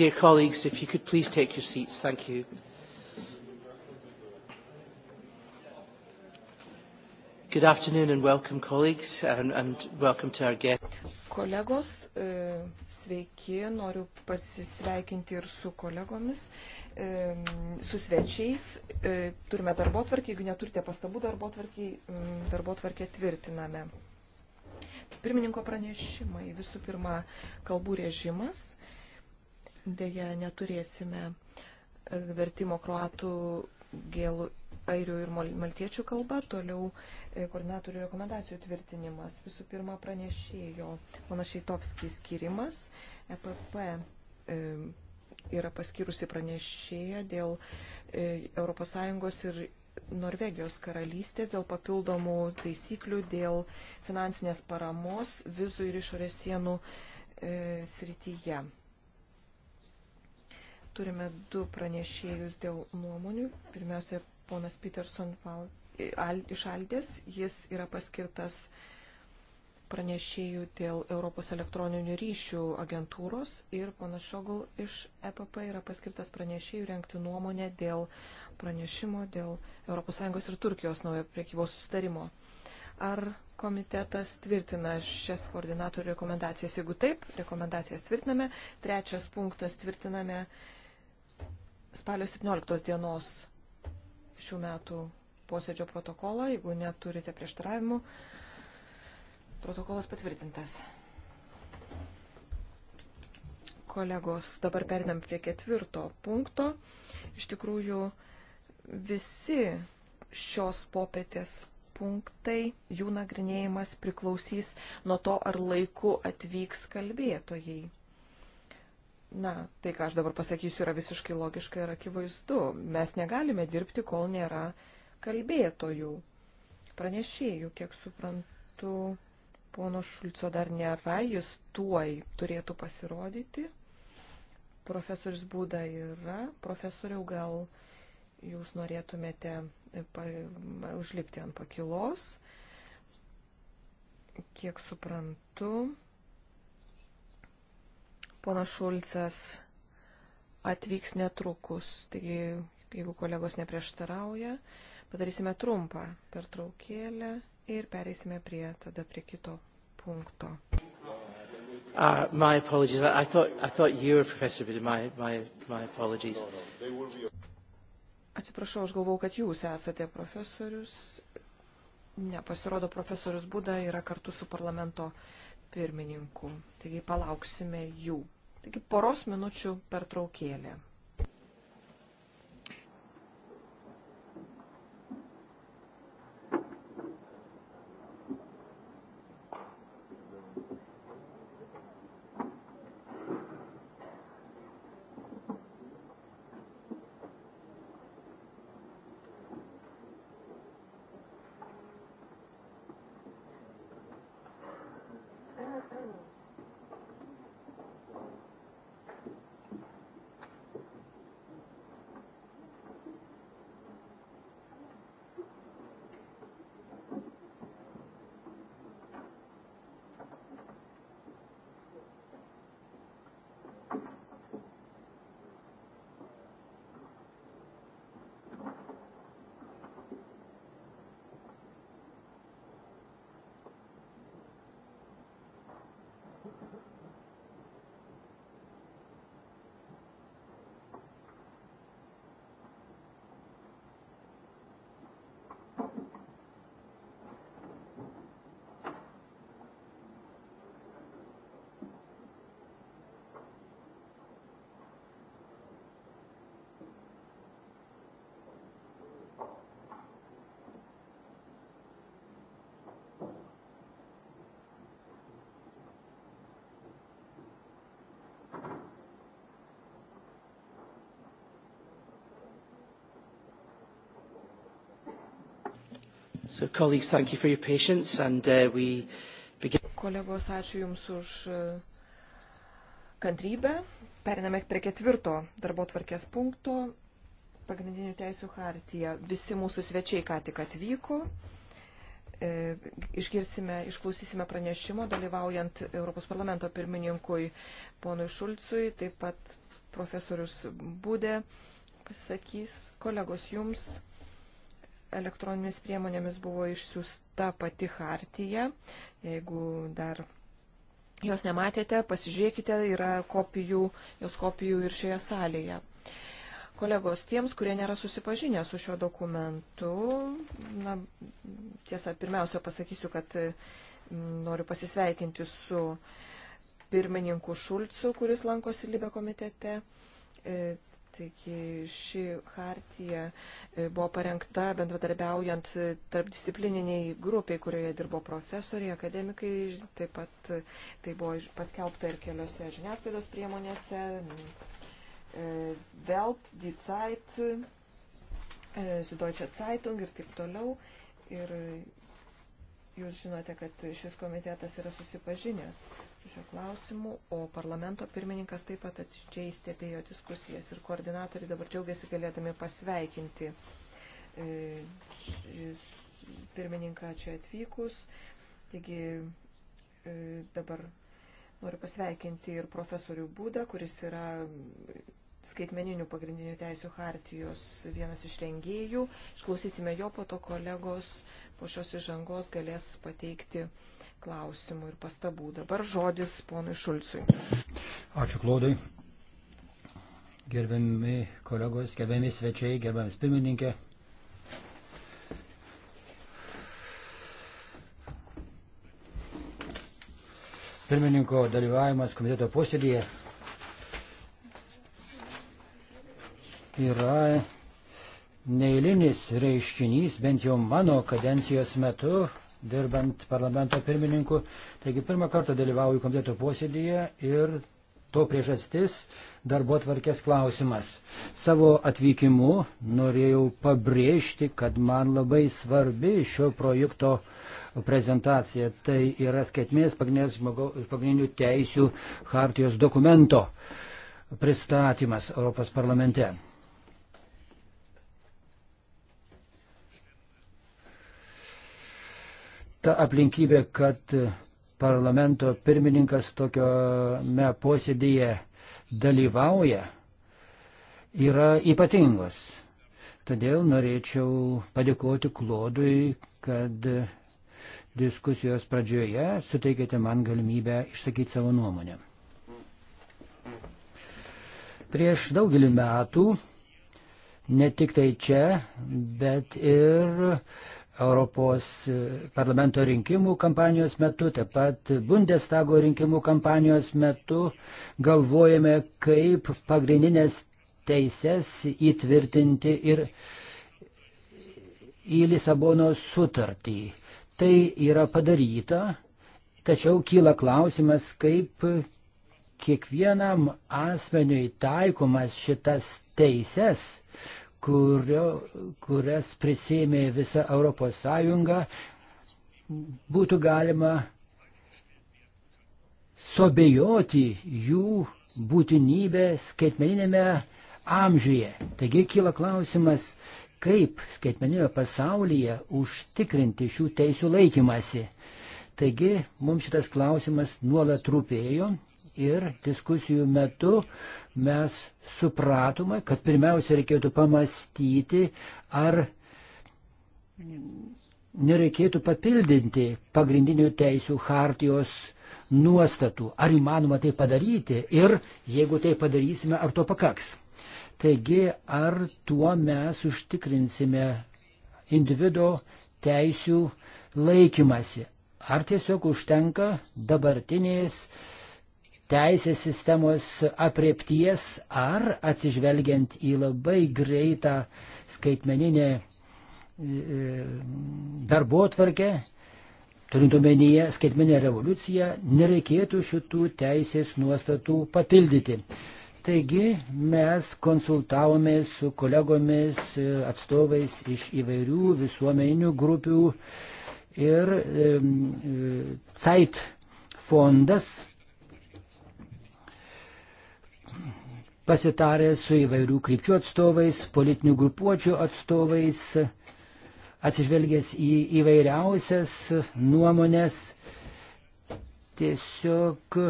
Dear colleagues, if you could please take your seats. Thank you. Good afternoon and welcome, colleagues, and, and welcome to our guest. Kolegos, e, sveiki, noriu pasisveikinti ir su kolegomis, e, su svečiais. E, turime darbo tvarkį, jeigu neturite pastabų darbo tvarkį, darbo tvarkę tvirtiname. Pirmininko pranešimai, visų pirma, kalbų režimas dėja neturėsime e, vertimo kruatų, gėlų, airių ir maltiečių kalba. Toliau e, koordinatorių rekomendacijų tvirtinimas. Visų pirma, pranešėjo mano Šeitovskis skirimas. EPP e, yra paskyrusi pranešėja dėl ES ir Norvegijos karalystės dėl papildomų taisyklių, dėl finansinės paramos vizų ir išorės sienų e, srityje. Turime du pranešėjus dėl nuomonių. Pirmiausia, ponas Peterson iš Aldės. Jis yra paskirtas pranešėjų dėl Europos elektroninių ryšių agentūros ir ponas Šogul iš EPP yra paskirtas pranešėjų renkti nuomonę dėl pranešimo dėl ES ir Turkijos naujo priekybos sustarimo. Ar komitetas tvirtina šias koordinatorių rekomendacijas? Jeigu taip, rekomendacijas tvirtiname. Trečias punktas tvirtiname spalio 17 dienos šių metų posėdžio protokolą. Jeigu neturite prieštaravimų, protokolas patvirtintas. Kolegos, dabar perinam prie ketvirto punkto. Iš tikrųjų, visi šios popietės punktai, jų nagrinėjimas priklausys nuo to, ar laiku atvyks kalbėtojai. Na, tai, ką aš dabar pasakysiu, yra visiškai logiška ir akivaizdu. Mes negalime dirbti, kol nėra kalbėtojų, pranešėjų, kiek suprantu. Pono Šulco dar nėra, jis tuoj turėtų pasirodyti. Profesorius Būda yra. Profesoriau, gal jūs norėtumėte pa, užlipti ant pakilos? Kiek suprantu, Ponas Šulcas atvyks netrukus, taigi jeigu kolegos neprieštarauja, padarysime trumpą pertraukėlę ir pereisime prie tada prie kito punkto. Uh, my apologies. I thought, I thought you were Professor Bitter. My, my, my apologies. Atsiprašau, aš galvau, kad jūs esate profesorius. Ne, pasirodo, profesorius Buda yra kartu su parlamento pirmininku. Taigi palauksime jų. Taigi poros minučių pertraukėlė. So, colleagues, thank you for your patience, and uh, we begin. Kolegos, ačiū Jums už uh, kantrybę. Periname prie ketvirto darbo tvarkės punkto - pagrindinių teisų hartija. Visi mūsų svečiai ką tik atvyko. E, išgirsime, išklausysime pranešimo, dalyvaujant Europos parlamento pirmininkui ponui Šulcui, taip pat profesorius Būdė pasisakys. Kolegos, jums elektroninėmis priemonėmis buvo išsiųsta pati hartija. Jeigu dar jos nematėte, pasižiūrėkite, yra kopijų, jos kopijų ir šioje salėje. Kolegos, tiems, kurie nėra susipažinę su šiuo dokumentu, na, tiesa, pirmiausia pasakysiu, kad mm, noriu pasisveikinti su pirmininku Šulcu, kuris lankosi Libė komitete. E, Taigi ši hartija e, buvo parengta bendradarbiaujant e, tarp disciplininiai grupiai, kurioje dirbo profesoriai, akademikai, taip pat e, tai buvo paskelbta ir keliose žiniasklaidos priemonėse, Welt, Die Zeit, Süddeutsche Zeitung ir taip toliau. Ir jūs žinote, kad šis komitetas yra susipažinęs šio klausimu, o parlamento pirmininkas taip pat atidžiai stebėjo diskusijas ir koordinatoriai dabar džiaugiasi galėdami pasveikinti e, pirmininką čia atvykus. Taigi e, dabar noriu pasveikinti ir profesorių Būdą, kuris yra skaitmeninių pagrindinių teisų hartijos vienas iš rengėjų. Išklausysime jo, po to kolegos po šios įžangos galės pateikti klausimų ir pastabų. Dabar žodis ponui Šulcui. Ačiū, Klaudai. Gerbiami kolegos, gerbiami svečiai, gerbiamas pirmininkė. Pirmininko dalyvavimas komiteto posėdėje yra neįlinis reiškinys, bent jau mano kadencijos metu, dirbant parlamento pirmininku. Taigi pirmą kartą dalyvauju komiteto posėdėje ir to priežastis darbo tvarkės klausimas. Savo atvykimu norėjau pabrėžti, kad man labai svarbi šio projekto prezentacija. Tai yra skaitmės pagrindinių teisių hartijos dokumento pristatymas Europos parlamente. ta aplinkybė, kad parlamento pirmininkas tokiame posėdėje dalyvauja, yra ypatingos. Todėl norėčiau padėkoti Klodui, kad diskusijos pradžioje suteikėte man galimybę išsakyti savo nuomonę. Prieš daugelį metų, ne tik tai čia, bet ir Europos e, parlamento rinkimų kampanijos metu, taip pat Bundestago rinkimų kampanijos metu galvojame, kaip pagrindinės teises įtvirtinti ir į Lisabonos sutartį. Tai yra padaryta, tačiau kyla klausimas, kaip kiekvienam asmeniui taikomas šitas teises kurio, kurias prisėmė visa Europos Sąjunga, būtų galima sobejoti jų būtinybę skaitmeninėme amžiuje. Taigi kyla klausimas, kaip skaitmeninėme pasaulyje užtikrinti šių teisų laikymasi. Taigi mums šitas klausimas nuolat rūpėjo ir diskusijų metu mes supratome, kad pirmiausia reikėtų pamastyti, ar nereikėtų papildinti pagrindinių teisų hartijos nuostatų, ar įmanoma tai padaryti ir jeigu tai padarysime, ar to pakaks. Taigi, ar tuo mes užtikrinsime individuo teisių laikymasi, ar tiesiog užtenka dabartinės uh, teisės sistemos apriepties ar atsižvelgiant į labai greitą skaitmeninę e, e, darbo tvarkę, turint omenyje skaitmeninę revoliuciją, nereikėtų šitų teisės nuostatų papildyti. Taigi mes konsultavome su kolegomis e, atstovais iš įvairių visuomeninių grupių ir e, e, CAIT fondas pasitarę su įvairių krypčių atstovais, politinių grupuočių atstovais, atsižvelgęs į įvairiausias nuomonės, tiesiog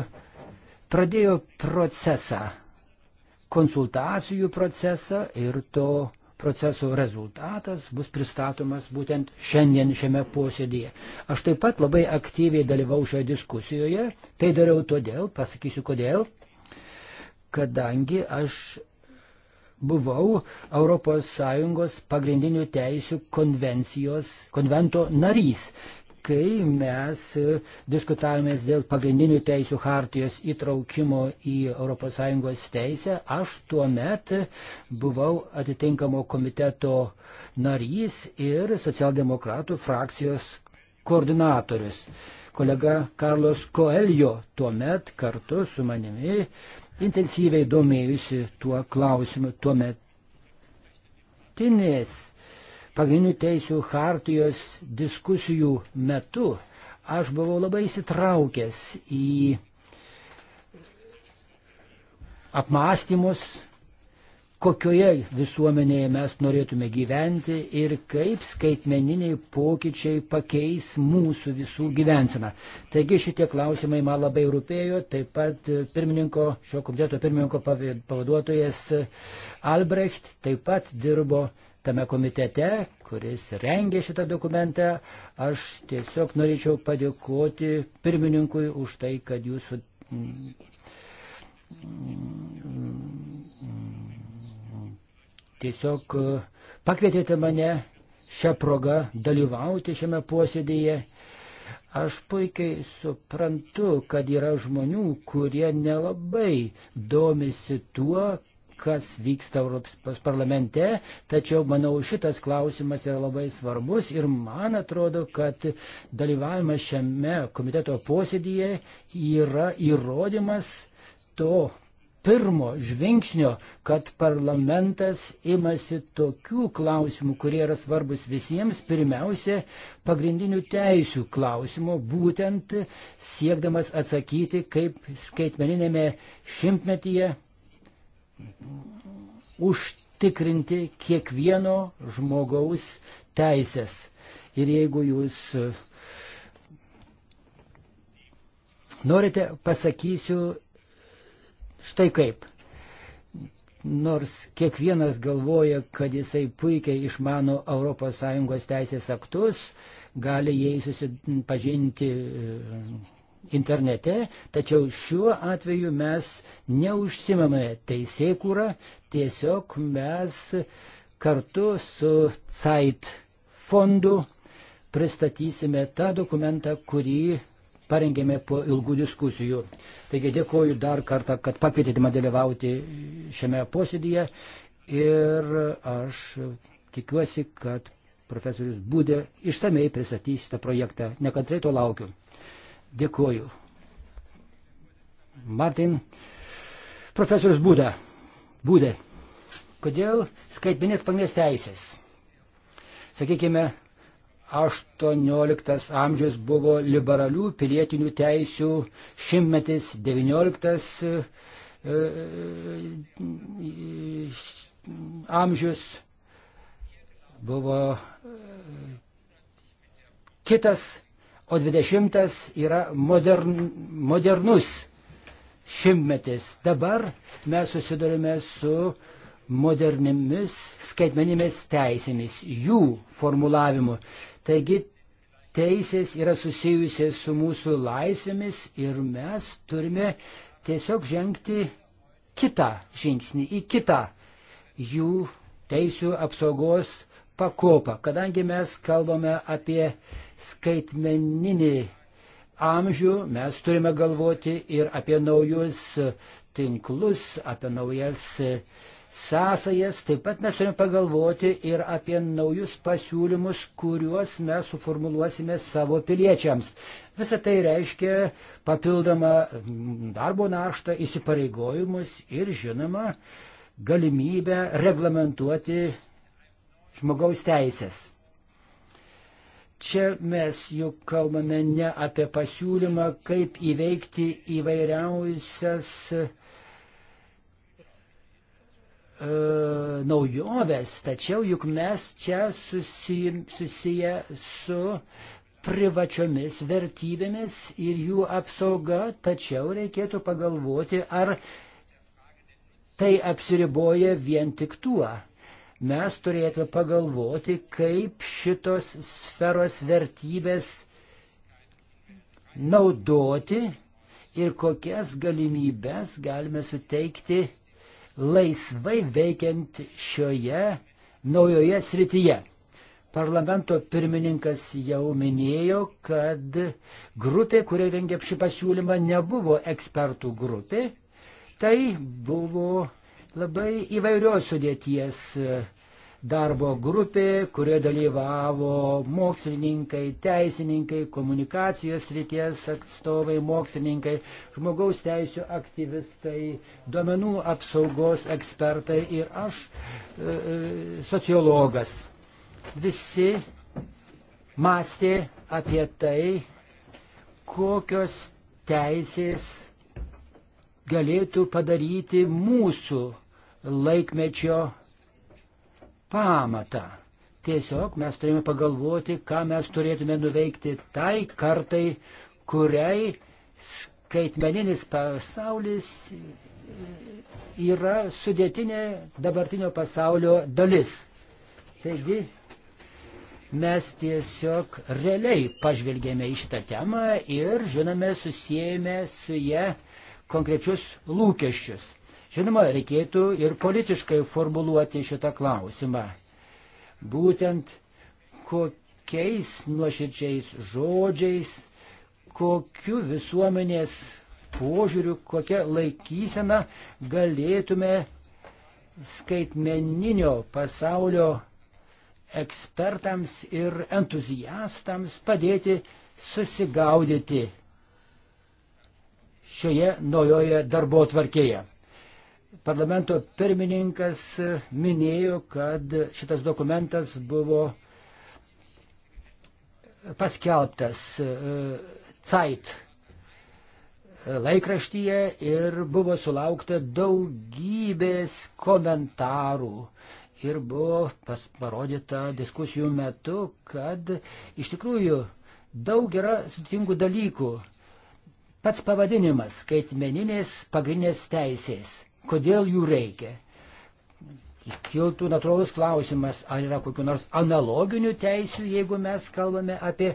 pradėjo procesą, konsultacijų procesą ir to proceso rezultatas bus pristatomas būtent šiandien šiame posėdėje. Aš taip pat labai aktyviai dalyvau šioje diskusijoje, tai dariau todėl, pasakysiu kodėl kadangi aš buvau ES pagrindinių teisių konvencijos, konvento narys. Kai mes diskutavome dėl pagrindinių teisių hartijos įtraukimo į ES teisę, aš tuo met buvau atitinkamo komiteto narys ir socialdemokratų frakcijos koordinatorius. Kolega Karlos Koeljo tuo met kartu su manimi intensyviai domėjusi tuo klausimu tuo metinės pagrindinių teisių hartijos diskusijų metu. Aš buvau labai įsitraukęs į apmąstymus kokioje visuomenėje mes norėtume gyventi ir kaip skaitmeniniai pokyčiai pakeis mūsų visų gyvenseną. Taigi šitie klausimai man labai rūpėjo, taip pat e, pirmininko, šio komiteto pirmininko pavaduotojas e, Albrecht taip pat dirbo tame komitete, kuris rengė šitą dokumentą. Aš tiesiog norėčiau padėkoti pirmininkui už tai, kad jūsų tiesiog e, pakvietėte mane šią progą dalyvauti šiame posėdėje. Aš puikiai suprantu, kad yra žmonių, kurie nelabai domisi tuo, kas vyksta Europos parlamente, tačiau manau šitas klausimas yra labai svarbus ir man atrodo, kad dalyvavimas šiame komiteto posėdyje yra įrodymas to pirmo žvingsnio, kad parlamentas imasi tokių klausimų, kurie yra svarbus visiems, pirmiausia, pagrindinių teisių klausimų, būtent siekdamas atsakyti, kaip skaitmeninėme šimtmetyje užtikrinti kiekvieno žmogaus teisės. Ir jeigu jūs e, norite, pasakysiu Štai kaip. Nors kiekvienas galvoja, kad jisai puikiai išmano ES teisės aktus, gali jais susipažinti e, internete, tačiau šiuo atveju mes neužsimame teisėkūrą, tiesiog mes kartu su CAIT fondu pristatysime tą dokumentą, kurį parengėme po ilgų diskusijų. Taigi dėkoju dar kartą, kad pakvietėte man dalyvauti šiame posėdėje ir aš tikiuosi, kad profesorius Būdė išsamei pristatys tą projektą. Nekantrai to laukiu. Dėkoju. Martin, profesorius Būda. Būdė. Kodėl skaitminės pagrindinės teisės? Sakykime, 18 amžius buvo liberalių pilietinių teisių šimtmetis, 19 e, e, amžius buvo e, kitas, o 20 yra modern, modernus šimtmetis. Dabar mes susidurime su modernimis skaitmenimis teisėmis, jų formulavimu. Taigi teisės yra susijusios su mūsų laisvėmis ir mes turime tiesiog žengti kitą žingsnį, į kitą jų teisų apsaugos pakopą. Kadangi mes kalbame apie skaitmeninį amžių, mes turime galvoti ir apie naujus tinklus, apie naujas sąsajas, taip pat mes turime pagalvoti ir apie naujus pasiūlymus, kuriuos mes suformuluosime savo piliečiams. Visą tai reiškia papildomą darbo naštą, įsipareigojimus ir, žinoma, galimybę reglamentuoti žmogaus teisės. Čia mes juk kalbame ne apie pasiūlymą, kaip įveikti įvairiausias uh, E, naujoves, tačiau juk mes čia susiję, susiję su privačiomis vertybėmis ir jų apsauga, tačiau reikėtų pagalvoti, ar tai apsiriboja vien tik tuo. Mes turėtume pagalvoti, kaip šitos sferos vertybės naudoti ir kokias galimybės galime suteikti laisvai veikiant šioje naujoje srityje. Parlamento pirmininkas jau minėjo, kad grupė, kurie rengė šį pasiūlymą, nebuvo ekspertų grupė. Tai buvo labai įvairios sudėties uh, darbo grupė, kurioje dalyvavo mokslininkai, teisininkai, komunikacijos ryties atstovai, mokslininkai, žmogaus teisų aktyvistai, duomenų apsaugos ekspertai ir aš, e, e, sociologas. Visi mąstė apie tai, kokios teisės galėtų padaryti mūsų laikmečio pamatą. Tiesiog mes turime pagalvoti, ką mes turėtume nuveikti tai kartai, kuriai skaitmeninis pasaulis yra sudėtinė dabartinio pasaulio dalis. Taigi mes tiesiog realiai pažvelgėme į šitą temą ir, žinome, susijėmė su jie konkrečius lūkesčius. Žinoma, reikėtų ir politiškai formuluoti šitą klausimą. Būtent kokiais nuoširdžiais žodžiais, kokiu visuomenės požiūriu, kokia laikysena galėtume skaitmeninio pasaulio ekspertams ir entuziastams padėti susigaudyti šioje naujoje darbo tvarkėje parlamento pirmininkas minėjo, kad šitas dokumentas buvo paskelbtas e, Zeit laikraštyje ir buvo sulaukta daugybės komentarų. Ir buvo pas, parodyta diskusijų metu, kad iš tikrųjų daug yra sutingų dalykų. Pats pavadinimas - skaitmeninės pagrindinės teisės kodėl jų reikia. Kiltų natūralus klausimas, ar yra kokiu nors analoginių teisių, jeigu mes kalbame apie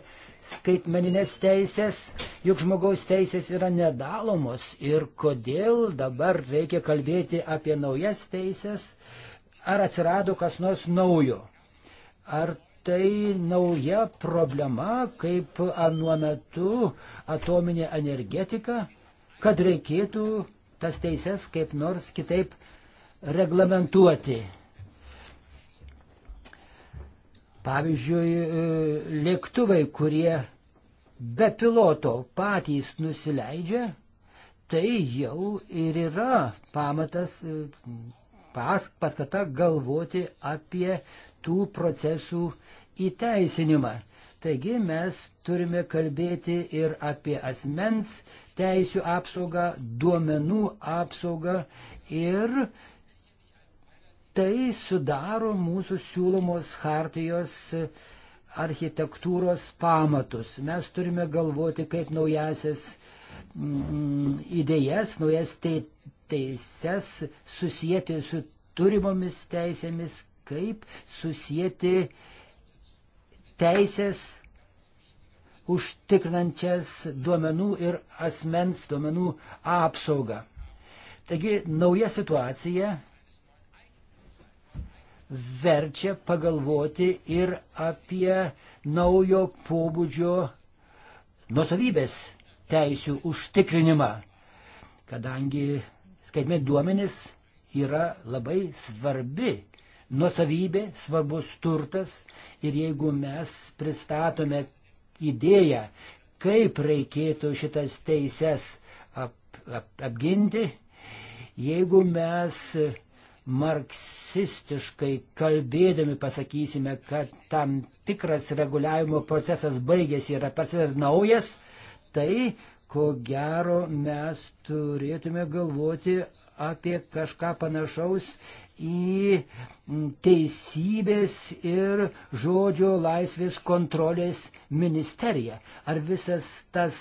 skaitmeninės teisės, juk žmogaus teisės yra nedalomos ir kodėl dabar reikia kalbėti apie naujas teisės, ar atsirado kas nors naujo. Ar tai nauja problema, kaip anuo metu atominė energetika, kad reikėtų tas teises kaip nors kitaip reglamentuoti. Pavyzdžiui, e, lėktuvai, kurie be piloto patys nusileidžia, tai jau ir yra pamatas e, pas, paskata galvoti apie tų procesų įteisinimą. Taigi mes turime kalbėti ir apie asmens teisų apsaugą, duomenų apsaugą ir tai sudaro mūsų siūlomos hartijos architektūros pamatus. Mes turime galvoti, kaip naujasias mm, idėjas, naujas te, teises susijęti su turimomis teisėmis, kaip susijęti teisės užtikrinančias duomenų ir asmens duomenų apsaugą. Taigi nauja situacija verčia pagalvoti ir apie naujo pobūdžio nusavybės teisių užtikrinimą, kadangi skaitmė duomenis yra labai svarbi nuosavybė, svarbus turtas ir jeigu mes pristatome idėją, kaip reikėtų šitas teises ap, ap, apginti, jeigu mes marksistiškai kalbėdami pasakysime, kad tam tikras reguliavimo procesas baigėsi ir prasideda naujas, tai ko gero mes turėtume galvoti apie kažką panašaus į teisybės ir žodžio laisvės kontrolės ministeriją. Ar visas tas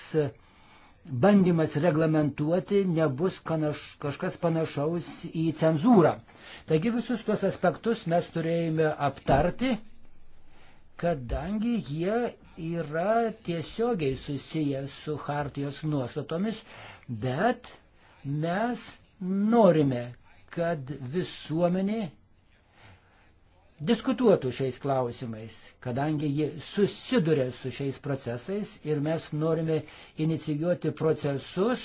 bandymas reglamentuoti nebus kanaš, kažkas panašaus į cenzūrą. Taigi visus tuos aspektus mes turėjome aptarti, kadangi jie yra tiesiogiai susiję su Hartijos nuostatomis, bet mes norime, kad visuomenė diskutuotų šiais klausimais, kadangi ji susiduria su šiais procesais ir mes norime inicijuoti procesus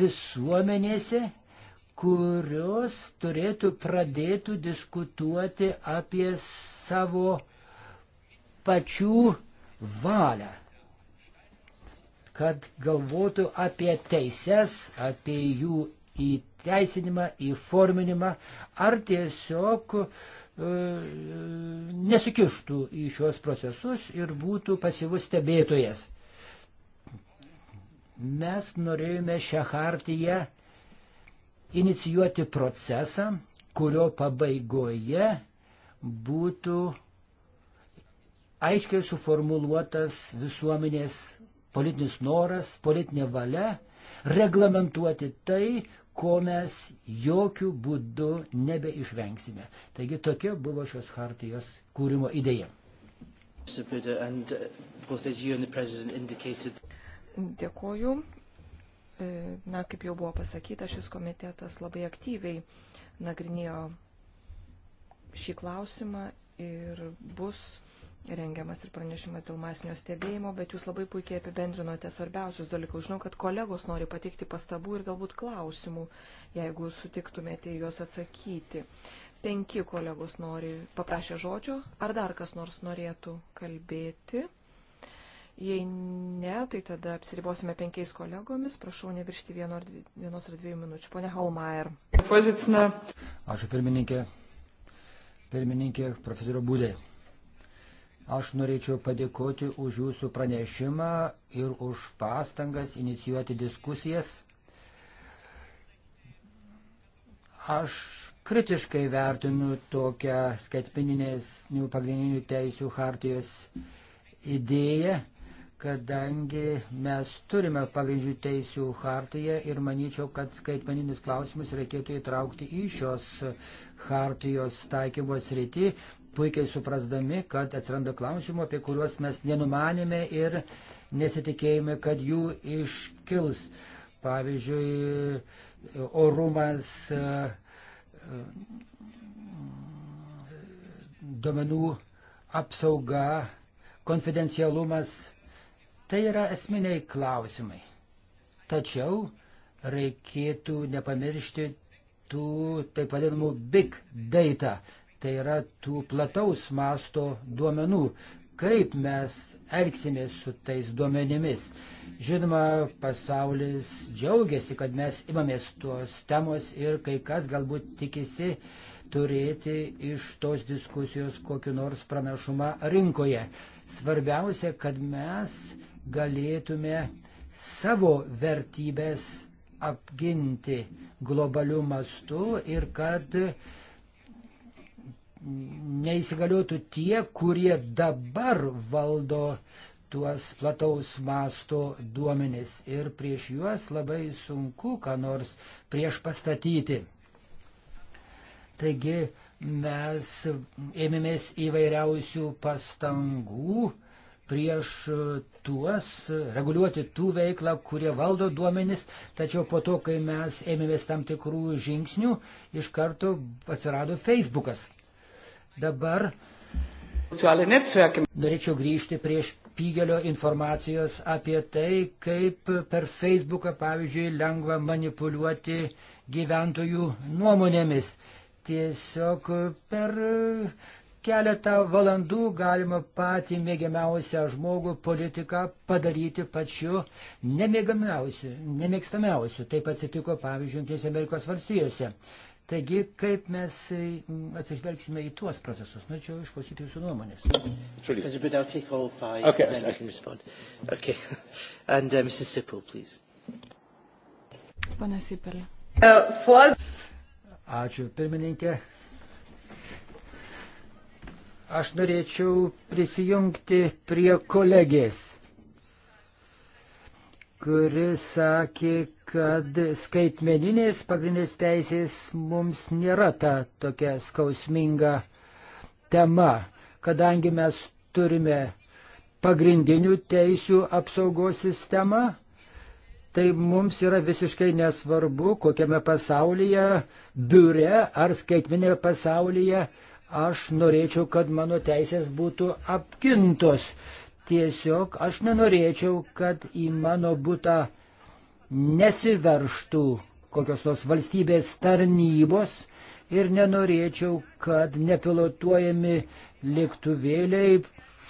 visuomenėse, kurios turėtų pradėtų diskutuoti apie savo pačių valią, kad galvotų apie teises, apie jų įteisinimą, įforminimą, ar tiesiog e, nesikištų į šios procesus ir būtų pasyvus stebėtojas. Mes norėjome šią hartiją inicijuoti procesą, kurio pabaigoje būtų aiškiai suformuluotas visuomenės politinis noras, politinė valia reglamentuoti tai, ko mes jokių būdų nebeišvengsime. Taigi tokia buvo šios hartijos kūrimo idėja. Dėkoju. E, na, kaip jau buvo pasakyta, šis komitetas labai aktyviai nagrinėjo šį klausimą ir bus rengiamas ir pranešimas dėl masinio stebėjimo, bet jūs labai puikiai apibendrinote svarbiausius dalykus. Žinau, kad kolegos nori pateikti pastabų ir galbūt klausimų, jeigu sutiktumėte juos atsakyti. Penki kolegos nori paprašė žodžio, ar dar kas nors norėtų kalbėti. Jei ne, tai tada apsiribosime penkiais kolegomis. Prašau neviršti vieno ar dvi, vienos ar dviejų minučių. Pone Holmaier. Ačiū pirmininkė. Pirmininkė, profesorio Būdė. Aš norėčiau padėkoti už jūsų pranešimą ir už pastangas inicijuoti diskusijas. Aš kritiškai vertinu tokią skaitmininės pagrindinių teisių hartijos idėją, kadangi mes turime pagrindinių teisių hartiją ir manyčiau, kad skaitmeninius klausimus reikėtų įtraukti į šios hartijos taikymos rytį, puikiai suprasdami, kad atsiranda klausimų, apie kuriuos mes nenumanėme ir nesitikėjome, kad jų iškils. Pavyzdžiui, orumas, e, e, duomenų apsauga, konfidencialumas. Tai yra esminiai klausimai. Tačiau reikėtų nepamiršti tų taip vadinamų big data tai yra tų plataus masto duomenų, kaip mes elgsimės su tais duomenimis. Žinoma, pasaulis džiaugiasi, kad mes imamės tuos temos ir kai kas galbūt tikisi turėti iš tos diskusijos kokiu nors pranašumą rinkoje. Svarbiausia, kad mes galėtume savo vertybės apginti globalių mastų ir kad uh, neįsigaliotų tie, kurie dabar valdo tuos plataus masto duomenis ir prieš juos labai sunku ką nors prieš pastatyti. Taigi mes ėmėmės įvairiausių pastangų prieš tuos, reguliuoti tų veiklą, kurie valdo duomenis, tačiau po to, kai mes ėmėmės tam tikrų žingsnių, iš karto atsirado Facebookas. Dabar norėčiau grįžti prie špygelio informacijos apie tai, kaip per Facebooką, pavyzdžiui, lengva manipuliuoti gyventojų nuomonėmis. Tiesiog per keletą valandų galima patį mėgiamiausią žmogų, politiką padaryti pačiu nemėgstamiausiu. Taip atsitiko, pavyzdžiui, Junktinėse Amerikos valstijose. Taigi, kaip mes e, atsižvelgsime į tuos procesus? Norėčiau nu, išklausyti jūsų nuomonės. Pane uh, Sipelė. Uh, Ačiū, pirmininkė. Aš norėčiau prisijungti prie kolegės, kuris sakė, kad skaitmeninės pagrindinės teisės mums nėra ta tokia skausminga tema, kadangi mes turime pagrindinių teisių apsaugos sistemą, tai mums yra visiškai nesvarbu, kokiame pasaulyje, biure ar skaitminėje pasaulyje aš norėčiau, kad mano teisės būtų apgintos. Tiesiog aš nenorėčiau, kad į mano būtą nesiverštų kokios nors valstybės tarnybos ir nenorėčiau, kad nepilotuojami lėktuvėliai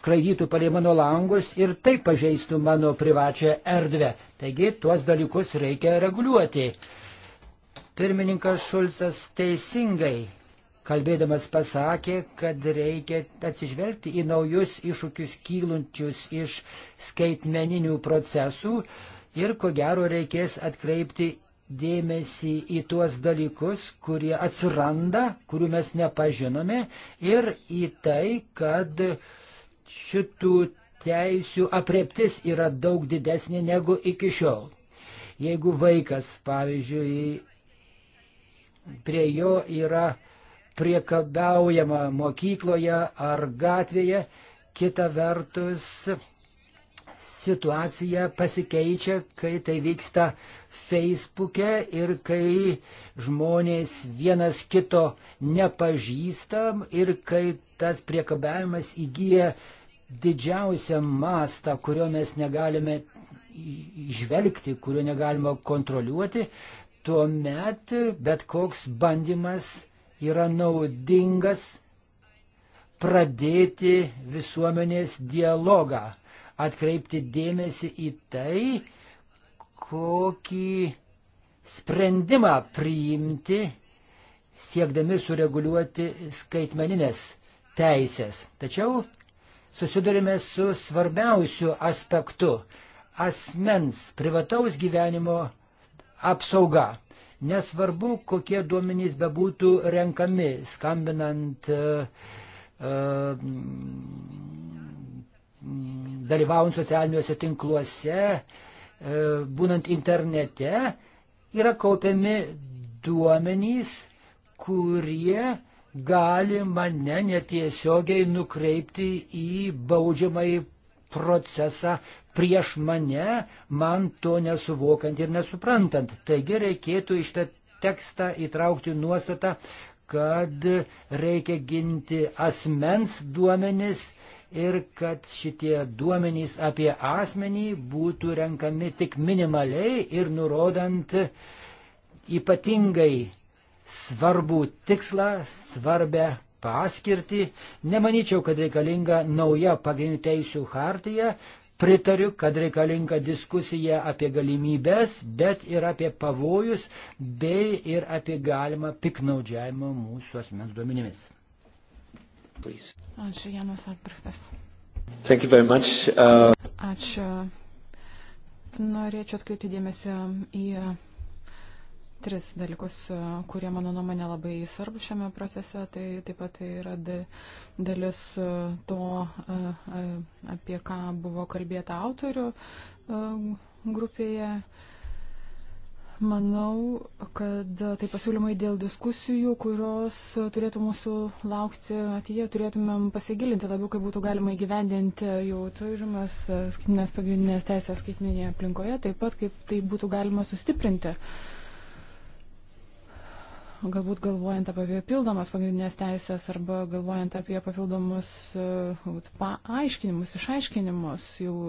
skraidytų palie mano langus ir taip pažeistų mano privačią erdvę. Taigi tuos dalykus reikia reguliuoti. Pirmininkas Šulcas teisingai kalbėdamas pasakė, kad reikia atsižvelgti į naujus iššūkius kylančius iš skaitmeninių procesų ir ko gero reikės atkreipti dėmesį į tuos dalykus, kurie atsiranda, kurių mes nepažinome ir į tai, kad šitų teisių apreptis yra daug didesnė negu iki šiol. Jeigu vaikas, pavyzdžiui, prie jo yra priekabiaujama mokykloje ar gatvėje, kita vertus situacija pasikeičia, kai tai vyksta Facebook'e ir kai žmonės vienas kito nepažįstam ir kai tas priekabiavimas įgyja didžiausią mastą, kurio mes negalime žvelgti, kurio negalima kontroliuoti, tuomet bet koks bandymas yra naudingas pradėti visuomenės dialogą atkreipti dėmesį į tai, kokį sprendimą priimti, siekdami sureguliuoti skaitmeninės teisės. Tačiau susidurime su svarbiausiu aspektu - asmens privataus gyvenimo apsauga. Nesvarbu, kokie duomenys bebūtų renkami, skambinant uh, uh, dalyvaujant socialiniuose tinkluose, e, būnant internete, yra kaupiami duomenys, kurie gali mane netiesiogiai nukreipti į baudžiamąjį procesą prieš mane, man to nesuvokant ir nesuprantant. Taigi reikėtų iš tą tekstą įtraukti nuostatą, kad reikia ginti asmens duomenis, ir kad šitie duomenys apie asmenį būtų renkami tik minimaliai ir nurodant ypatingai svarbų tikslą, svarbę paskirtį. Nemanyčiau, kad reikalinga nauja pagrindinių teisių hartija. Pritariu, kad reikalinga diskusija apie galimybės, bet ir apie pavojus, bei ir apie galimą piknaudžiavimą mūsų asmens duomenimis. Please. Ačiū, Janas Albrechtas. Uh... Ačiū. Norėčiau atkreipti dėmesį į tris dalykus, kurie mano nuomonė labai svarbu šiame procese. Tai taip pat tai yra dalis to, apie ką buvo kalbėta autorių grupėje. Manau, kad tai pasiūlymai dėl diskusijų, kurios turėtų mūsų laukti ateityje, turėtumėm pasigilinti labiau, kaip būtų galima įgyvendinti jau turimas skaitinės pagrindinės teisės skaitminėje aplinkoje, taip pat kaip tai būtų galima sustiprinti. Galbūt galvojant apie papildomas pagrindinės teisės arba galvojant apie papildomus uh, paaiškinimus, išaiškinimus jau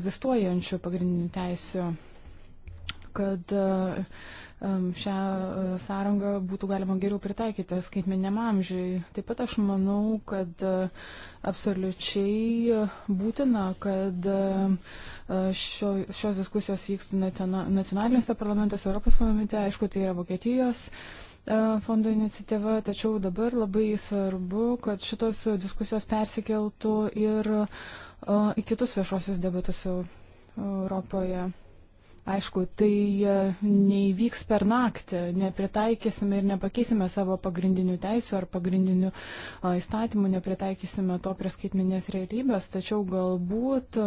egzistuojančių pagrindinių teisų kad e, šią e, sąrangą būtų galima geriau pritaikyti skaitmeniam amžiui. Taip pat aš manau, kad e, absoliučiai būtina, kad šio, šios diskusijos vykstų nacionalinėse parlamentuose, Europos parlamente, aišku, tai yra Vokietijos fondo iniciatyva, tačiau dabar labai svarbu, kad šitos diskusijos persikeltų ir į kitus viešosius debatus Europoje. Aišku, tai e, neįvyks per naktį, nepritaikysime ir nepakeisime savo pagrindinių teisų ar pagrindinių e, įstatymų, nepritaikysime to prie skaitminės realybės, tačiau galbūt e,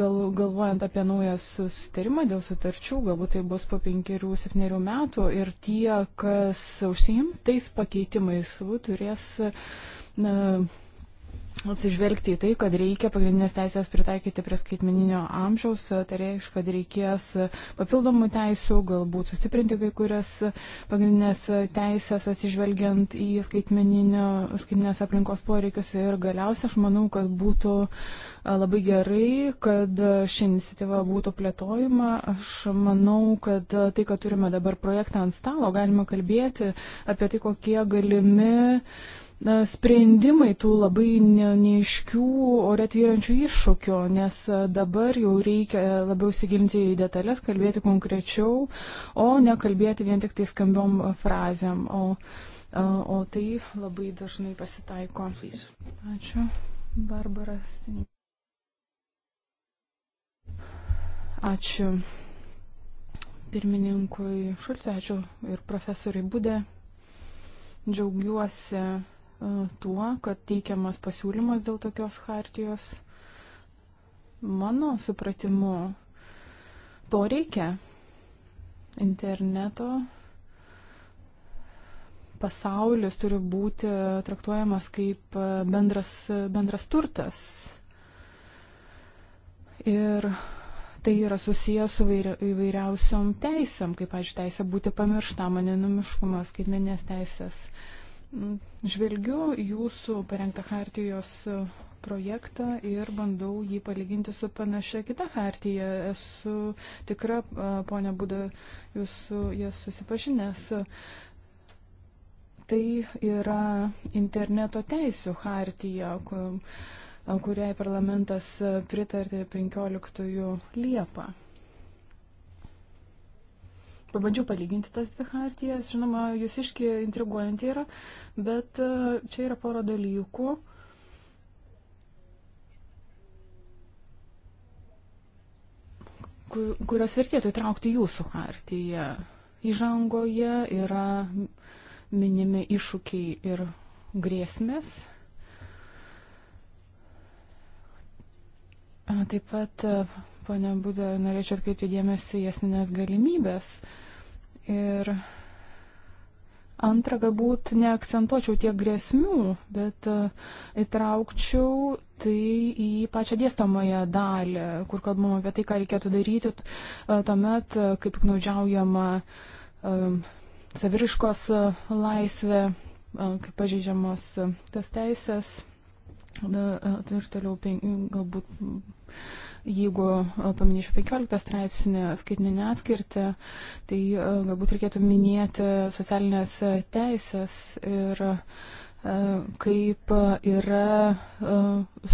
gal, galvojant apie naują susitarimą dėl sutarčių, galbūt tai bus po penkerių, septynerių metų ir tie, kas užsiims tais pakeitimais, turės na, atsižvelgti į tai, kad reikia pagrindinės teisės pritaikyti prie skaitmeninio amžiaus, tai reiškia, kad reikės papildomų teisų, galbūt sustiprinti kai kurias pagrindinės teisės atsižvelgiant į skaitmeninės aplinkos poreikius ir galiausiai aš manau, kad būtų labai gerai, kad ši iniciatyva būtų plėtojama. Aš manau, kad tai, kad turime dabar projektą ant stalo, galima kalbėti apie tai, kokie galimi sprendimai tų labai neiškių ore tvyrančių iššūkių, nes e, dabar jau reikia e, labiau įsigilinti į detalės, kalbėti konkrečiau, o ne kalbėti vien tik tai skambiom frazėm. O, e, o tai labai dažnai pasitaiko. Ačiū, Barbara. Ačiū pirmininkui Šulcui, ačiū ir profesoriai Budė. Džiaugiuosi E, tuo, kad teikiamas pasiūlymas dėl tokios hartijos. Mano supratimu, to reikia. Interneto pasaulis turi būti traktuojamas kaip bendras, bendras turtas. Ir tai yra susijęs su įvairiausiom teisėm, kaip, pažiūrėjau, teisė būti pamirštam, anonimiškumas, skaitmenės teisės. Uh, Žvelgiu jūsų parengtą hartijos projektą ir bandau jį palyginti su panašia kita hartija. Esu tikra, ponia Būda, jūs jas susipažinęs. Tai yra interneto teisų hartija, kuriai parlamentas pritartė 15 Liepą. Pabandžiau palyginti tas dvi hartijas, žinoma, jūs iški intriguojantį yra, bet e, čia yra pora dalykų. kurios vertėtų įtraukti jūsų hartiją. Įžangoje yra minimi iššūkiai ir grėsmės. Taip pat, e, ponia Būda, norėčiau atkreipti dėmesį į esminės galimybės. Uh, Ir antra, galbūt neakcentuočiau tiek grėsmių, bet e, įtraukčiau tai į pačią dėstomąją dalį, kur kalbama apie tai, ką reikėtų daryti e, tuomet, e, kaip naudžiaujama saviriškos laisvė, kaip pažeidžiamos tos teisės. Tai ir toliau galbūt Jeigu e, paminėčiau 15 straipsnį skaitminę atskirtį, tai e, galbūt reikėtų minėti socialinės teisės ir e, kaip yra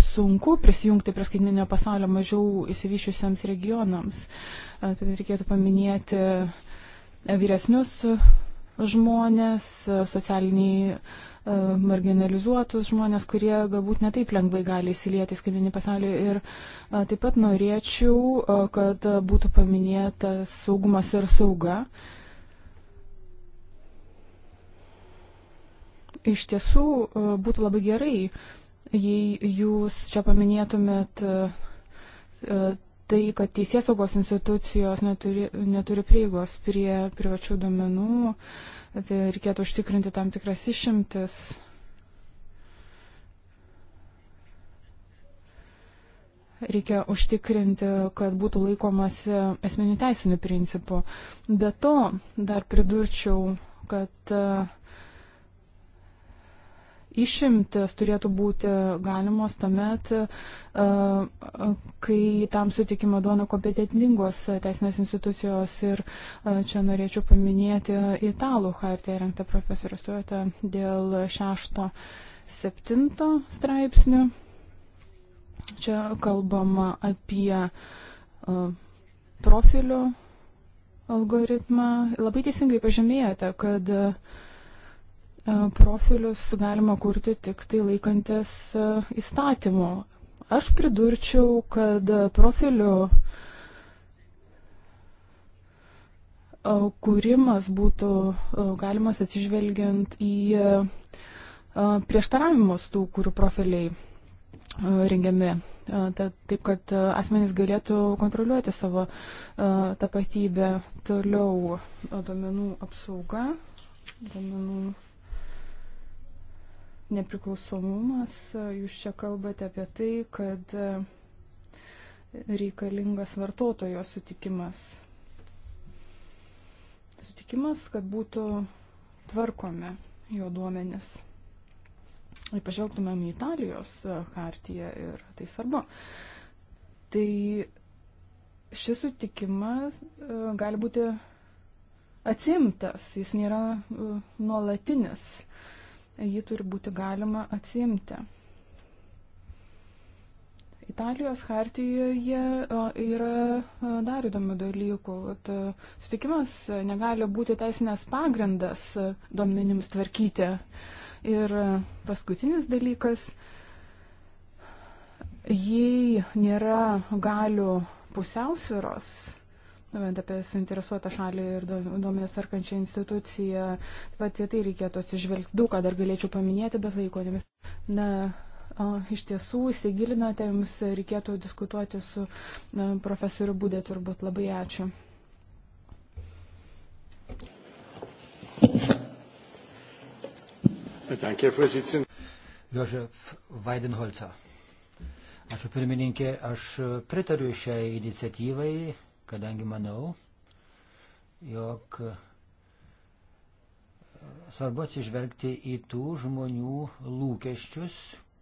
sunku prisijungti prie skaitminio pasaulio mažiau įsivyšiusiems regionams. Taip reikėtų paminėti vyresnius žmonės, socialiniai e, marginalizuotus žmonės, kurie galbūt netaip lengvai gali įsilieti į skaitmeninį pasaulį. Ir e, taip pat norėčiau, e, kad būtų paminėta saugumas ir sauga. Iš tiesų būtų labai gerai, jei jūs čia paminėtumėt tai, kad teisėsaugos institucijos neturi, neturi prieigos prie privačių domenų, tai reikėtų užtikrinti tam tikras išimtis. Reikia užtikrinti, kad būtų laikomas esminių teisinių principų. Be to, dar pridurčiau, kad uh, išimtis turėtų būti galimos tuomet, e, kai tam sutikima duona kompetitingos teisinės institucijos. Ir e, čia norėčiau paminėti italų hartę renktą profesorių stuotą dėl šešto, septinto straipsnių. Čia kalbama apie e, profilių algoritmą. Labai teisingai pažymėjote, kad uh, E, profilius galima kurti tik tai laikantis e, įstatymo. Aš pridurčiau, kad profilių e, kūrimas būtų galimas atsižvelgiant į prieštaravimus tų, kurių profiliai rengiami. Taip, kad asmenys galėtų kontroliuoti savo tapatybę. Toliau duomenų apsauga, duomenų nepriklausomumas, jūs čia kalbate apie tai, kad e, reikalingas vartotojo sutikimas. Sutikimas, kad būtų tvarkomi jo duomenis. Jei pažvelgtumėm į Italijos e, hartiją ir tai svarbu, tai šis sutikimas e, gali būti atsimtas, jis nėra nuolatinis jį turi būti galima atsimti. Italijos hartijoje yra dar įdomių dalykų. Sutikimas negali būti teisinės pagrindas duomenims tvarkyti. Ir paskutinis dalykas, jei nėra galių pusiausviros, kalbant apie suinteresuotą šalį ir duomenės tvarkančią instituciją, taip pat į tai reikėtų atsižvelgti. Daug ką dar galėčiau paminėti, bet laiko nebėra. Na, o, iš tiesų, įsigilinote, jums reikėtų diskutuoti su na, profesoriu Būdė, turbūt labai ačiū. Josef Weidenholzer. Ačiū pirmininkė, aš pritariu šiai iniciatyvai kadangi manau, jog e, svarbu atsižvelgti į tų žmonių lūkesčius,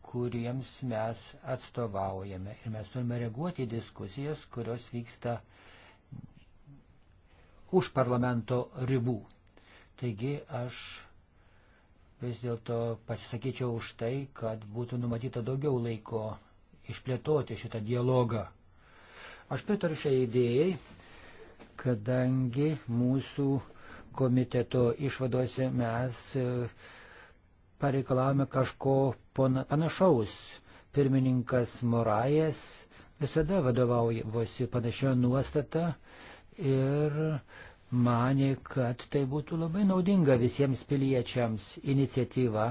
kuriems mes atstovaujame. Ir mes turime reaguoti į diskusijas, kurios vyksta už parlamento ribų. Taigi aš vis dėlto pasisakyčiau už tai, kad būtų numatyta daugiau laiko išplėtoti šitą dialogą. Aš pritariu šiai idėjai, kadangi mūsų komiteto išvadose mes e, pareikalavome kažko panašaus. Pirmininkas Morajas visada vadovavosi panašia nuostata ir manė, kad tai būtų labai naudinga visiems piliečiams iniciatyva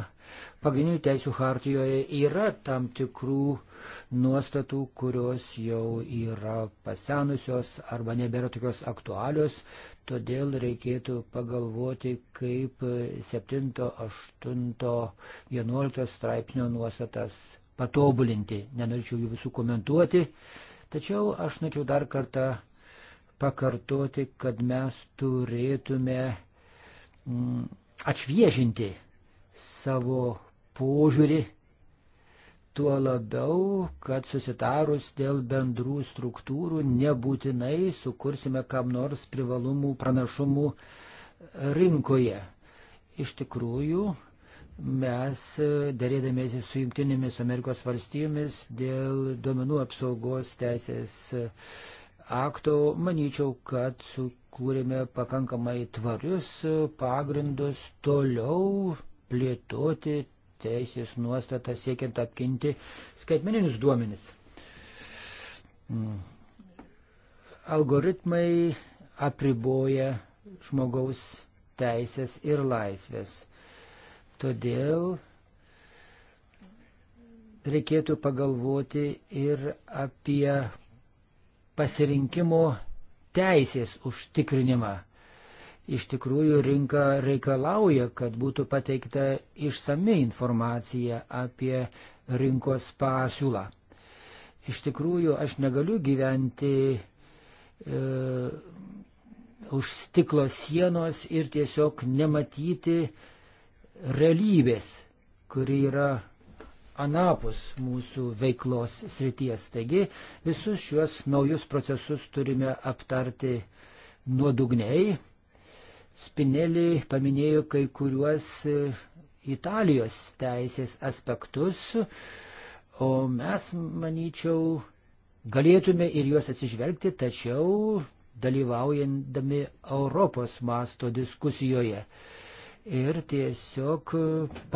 Pagrindinių teisų hartijoje yra tam tikrų nuostatų, kurios jau yra pasenusios arba nebėra tokios aktualios, todėl reikėtų pagalvoti, kaip 7, 8, 11 straipsnio nuostatas patobulinti. Nenorėčiau jų visų komentuoti, tačiau aš norėčiau dar kartą pakartoti, kad mes turėtume mm, atšviežinti savo požiūrį, tuo labiau, kad susitarus dėl bendrų struktūrų nebūtinai sukursime kam nors privalumų pranašumų rinkoje. Iš tikrųjų, mes dėrėdamėsi su Junktinėmis Amerikos valstybėmis dėl duomenų apsaugos teisės akto, manyčiau, kad sukūrėme pakankamai tvarius pagrindus toliau plėtoti teisės nuostatą siekiant apginti skaitmeninius duomenis. Mm. Algoritmai apriboja žmogaus teisės ir laisvės. Todėl reikėtų pagalvoti ir apie pasirinkimo teisės užtikrinimą Iš tikrųjų, rinka reikalauja, kad būtų pateikta išsami informacija apie rinkos pasiūlą. Iš tikrųjų, aš negaliu gyventi e, už stiklo sienos ir tiesiog nematyti realybės, kuri yra anapus mūsų veiklos srities. Taigi visus šiuos naujus procesus turime aptarti nuodugniai, Spinelį paminėjo kai kuriuos e, Italijos teisės aspektus, o mes, manyčiau, galėtume ir juos atsižvelgti, tačiau dalyvaujandami Europos masto diskusijoje ir tiesiog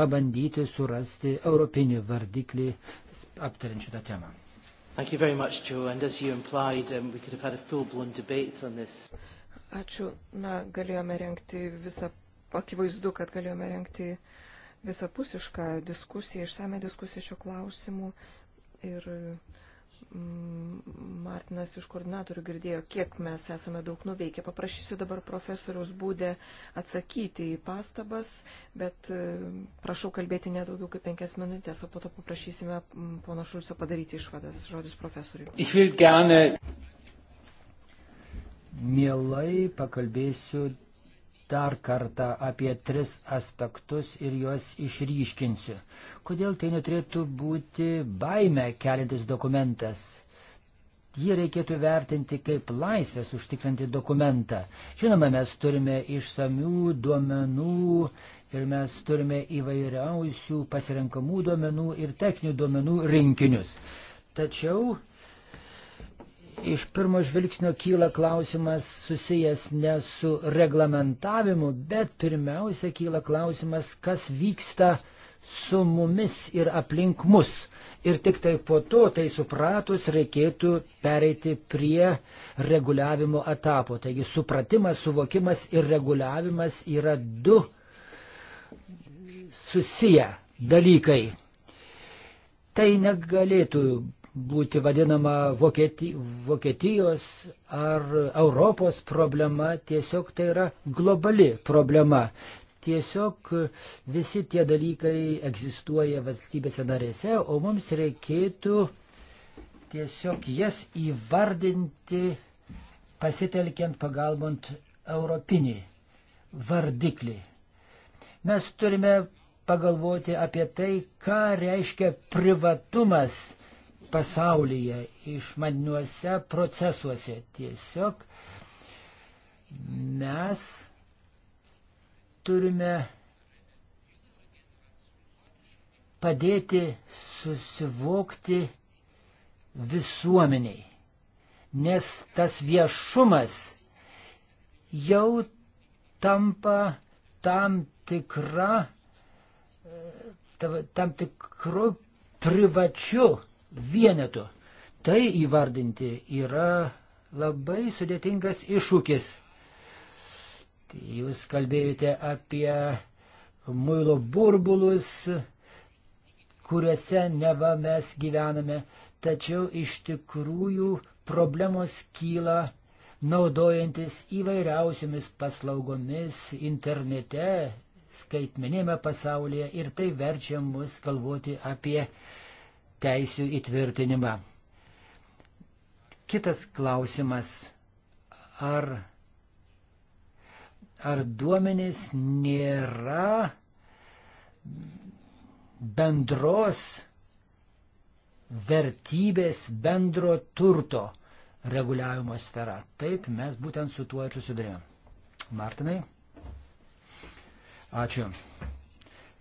pabandyti surasti europinį vardiklį aptariančių tą temą. Thank you very much, Joe. And as you implied, um, we could have had a full-blown debate on this. Ačiū. Na, galėjome renkti visą, akivaizdu, kad galėjome renkti visapusišką diskusiją, išsame diskusiją šio klausimu. Ir mm, Martinas iš koordinatorių girdėjo, kiek mes esame daug nuveikę. Paprašysiu dabar profesoriaus būdę atsakyti į pastabas, bet e, prašau kalbėti nedaugiau kaip penkias minutės, o po to paprašysime pono Šulco padaryti išvadas. Žodis profesoriui. Mielai pakalbėsiu dar kartą apie tris aspektus ir juos išryškinsiu. Kodėl tai neturėtų būti baime keliantis dokumentas? Jį reikėtų vertinti kaip laisvės užtikrinti dokumentą. Žinoma, mes turime išsamių duomenų ir mes turime įvairiausių pasirenkamų duomenų ir techninių duomenų rinkinius. Tačiau iš pirmo žvilgsnio kyla klausimas susijęs ne su reglamentavimu, bet pirmiausia kyla klausimas, kas vyksta su mumis ir aplink mus. Ir tik tai po to, tai supratus, reikėtų pereiti prie reguliavimo etapo. Taigi supratimas, suvokimas ir reguliavimas yra du susiję dalykai. Tai negalėtų būti vadinama Vokieti, Vokietijos ar Europos problema, tiesiog tai yra globali problema. Tiesiog visi tie dalykai egzistuoja valstybėse narėse, o mums reikėtų tiesiog jas įvardinti pasitelkiant pagalbant europinį vardiklį. Mes turime pagalvoti apie tai, ką reiškia privatumas pasaulyje, išmaniuose procesuose. Tiesiog mes turime padėti susivokti visuomeniai, nes tas viešumas jau tampa tam tikra, e, tam tikru privačiu vienetu. Tai įvardinti yra labai sudėtingas iššūkis. Tai jūs kalbėjote apie muilo burbulus, kuriuose neva mes gyvename, tačiau iš tikrųjų problemos kyla naudojantis įvairiausiamis paslaugomis internete, skaitmenėme pasaulyje ir tai verčia mus galvoti apie teisių įtvirtinimą. Kitas klausimas, ar, ar duomenys nėra bendros vertybės bendro turto reguliavimo sfera. Taip mes būtent su tuo ir susidurėme. Martinai, ačiū.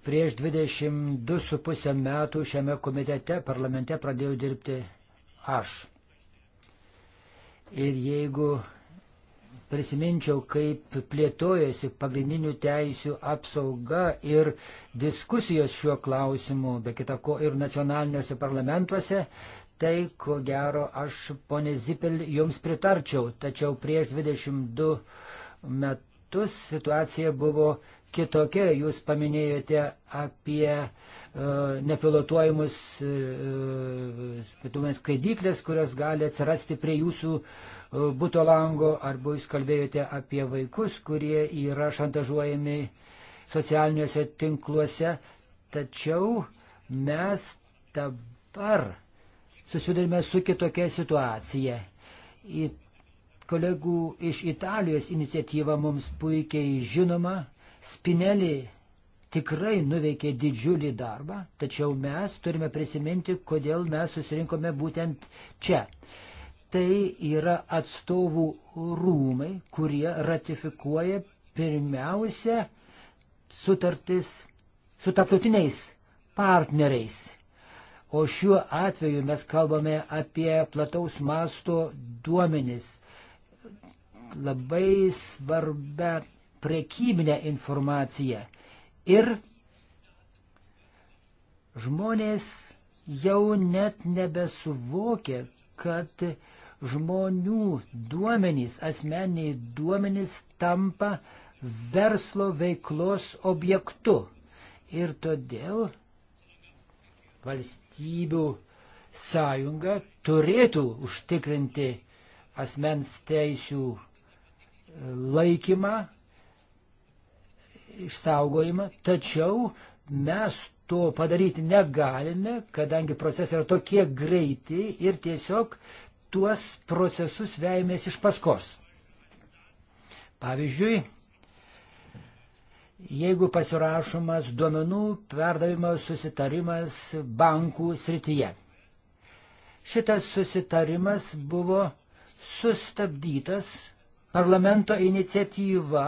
Prieš 22,5 metų šiame komitete parlamente pradėjau dirbti aš. Ir jeigu prisiminčiau, kaip plėtojasi pagrindinių teisių apsauga ir diskusijos šiuo klausimu, be kita ko ir nacionaliniuose parlamentuose, tai ko gero aš, ponė Zipel, jums pritarčiau. Tačiau prieš 22 metus situacija buvo kitokia. Jūs paminėjote apie e, nepilotuojamus e, e skraidyklės, kurios gali atsirasti prie jūsų e, buto lango, arba jūs kalbėjote apie vaikus, kurie yra šantažuojami socialiniuose tinkluose. Tačiau mes dabar susidurime su kitokia situacija. Į kolegų iš Italijos iniciatyva mums puikiai žinoma, Spinelį tikrai nuveikė didžiulį darbą, tačiau mes turime prisiminti, kodėl mes susirinkome būtent čia. Tai yra atstovų rūmai, kurie ratifikuoja pirmiausia sutartis su tarptautiniais partneriais. O šiuo atveju mes kalbame apie plataus masto duomenis. Labai svarbia prekybinę informaciją. Ir žmonės jau net nebesuvokia, kad žmonių duomenys, asmeniai duomenys tampa verslo veiklos objektu. Ir todėl valstybių sąjunga turėtų užtikrinti asmens teisių laikymą išsaugojimą, tačiau mes to padaryti negalime, kadangi procesai yra tokie greiti ir tiesiog tuos procesus vejamės iš paskos. Pavyzdžiui, jeigu pasirašomas duomenų perdavimo susitarimas bankų srityje. Šitas susitarimas buvo sustabdytas parlamento iniciatyva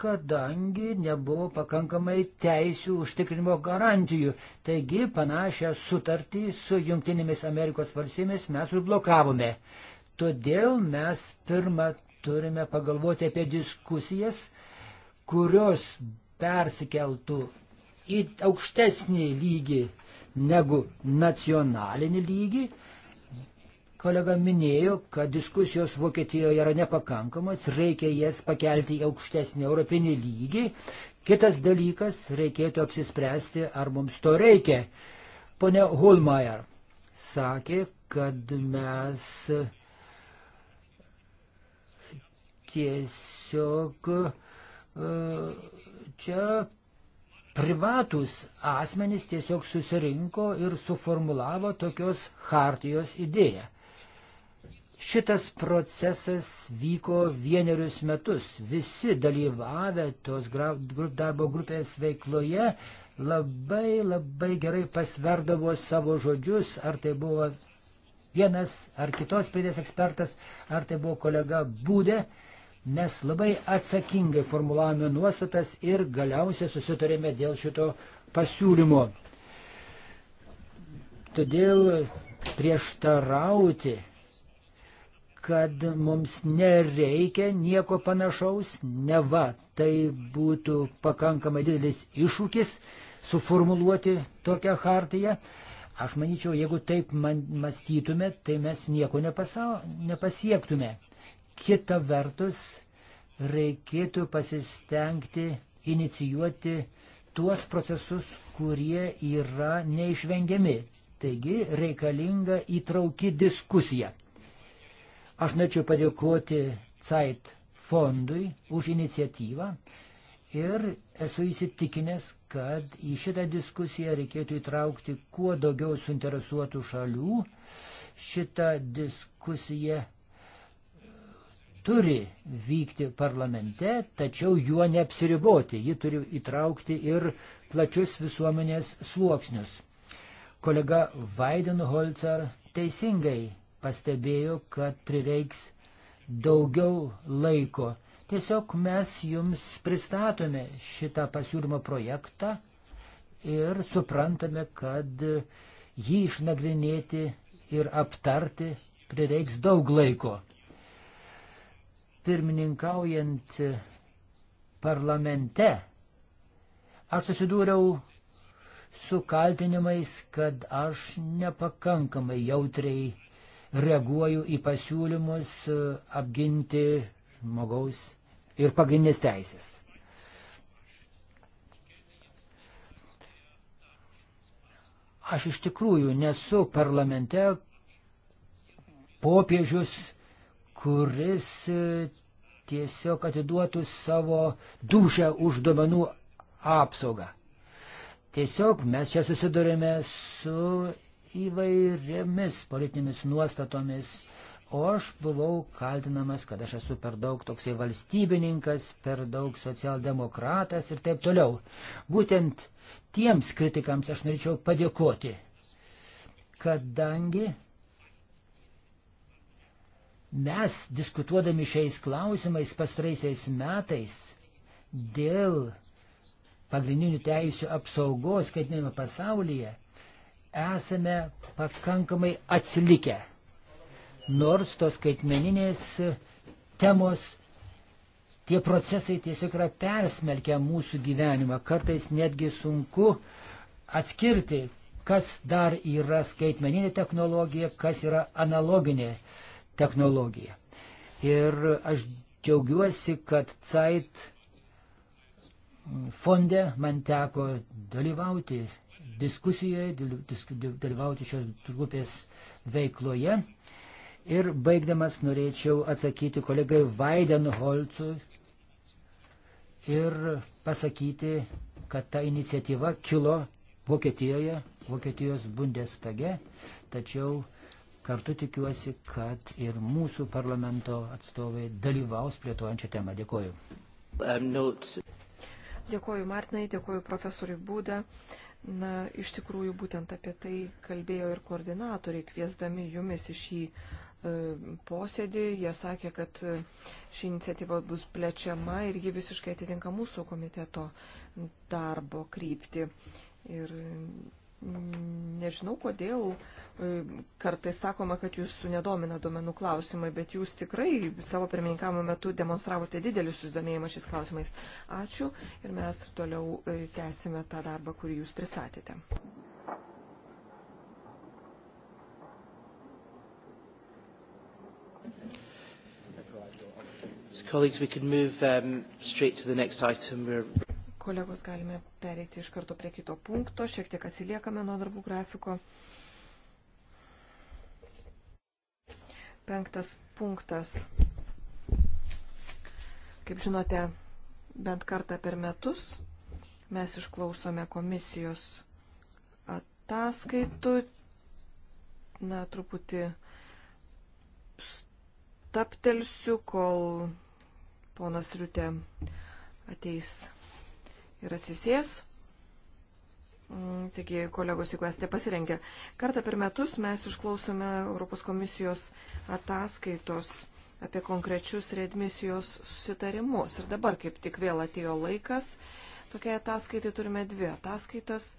kadangi nebuvo pakankamai teisių užtikrinimo garantijų. Taigi panašią sutartį su Junktinėmis Amerikos valstybėmis mes užblokavome. Todėl mes pirmą turime pagalvoti apie diskusijas, kurios persikeltų į aukštesnį lygį negu nacionalinį lygį Kolega minėjo, kad diskusijos Vokietijoje yra nepakankamas, reikia jas pakelti į aukštesnį europinį lygį. Kitas dalykas, reikėtų apsispręsti, ar mums to reikia. Pone Holmeier sakė, kad mes tiesiog e, čia privatus asmenys tiesiog susirinko ir suformulavo tokios hartijos idėją. Šitas procesas vyko vienerius metus. Visi dalyvavę tos darbo grupės veikloje labai labai gerai pasverdavo savo žodžius, ar tai buvo vienas ar kitos pridės ekspertas, ar tai buvo kolega Būdė. Mes labai atsakingai formulavome nuostatas ir galiausiai susitarėme dėl šito pasiūlymo. Todėl prieštarauti kad mums nereikia nieko panašaus, neva tai būtų pakankamai didelis iššūkis suformuluoti tokią hartiją. Aš manyčiau, jeigu taip man, mąstytume, tai mes nieko nepasau, nepasiektume. Kita vertus, reikėtų pasistengti inicijuoti tuos procesus, kurie yra neišvengiami. Taigi reikalinga įtrauki diskusija. Aš norėčiau padėkoti CAIT fondui už iniciatyvą ir esu įsitikinęs, kad į šitą diskusiją reikėtų įtraukti kuo daugiau suinteresuotų šalių. Šita diskusija e, turi vykti parlamente, tačiau juo neapsiriboti. Ji turi įtraukti ir plačius visuomenės sluoksnius. Kolega Vaidenholzer teisingai pastebėjo, kad prireiks daugiau laiko. Tiesiog mes jums pristatome šitą pasiūlymo projektą ir suprantame, kad jį išnagrinėti ir aptarti prireiks daug laiko. Pirmininkaujant parlamente aš susidūriau su kaltinimais, kad aš nepakankamai jautriai reaguoju į pasiūlymus e, apginti žmogaus ir pagrindinės teisės. Aš iš tikrųjų nesu parlamente popiežius, kuris e, tiesiog atiduotų savo dušę už duomenų apsaugą. Tiesiog mes čia susidurime su įvairiomis politinėmis nuostatomis, o aš buvau kaltinamas, kad aš esu per daug toksai valstybininkas, per daug socialdemokratas ir taip toliau. Būtent tiems kritikams aš norėčiau padėkoti, kadangi mes diskutuodami šiais klausimais pastraisiais metais dėl pagrindinių teisių apsaugos skaitinėme pasaulyje, esame pakankamai atsilikę. Nors tos skaitmeninės temos, tie procesai tiesiog yra persmelkę mūsų gyvenimą. Kartais netgi sunku atskirti, kas dar yra skaitmeninė technologija, kas yra analoginė technologija. Ir aš džiaugiuosi, kad CAIT fonde man teko dalyvauti diskusijoje, dalyvauti šios grupės veikloje. Ir baigdamas norėčiau atsakyti kolegai Vaidenholcui ir pasakyti, kad ta iniciatyva kilo Vokietijoje, Vokietijos Bundestage, tačiau kartu tikiuosi, kad ir mūsų parlamento atstovai dalyvaus plėtojančią temą. Dėkoju. Um, dėkoju Martinai, dėkoju profesoriui Būdą. Na, iš tikrųjų, būtent apie tai kalbėjo ir koordinatoriai, kviesdami jumis į šį e, posėdį. Jie sakė, kad e, ši iniciatyva bus plečiama ir ji visiškai atitinka mūsų komiteto darbo krypti. Ir nežinau, kodėl e, kartais sakoma, kad jūsų nedomina duomenų klausimai, bet jūs tikrai savo pirmininkavimo metu demonstravote didelį susidomėjimą šiais klausimais. Ačiū ir mes toliau e, tęsime tą darbą, kurį jūs pristatėte. Colleagues, we can move um, straight to the next item. We're... Kolegos, galime pereiti iš karto prie kito punkto. Šiek tiek atsiliekame nuo darbų grafiko. Penktas punktas. Kaip žinote, bent kartą per metus mes išklausome komisijos ataskaitų. Na, truputį staptelsiu, kol ponas Riutė ateis ir atsisės. Mm, taigi, kolegos, jeigu esate pasirengę, kartą per metus mes išklausome Europos komisijos ataskaitos apie konkrečius readmisijos susitarimus. Ir dabar kaip tik vėl atėjo laikas. Tokiai ataskaitai turime dvi ataskaitas.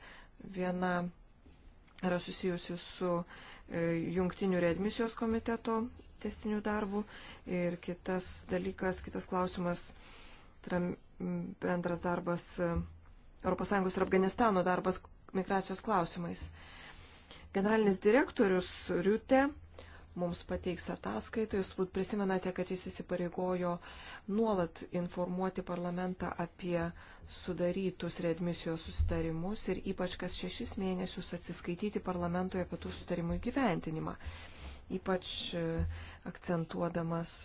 Viena yra susijusi su e, jungtinių readmisijos komiteto testinių darbų ir kitas dalykas, kitas klausimas bendras darbas ES ir Afganistano darbas migracijos klausimais. Generalinis direktorius Riutė mums pateiks ataskaitą. Jūs turbūt prisimenate, kad jis įsipareigojo nuolat informuoti parlamentą apie sudarytus readmisijos susitarimus ir ypač kas šešis mėnesius atsiskaityti parlamentui apie tų susitarimų įgyventinimą. Ypač e, akcentuodamas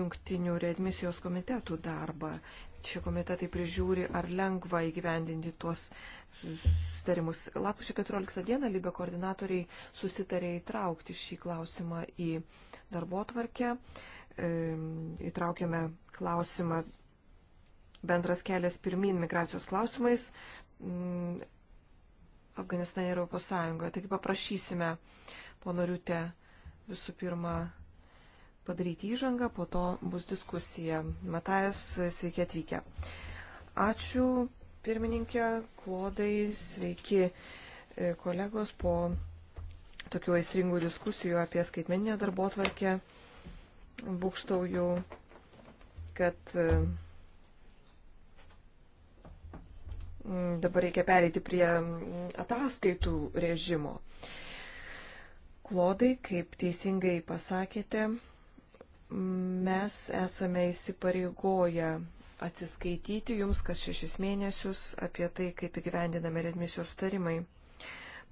jungtinių readmisijos komitetų darbą. Šie komitetai prižiūri, ar lengva įgyvendinti tuos sutarimus. Lapkričio 14 dieną Libė koordinatoriai susitarė įtraukti šį klausimą į darbo tvarkę. Įtraukėme klausimą bendras kelias pirmin migracijos klausimais mm, Afganistane ir Europos Sąjungoje. Taigi paprašysime ponoriutę visų pirma padaryti įžangą, po to bus diskusija. Matajas, sveiki atvykę. Ačiū, pirmininkė, klodai, sveiki e, kolegos po tokių aistringų diskusijų apie skaitmeninę darbo tvarkę. Būkštauju, kad e, dabar reikia pereiti prie ataskaitų režimo. Klodai, kaip teisingai pasakėte, mes esame įsipareigoję atsiskaityti jums kas šešis mėnesius apie tai, kaip įgyvendiname redmisijos sutarimai.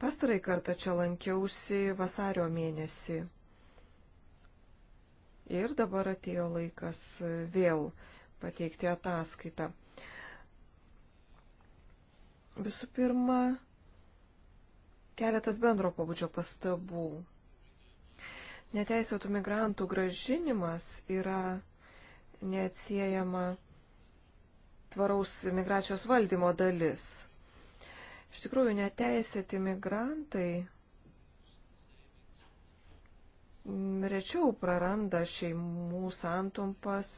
Pastarai kartą čia lankiausi vasario mėnesį. Ir dabar atėjo laikas vėl pateikti ataskaitą. Visų pirma, keletas bendro pabudžio pastabų. Neteisėtų migrantų gražinimas yra neatsiejama tvaraus migracijos valdymo dalis. Iš tikrųjų, neteisėti migrantai rečiau praranda šeimų santumpas,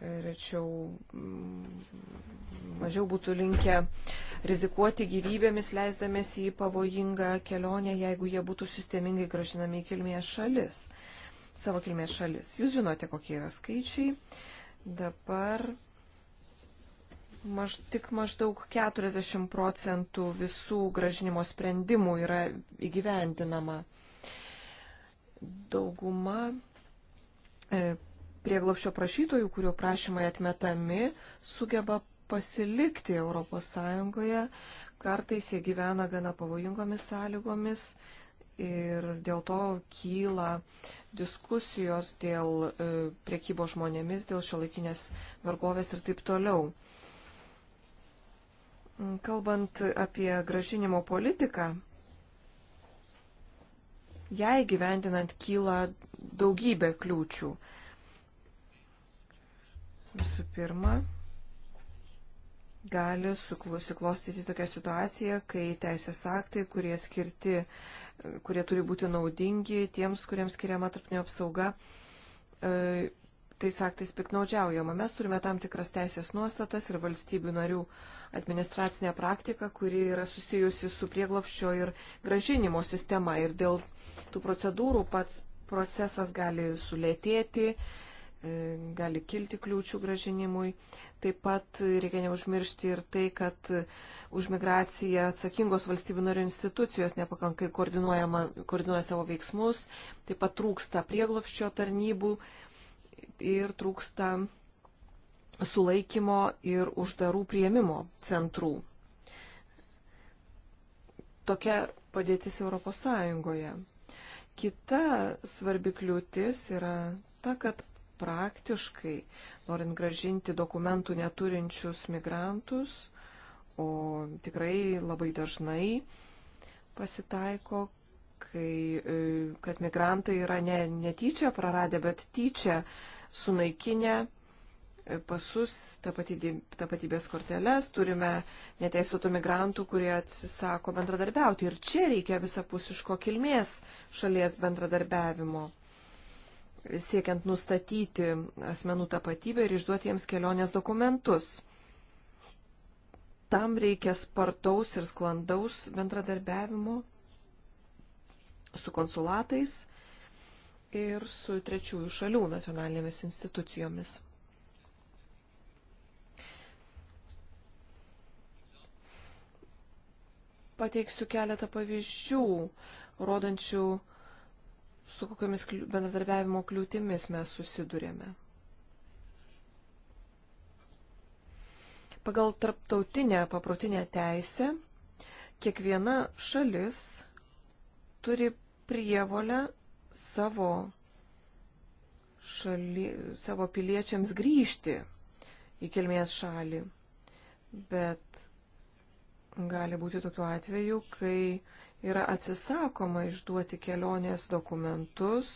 rečiau mm, mažiau būtų linkę rizikuoti gyvybėmis, leisdamėsi į pavojingą kelionę, jeigu jie būtų sistemingai gražinami į kilmės šalis, savo kilmės šalis. Jūs žinote, kokie yra skaičiai. Dabar maž, tik maždaug 40 procentų visų gražinimo sprendimų yra įgyvendinama. Dauguma e, prieglopšio prašytojų, kurių prašymai atmetami, sugeba pasilikti ES, kartais jie gyvena gana pavojingomis sąlygomis ir dėl to kyla diskusijos dėl e, priekybo žmonėmis, dėl šiolaikinės vergovės ir taip toliau. Kalbant apie gražinimo politiką, jai gyvendinant kyla daugybė kliūčių. Visų pirma, gali susiklostyti tokia situacija, kai teisės aktai, kurie skirti, kurie turi būti naudingi tiems, kuriems skiriama tarpinio apsauga, e, tais aktais piknaudžiaujama. Mes turime tam tikras teisės nuostatas ir valstybių narių administracinę praktiką, kuri yra susijusi su prieglopščio ir gražinimo sistema. Ir dėl tų procedūrų pats procesas gali sulėtėti, E, gali kilti kliūčių gražinimui. Taip pat reikia neužmiršti ir tai, kad už migraciją atsakingos valstybių narių institucijos nepakankai koordinuoja savo veiksmus, taip pat trūksta prieglopščio tarnybų ir trūksta sulaikymo ir uždarų prieimimo centrų. Tokia padėtis Europos Sąjungoje. Kita svarbi kliūtis yra ta, kad praktiškai, norint gražinti dokumentų neturinčius migrantus, o tikrai labai dažnai pasitaiko, kai, e, kad migrantai yra ne, netyčia praradę, bet tyčia sunaikinę e, pasus, tapatybės korteles, turime neteisėtų migrantų, kurie atsisako bendradarbiauti. Ir čia reikia visapusiško kilmės šalies bendradarbiavimo siekiant nustatyti asmenų tapatybę ir išduoti jiems kelionės dokumentus. Tam reikia spartaus ir sklandaus bendradarbiavimo su konsulatais ir su trečiųjų šalių nacionalinėmis institucijomis. Pateiksiu keletą pavyzdžių, rodančių su kokiamis bendradarbiavimo kliūtimis mes susidurėme. Pagal tarptautinę paprotinę teisę kiekviena šalis turi prievolę savo, šali, savo piliečiams grįžti į kilmės šalį. Bet gali būti tokiu atveju, kai yra atsisakoma išduoti kelionės dokumentus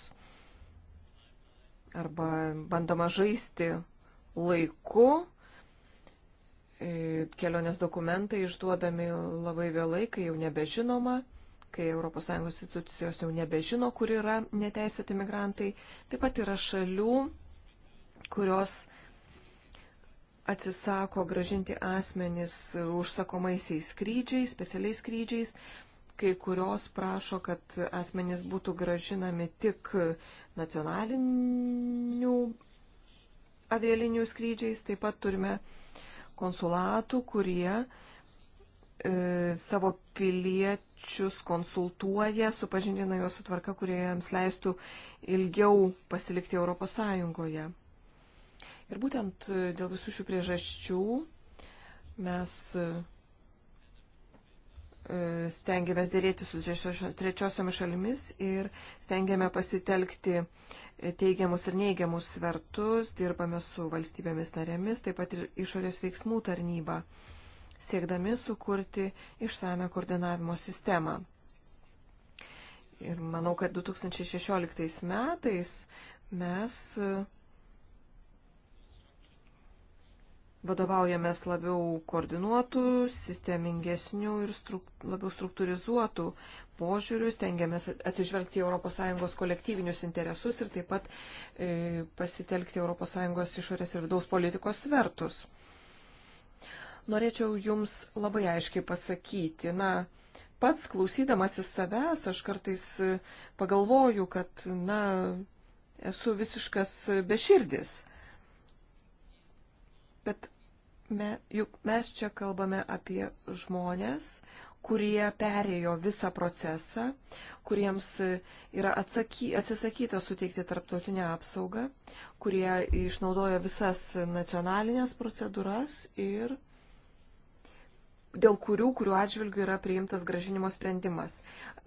arba bandoma žaisti laiku. E, kelionės dokumentai išduodami labai vėlai, kai jau nebežinoma, kai ES institucijos jau nebežino, kur yra neteisėti migrantai. Taip pat yra šalių, kurios atsisako gražinti asmenis užsakomaisiais skrydžiais, specialiais skrydžiais. Kai kurios prašo, kad asmenys būtų gražinami tik nacionalinių avialinių skrydžiais. Taip pat turime konsulatų, kurie e, savo piliečius konsultuoja, supažindina juos su tvarka, kurie jiems leistų ilgiau pasilikti Europos Sąjungoje. Ir būtent e, dėl visų šių priežasčių mes e, stengiamės dėrėti su trečiosiomis šalimis ir stengiame pasitelkti e, teigiamus ir neigiamus svertus, dirbame su valstybėmis narėmis, taip pat ir išorės veiksmų tarnyba, siekdami sukurti išsame koordinavimo sistemą. Ir manau, kad 2016 metais mes vadovaujamės labiau koordinuotų, sistemingesnių ir struk, labiau struktūrizuotų požiūrių, stengiamės atsižvelgti į ES kolektyvinius interesus ir taip pat e, pasitelkti ES išorės ir vidaus politikos svertus. Norėčiau Jums labai aiškiai pasakyti, na, pats klausydamasis savęs, aš kartais e, pagalvoju, kad, na, esu visiškas beširdis. Bet Me, juk mes čia kalbame apie žmonės, kurie perėjo visą procesą, kuriems yra atsaky, atsisakyta suteikti tarptautinę apsaugą, kurie išnaudojo visas nacionalinės procedūras ir dėl kurių, kurių atžvilgių yra priimtas gražinimo sprendimas.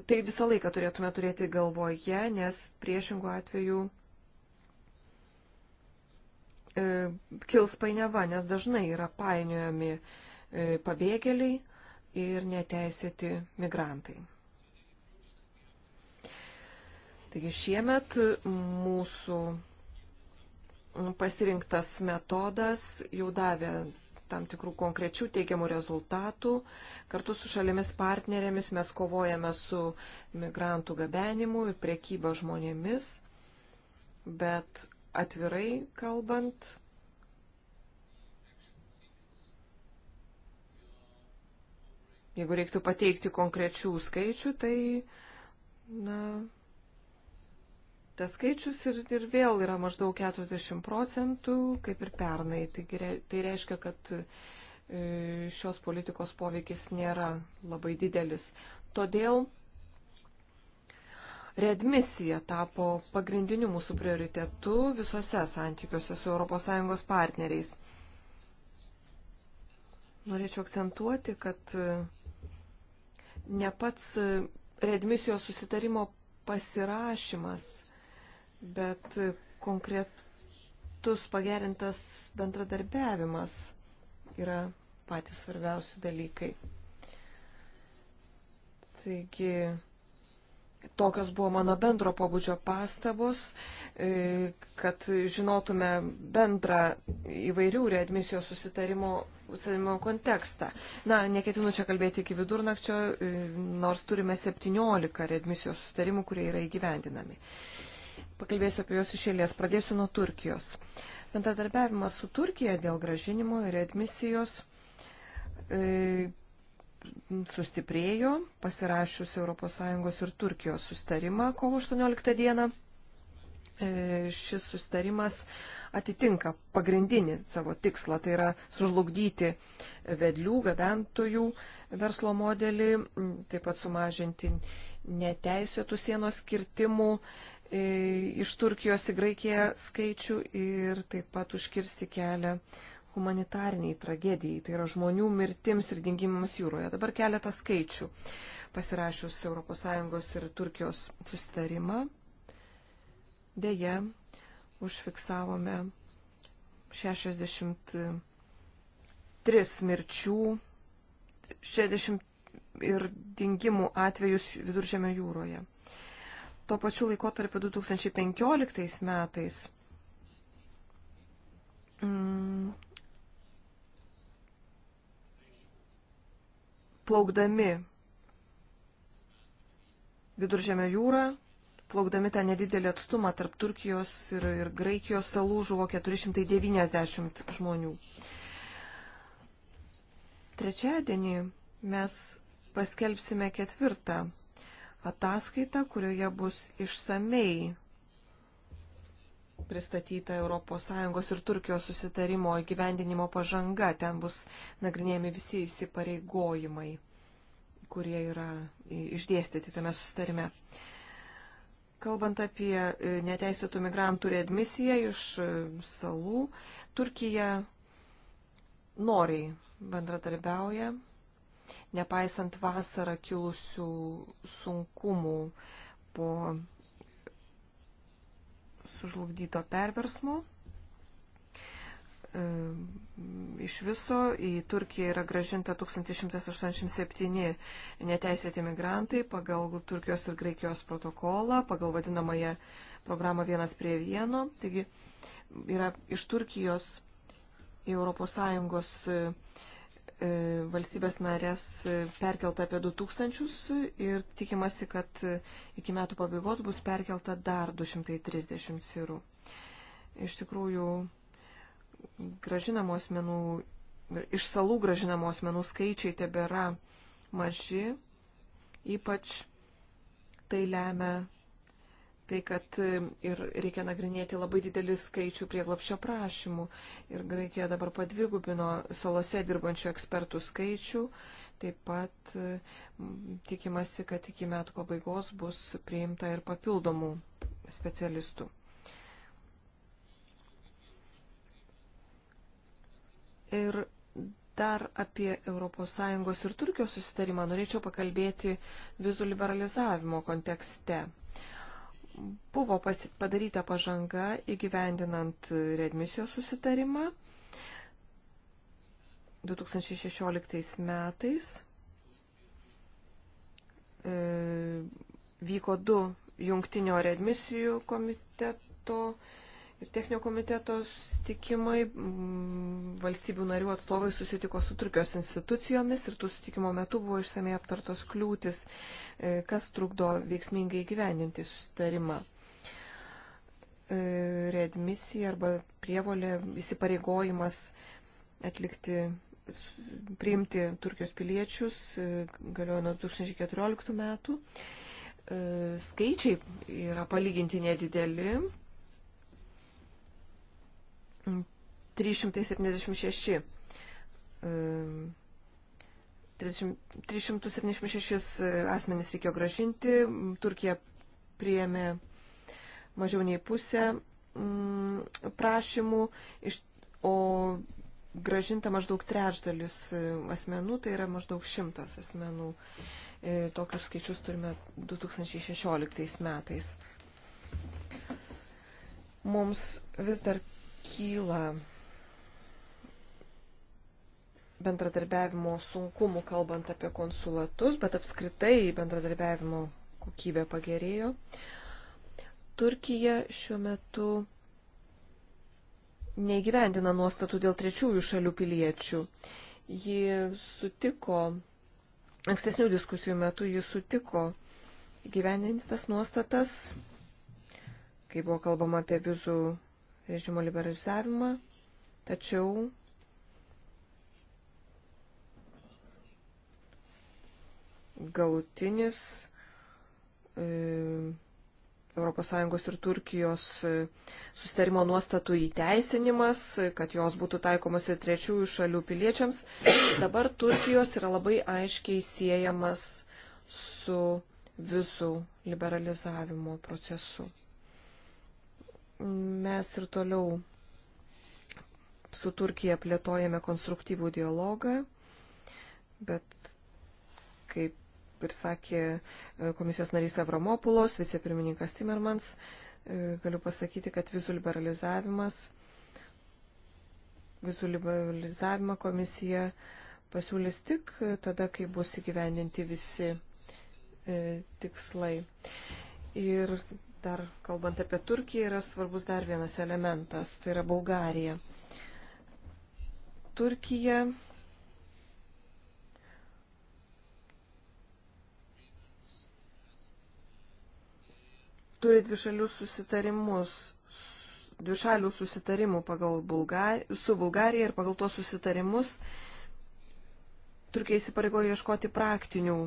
Tai visą laiką turėtume turėti galvoje, nes priešingų atveju E, kils painiava, nes dažnai yra painiojami e, pabėgėliai ir neteisėti migrantai. Taigi šiemet mūsų pasirinktas metodas jau davė tam tikrų konkrečių teigiamų rezultatų. Kartu su šalimis partnerėmis mes kovojame su migrantų gabenimu ir priekyba žmonėmis, bet atvirai kalbant, jeigu reiktų pateikti konkrečių skaičių, tai na, tas skaičius ir, ir vėl yra maždaug 40 procentų, kaip ir pernai. Taigi, tai reiškia, kad e, šios politikos poveikis nėra labai didelis. Todėl Readmisija tapo pagrindiniu mūsų prioritetu visose santykiuose su ES partneriais. Norėčiau akcentuoti, kad ne pats readmisijos susitarimo pasirašymas, bet konkretus pagerintas bendradarbiavimas yra patys svarbiausi dalykai. Taigi Tokios buvo mano bendro pobūdžio pastabos, e, kad žinotume bendrą įvairių readmisijos susitarimo, susitarimo kontekstą. Na, neketinu čia kalbėti iki vidurnakčio, e, nors turime 17 readmisijos susitarimų, kurie yra įgyvendinami. Pakalbėsiu apie juos iš eilės. Pradėsiu nuo Turkijos. Bendradarbiavimas su Turkija dėl gražinimo ir readmisijos. E, sustiprėjo pasirašius ES ir Turkijos sustarimą kovo 18 dieną. E, šis sustarimas atitinka pagrindinį savo tikslą, tai yra sužlugdyti vedlių, gabentojų verslo modelį, taip pat sumažinti neteisėtų sienos kirtimų e, iš Turkijos į Graikiją skaičių ir taip pat užkirsti kelią humanitariniai tragedijai, tai yra žmonių mirtims ir dingimams jūroje. Dabar keletą skaičių pasirašius ES ir Turkijos susitarimą. Deja, užfiksavome 63 mirčių 60 ir dingimų atvejus viduržėme jūroje. Tuo pačiu laikotarpiu 2015 metais mm, plaukdami viduržėmio jūrą, plaukdami tą nedidelį atstumą tarp Turkijos ir, ir Graikijos salų žuvo 490 žmonių. Trečiadienį mes paskelbsime ketvirtą ataskaitą, kurioje bus išsamei pristatyta ES ir Turkijos susitarimo įgyvendinimo pažanga. Ten bus nagrinėjami visi įsipareigojimai, kurie yra išdėstyti tame susitarime. Kalbant apie e, neteisėtų migrantų readmisiją iš e, salų, Turkija noriai bendradarbiauja, nepaisant vasarą kilusių sunkumų po sužlugdyto perversmo. E, iš viso į Turkiją yra gražinta 1187 neteisėti migrantai pagal Turkijos ir Graikijos protokolą, pagal vadinamąją programą vienas prie vieno. Taigi yra iš Turkijos į ES E, valstybės narės perkelta apie 2000 ir tikimasi, kad iki metų pabaigos bus perkelta dar 230 sirų. Iš tikrųjų, gražinamos menų, iš salų gražinamos menų skaičiai tebėra maži, ypač tai lemia tai, kad e, ir reikia nagrinėti labai didelį skaičių prieglopščio prašymų. Ir Graikija dabar padvigubino salose dirbančių ekspertų skaičių. Taip pat e, tikimasi, kad iki metų pabaigos bus priimta ir papildomų specialistų. Ir dar apie ES ir Turkijos susitarimą norėčiau pakalbėti vizų liberalizavimo kontekste buvo padaryta pažanga įgyvendinant redmisijos susitarimą 2016 metais. E, vyko du jungtinio redmisijų komiteto Ir techninio komiteto susitikimai mm, valstybių narių atstovai susitiko su Turkijos institucijomis ir tų susitikimo metu buvo išsamei aptartos kliūtis, e, kas trukdo veiksmingai gyveninti susitarimą. E, readmisija arba prievolė įsipareigojimas atlikti, priimti Turkijos piliečius e, galiojo nuo 2014 metų. Skaičiai yra palyginti nedideli 376. 376 asmenys reikėjo gražinti, Turkija priėmė mažiau nei pusę mm, prašymų, o gražinta maždaug trečdalis e, asmenų, tai yra maždaug šimtas asmenų. E, tokius skaičius turime 2016 metais. Mums vis dar kyla bendradarbiavimo sunkumų, kalbant apie konsulatus, bet apskritai bendradarbiavimo kokybė pagerėjo. Turkija šiuo metu neįgyvendina nuostatų dėl trečiųjų šalių piliečių. Ji sutiko, ankstesnių diskusijų metu ji sutiko įgyvendinti tas nuostatas, kai buvo kalbama apie vizų režimo liberalizavimą, tačiau galutinis ES ir Turkijos e, sustarimo nuostatų įteisinimas, kad jos būtų taikomos ir trečiųjų šalių piliečiams, dabar Turkijos yra labai aiškiai siejamas su visų liberalizavimo procesu mes ir toliau su Turkija plėtojame konstruktyvų dialogą, bet kaip ir sakė e, komisijos narys Avramopulos, vicepirmininkas Timermans, e, galiu pasakyti, kad vizų liberalizavimas, vizų liberalizavimą komisija pasiūlys tik e, tada, kai bus įgyvendinti visi tikslai. Ir dar kalbant apie Turkiją yra svarbus dar vienas elementas, tai yra Bulgarija. Turkija turi dvišalius susitarimus, dvišalių susitarimų pagal Bulgari, su Bulgarija ir pagal tuos susitarimus Turkija įsipareigojo ieškoti praktinių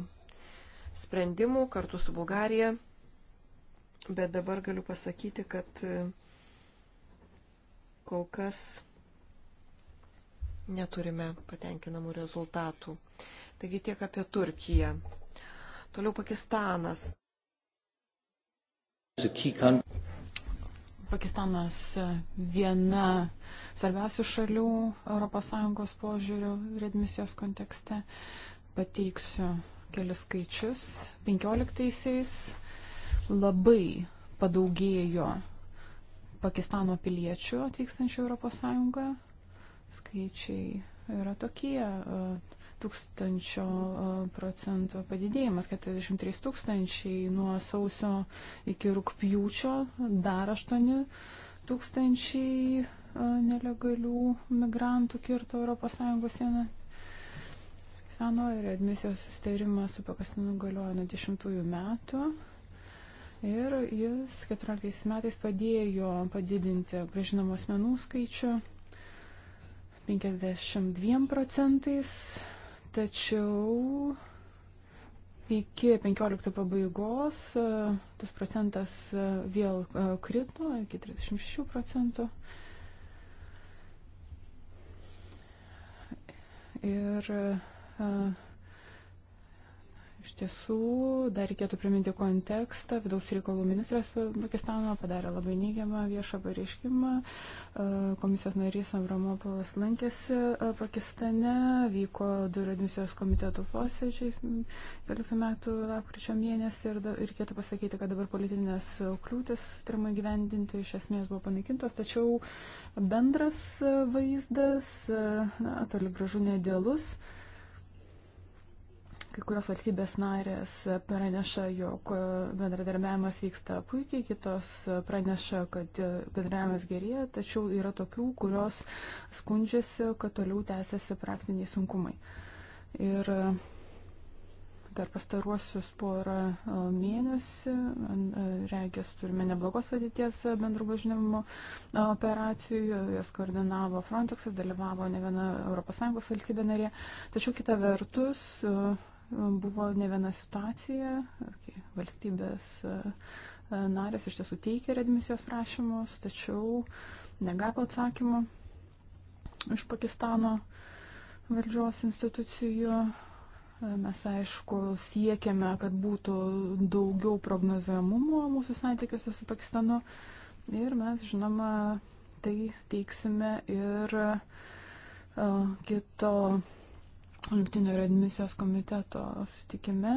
sprendimų kartu su Bulgarija bet dabar galiu pasakyti, kad e, kol kas neturime patenkinamų rezultatų. Taigi tiek apie Turkiją. Toliau Pakistanas. Pakistanas viena svarbiausių šalių ES požiūrių redmisijos kontekste. Pateiksiu kelis skaičius. 15-aisiais labai padaugėjo Pakistano piliečių atvykstančių Europos Sąjungą. Skaičiai yra tokie. E, tūkstančio e, procentų padidėjimas, 43 tūkstančiai nuo sausio iki rūpjūčio, dar 8 tūkstančiai e, nelegalių migrantų kirto ES sieną. Sano ir admisijos sustarimas su Pakistanu galioja nuo 10 metų. Ir jis 14 metais padėjo padidinti prižinomų asmenų skaičių 52 procentais, tačiau iki 15 pabaigos e, tas procentas e, vėl e, krito iki 36 procentų. Ir uh, Iš tiesų, dar reikėtų priminti kontekstą. Vidaus reikalų ministras Pakistano padarė labai neigiamą viešą pareiškimą. E, komisijos narys Avramopolas lankėsi e, Pakistane, vyko du redmisijos komitetų posėdžiai 12 metų lapkričio mėnesį ir reikėtų pasakyti, kad dabar politinės kliūtis turime gyvendinti iš esmės buvo panaikintos, tačiau bendras vaizdas e, na, toli gražu nedėlus. Kai kurios valstybės narės praneša, jog bendradarbiavimas vyksta puikiai, kitos praneša, kad bendradarbiavimas gerėja, tačiau yra tokių, kurios skundžiasi, kad toliau tęsiasi praktiniai sunkumai. Ir per pastaruosius porą e, mėnesių, e, reikės, turime neblogos padėties bendrų važinimo operacijų, jas koordinavo Frontexas, dalyvavo ne viena ES valstybė narė, tačiau kita vertus e, Buvo ne viena situacija, kai valstybės e, narės iš tiesų teikė redmisijos prašymus, tačiau negavo atsakymo iš Pakistano valdžios institucijų. E, mes, aišku, siekiame, kad būtų daugiau prognozuojamumo mūsų santykiuose su Pakistanu ir mes, žinoma, tai teiksime ir e, kito Junktinio redmisijos komiteto sutikime,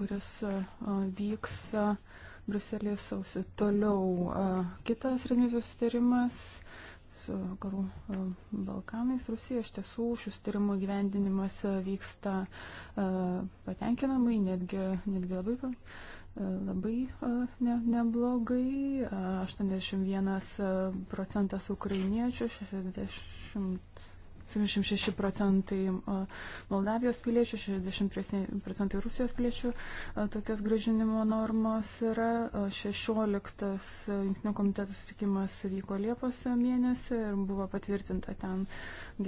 kuris vyks Bruselėje sausi. Toliau kitas redmisijos sutarimas su karų Balkanais Rusija. Iš tiesų šių sutarimų gyvendinimas vyksta patenkinamai, netgi, netgi labai labai ne, neblogai. 81 procentas ukrainiečių, 60 76 procentai Moldavijos piliečių, 60 procentai Rusijos piliečių. Tokios gražinimo normos yra. 16 jungtinio komiteto sutikimas vyko Liepos mėnesį ir buvo patvirtinta ten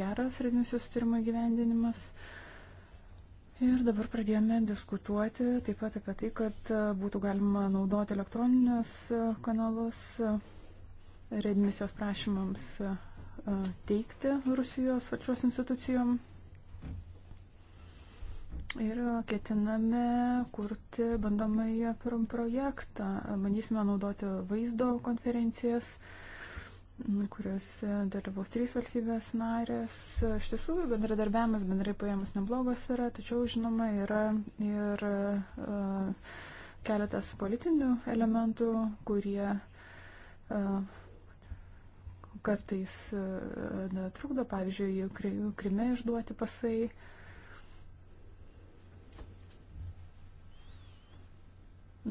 geras redmisijos sutarimo gyvendinimas. Ir dabar pradėjome diskutuoti taip pat apie tai, kad būtų galima naudoti elektroninius kanalus redmisijos prašymams teikti Rusijos valdžios institucijom. Ir ketiname kurti bandomąjį projektą. Bandysime naudoti vaizdo konferencijas, kuriuose dalyvaus trys valstybės narės. Iš tiesų, bendradarbiavimas bendrai paėmus neblogas yra, tačiau, žinoma, yra ir uh, keletas politinių elementų, kurie uh, kartais e, na, trukdo, pavyzdžiui, Krime išduoti pasai.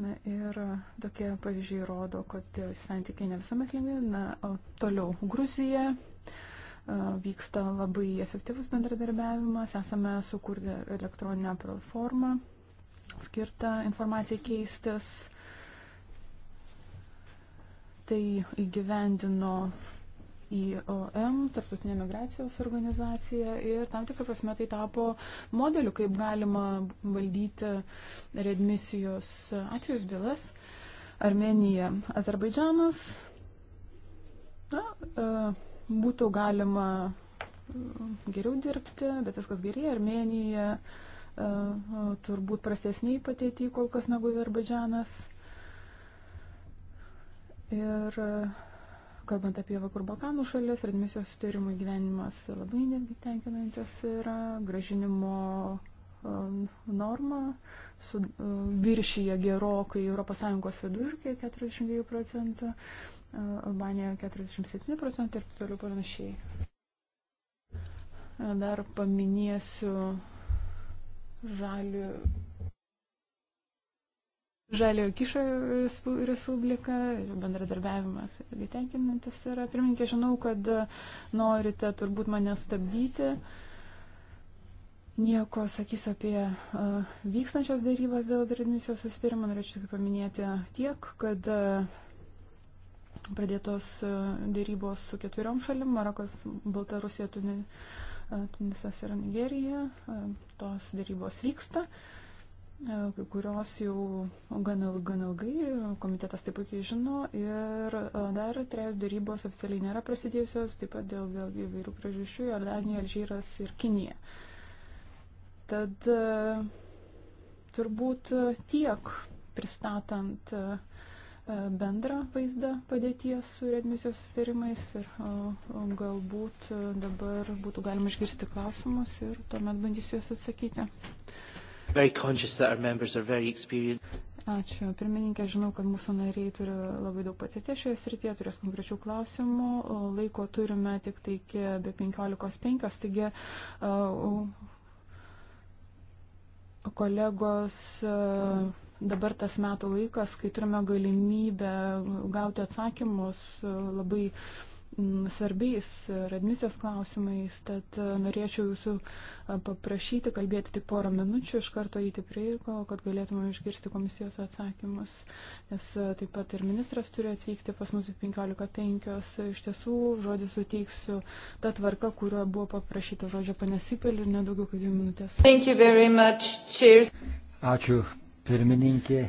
Na, ir tokie pavyzdžiai rodo, kad santykiai ne visuomet lengvi. Na, o toliau Gruzija e, vyksta labai efektyvus bendradarbiavimas. Esame sukūrę elektroninę platformą skirtą informacijai keistis tai įgyvendino IOM, Tarptautinė migracijos organizacija. Ir tam tikrą prasme tai tapo modeliu, kaip galima valdyti redmisijos atvejus bylas. Armenija, Azerbaidžianas. Na, e, būtų galima e, geriau dirbti, bet viskas gerėja. Armenija e, turbūt prastesniai patėti kol kas negu Azerbaidžianas. Ir uh, Kalbant apie Vakarų Balkanų šalis, admisijos sutarimų gyvenimas labai netgi tenkinantis yra, gražinimo e, norma su, e, viršyje gerokai ES vidurkį 42 procentų, Albanija 47 procentų ir toliau panašiai. E, dar paminėsiu žalių Žaliojo kišo Respublika, bendradarbiavimas irgi tenkinantis yra. Pirmininkė, žinau, kad norite turbūt mane stabdyti. Nieko sakysiu apie uh, vykstančias darybas dėl redmisijos susitarimo. Norėčiau tik paminėti tiek, kad uh, pradėtos uh, darybos su keturiom šalim - Marokas, Baltarusija, Tunisas ir Nigerija. Uh, tos darybos vyksta. Uh, E, kurios jau gan, gan ilgai, komitetas taip puikiai žino, ir e, dar trejos darybos oficialiai nėra prasidėjusios, taip pat dėl, dėl įvairių priežasčių - Jordanija, Alžyras ir Kinija. Tad e, turbūt tiek pristatant bendrą vaizdą padėties su redmisijos sustarimais ir galbūt dabar būtų galima išgirsti klausimus ir tuomet bandysiu juos atsakyti. Ačiū. Pirmininkė, žinau, kad mūsų nariai turi labai daug patirties šioje srityje, turės konkrečių klausimų. Laiko turime tik tai iki be 15.5, taigi kolegos. Uh, dabar tas metų laikas, kai turime galimybę gauti atsakymus labai svarbiais redmisijos klausimais, tad e, norėčiau jūsų e, paprašyti kalbėti tik porą minučių, iš karto įti prieiko, kad galėtume išgirsti komisijos atsakymus, nes e, taip pat ir ministras turi atvykti pas mus 15.5. Iš tiesų, žodį suteiksiu tą tvarką, kurioje buvo paprašyta žodžio panesipelį ir nedaugiau kaip dvi minutės. Ačiū, pirmininkė.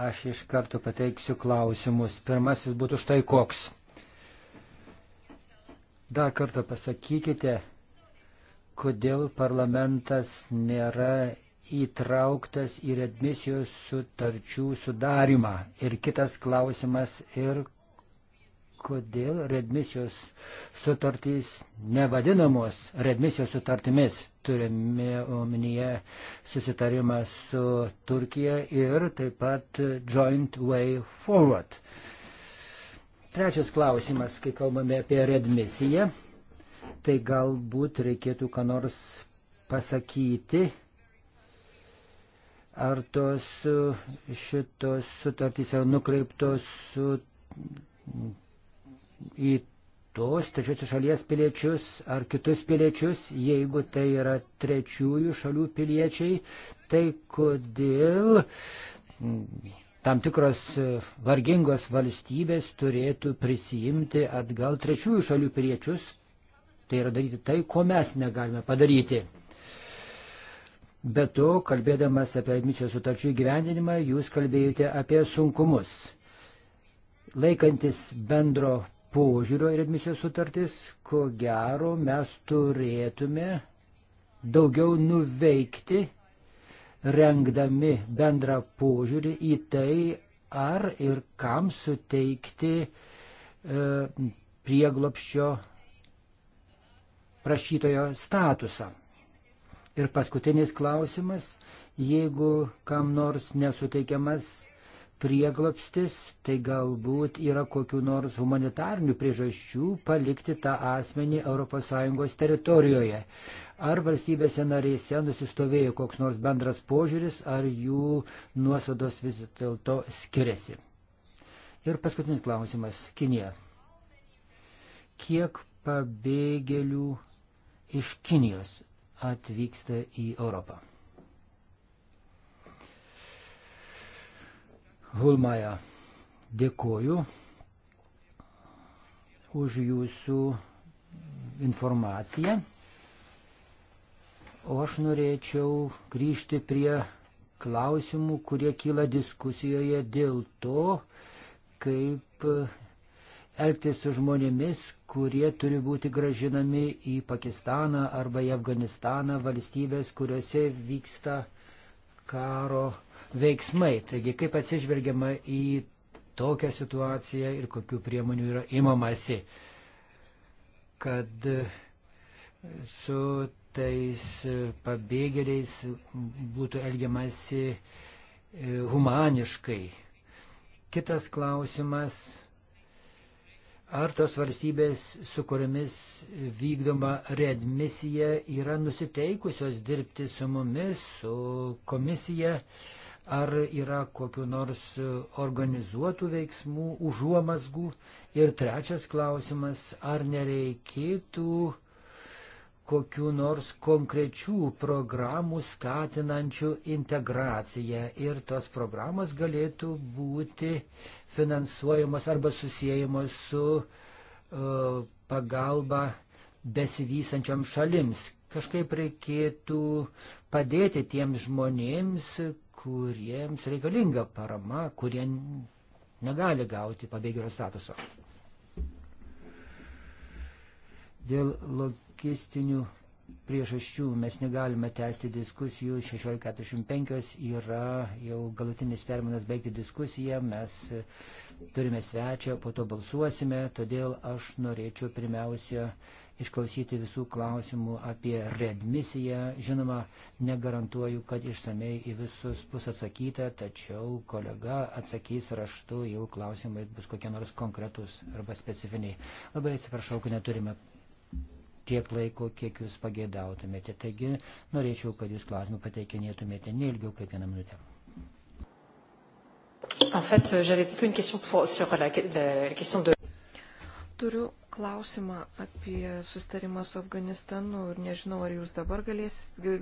Aš iš karto pateiksiu klausimus. Pirmasis būtų štai koks. Dar kartą pasakykite, kodėl parlamentas nėra įtrauktas į admisijos sutarčių sudarimą. Ir kitas klausimas, ir kodėl redmisijos sutartys nevadinamos redmisijos sutartimis, turime omenyje susitarimą su Turkija ir taip pat Joint Way Forward Trečias klausimas, kai kalbame apie redmisiją, tai galbūt reikėtų ką nors pasakyti, ar tos e, šitos sutartys yra nukreiptos su, į tos trečiosios šalies piliečius ar kitus piliečius, jeigu tai yra trečiųjų šalių piliečiai, tai kodėl tam tikros e, vargingos valstybės turėtų prisijimti atgal trečiųjų šalių piliečius, tai yra daryti tai, ko mes negalime padaryti. Be to, kalbėdamas apie admisijos sutarčių gyvendinimą, jūs kalbėjote apie sunkumus. Laikantis bendro požiūrio ir admisijos sutartis, ko gero mes turėtume daugiau nuveikti rengdami bendrą požiūrį į tai, ar ir kam suteikti e, prieglopščio prašytojo statusą. Ir paskutinis klausimas, jeigu kam nors nesuteikiamas prieglopstis, tai galbūt yra kokiu nors humanitarnių priežasčių palikti tą asmenį ES teritorijoje. Ar valstybėse narėse nusistovėjo koks nors bendras požiūris, ar jų nuosados vis dėlto skiriasi? Ir paskutinis klausimas - Kinija. Kiek pabėgėlių iš Kinijos atvyksta į Europą? Hulmaja, dėkoju už jūsų informaciją. O aš norėčiau grįžti prie klausimų, kurie kyla diskusijoje dėl to, kaip elgtis su žmonėmis, kurie turi būti gražinami į Pakistaną arba į Afganistaną, valstybės, kuriuose vyksta karo veiksmai. Taigi, kaip atsižvelgiama į tokią situaciją ir kokiu priemonių yra imamasi, kad su tais e, pabėgėliais būtų elgiamasi e, humaniškai. Kitas klausimas, ar tos valstybės, su kuriomis vykdoma readmisija, yra nusiteikusios dirbti su mumis, su komisija, ar yra kokiu nors organizuotų veiksmų, užuomasgų. Ir trečias klausimas, ar nereikėtų uh, kokiu nors konkrečių programų skatinančių integraciją ir tos programos galėtų būti finansuojamos arba susijęjamos su uh, pagalba besivysančiom šalims. Kažkaip reikėtų padėti tiems žmonėms, kuriems reikalinga parama, kurie negali gauti pabėgėlio statuso. Dėl log anarchistinių priežasčių mes negalime tęsti diskusijų. 16.45 yra jau galutinis terminas baigti diskusiją. Mes e, turime svečią, po to balsuosime. Todėl aš norėčiau pirmiausia išklausyti visų klausimų apie redmisiją. Žinoma, negarantuoju, kad išsamei į visus bus atsakyta, tačiau kolega atsakys raštu, jau klausimai bus kokie nors konkretus arba specifiniai. Labai atsiprašau, kad neturime tiek laiko, kiek jūs pageidautumėte. Taigi norėčiau, kad jūs klausimų pateikinėtumėte ne ilgiau kaip vieną minutę. En fait, j'avais plutôt une question pour, sur la, la, la question de. Turiu klausimą apie sustarimą su Afganistanu ir nežinau, ar jūs dabar galės,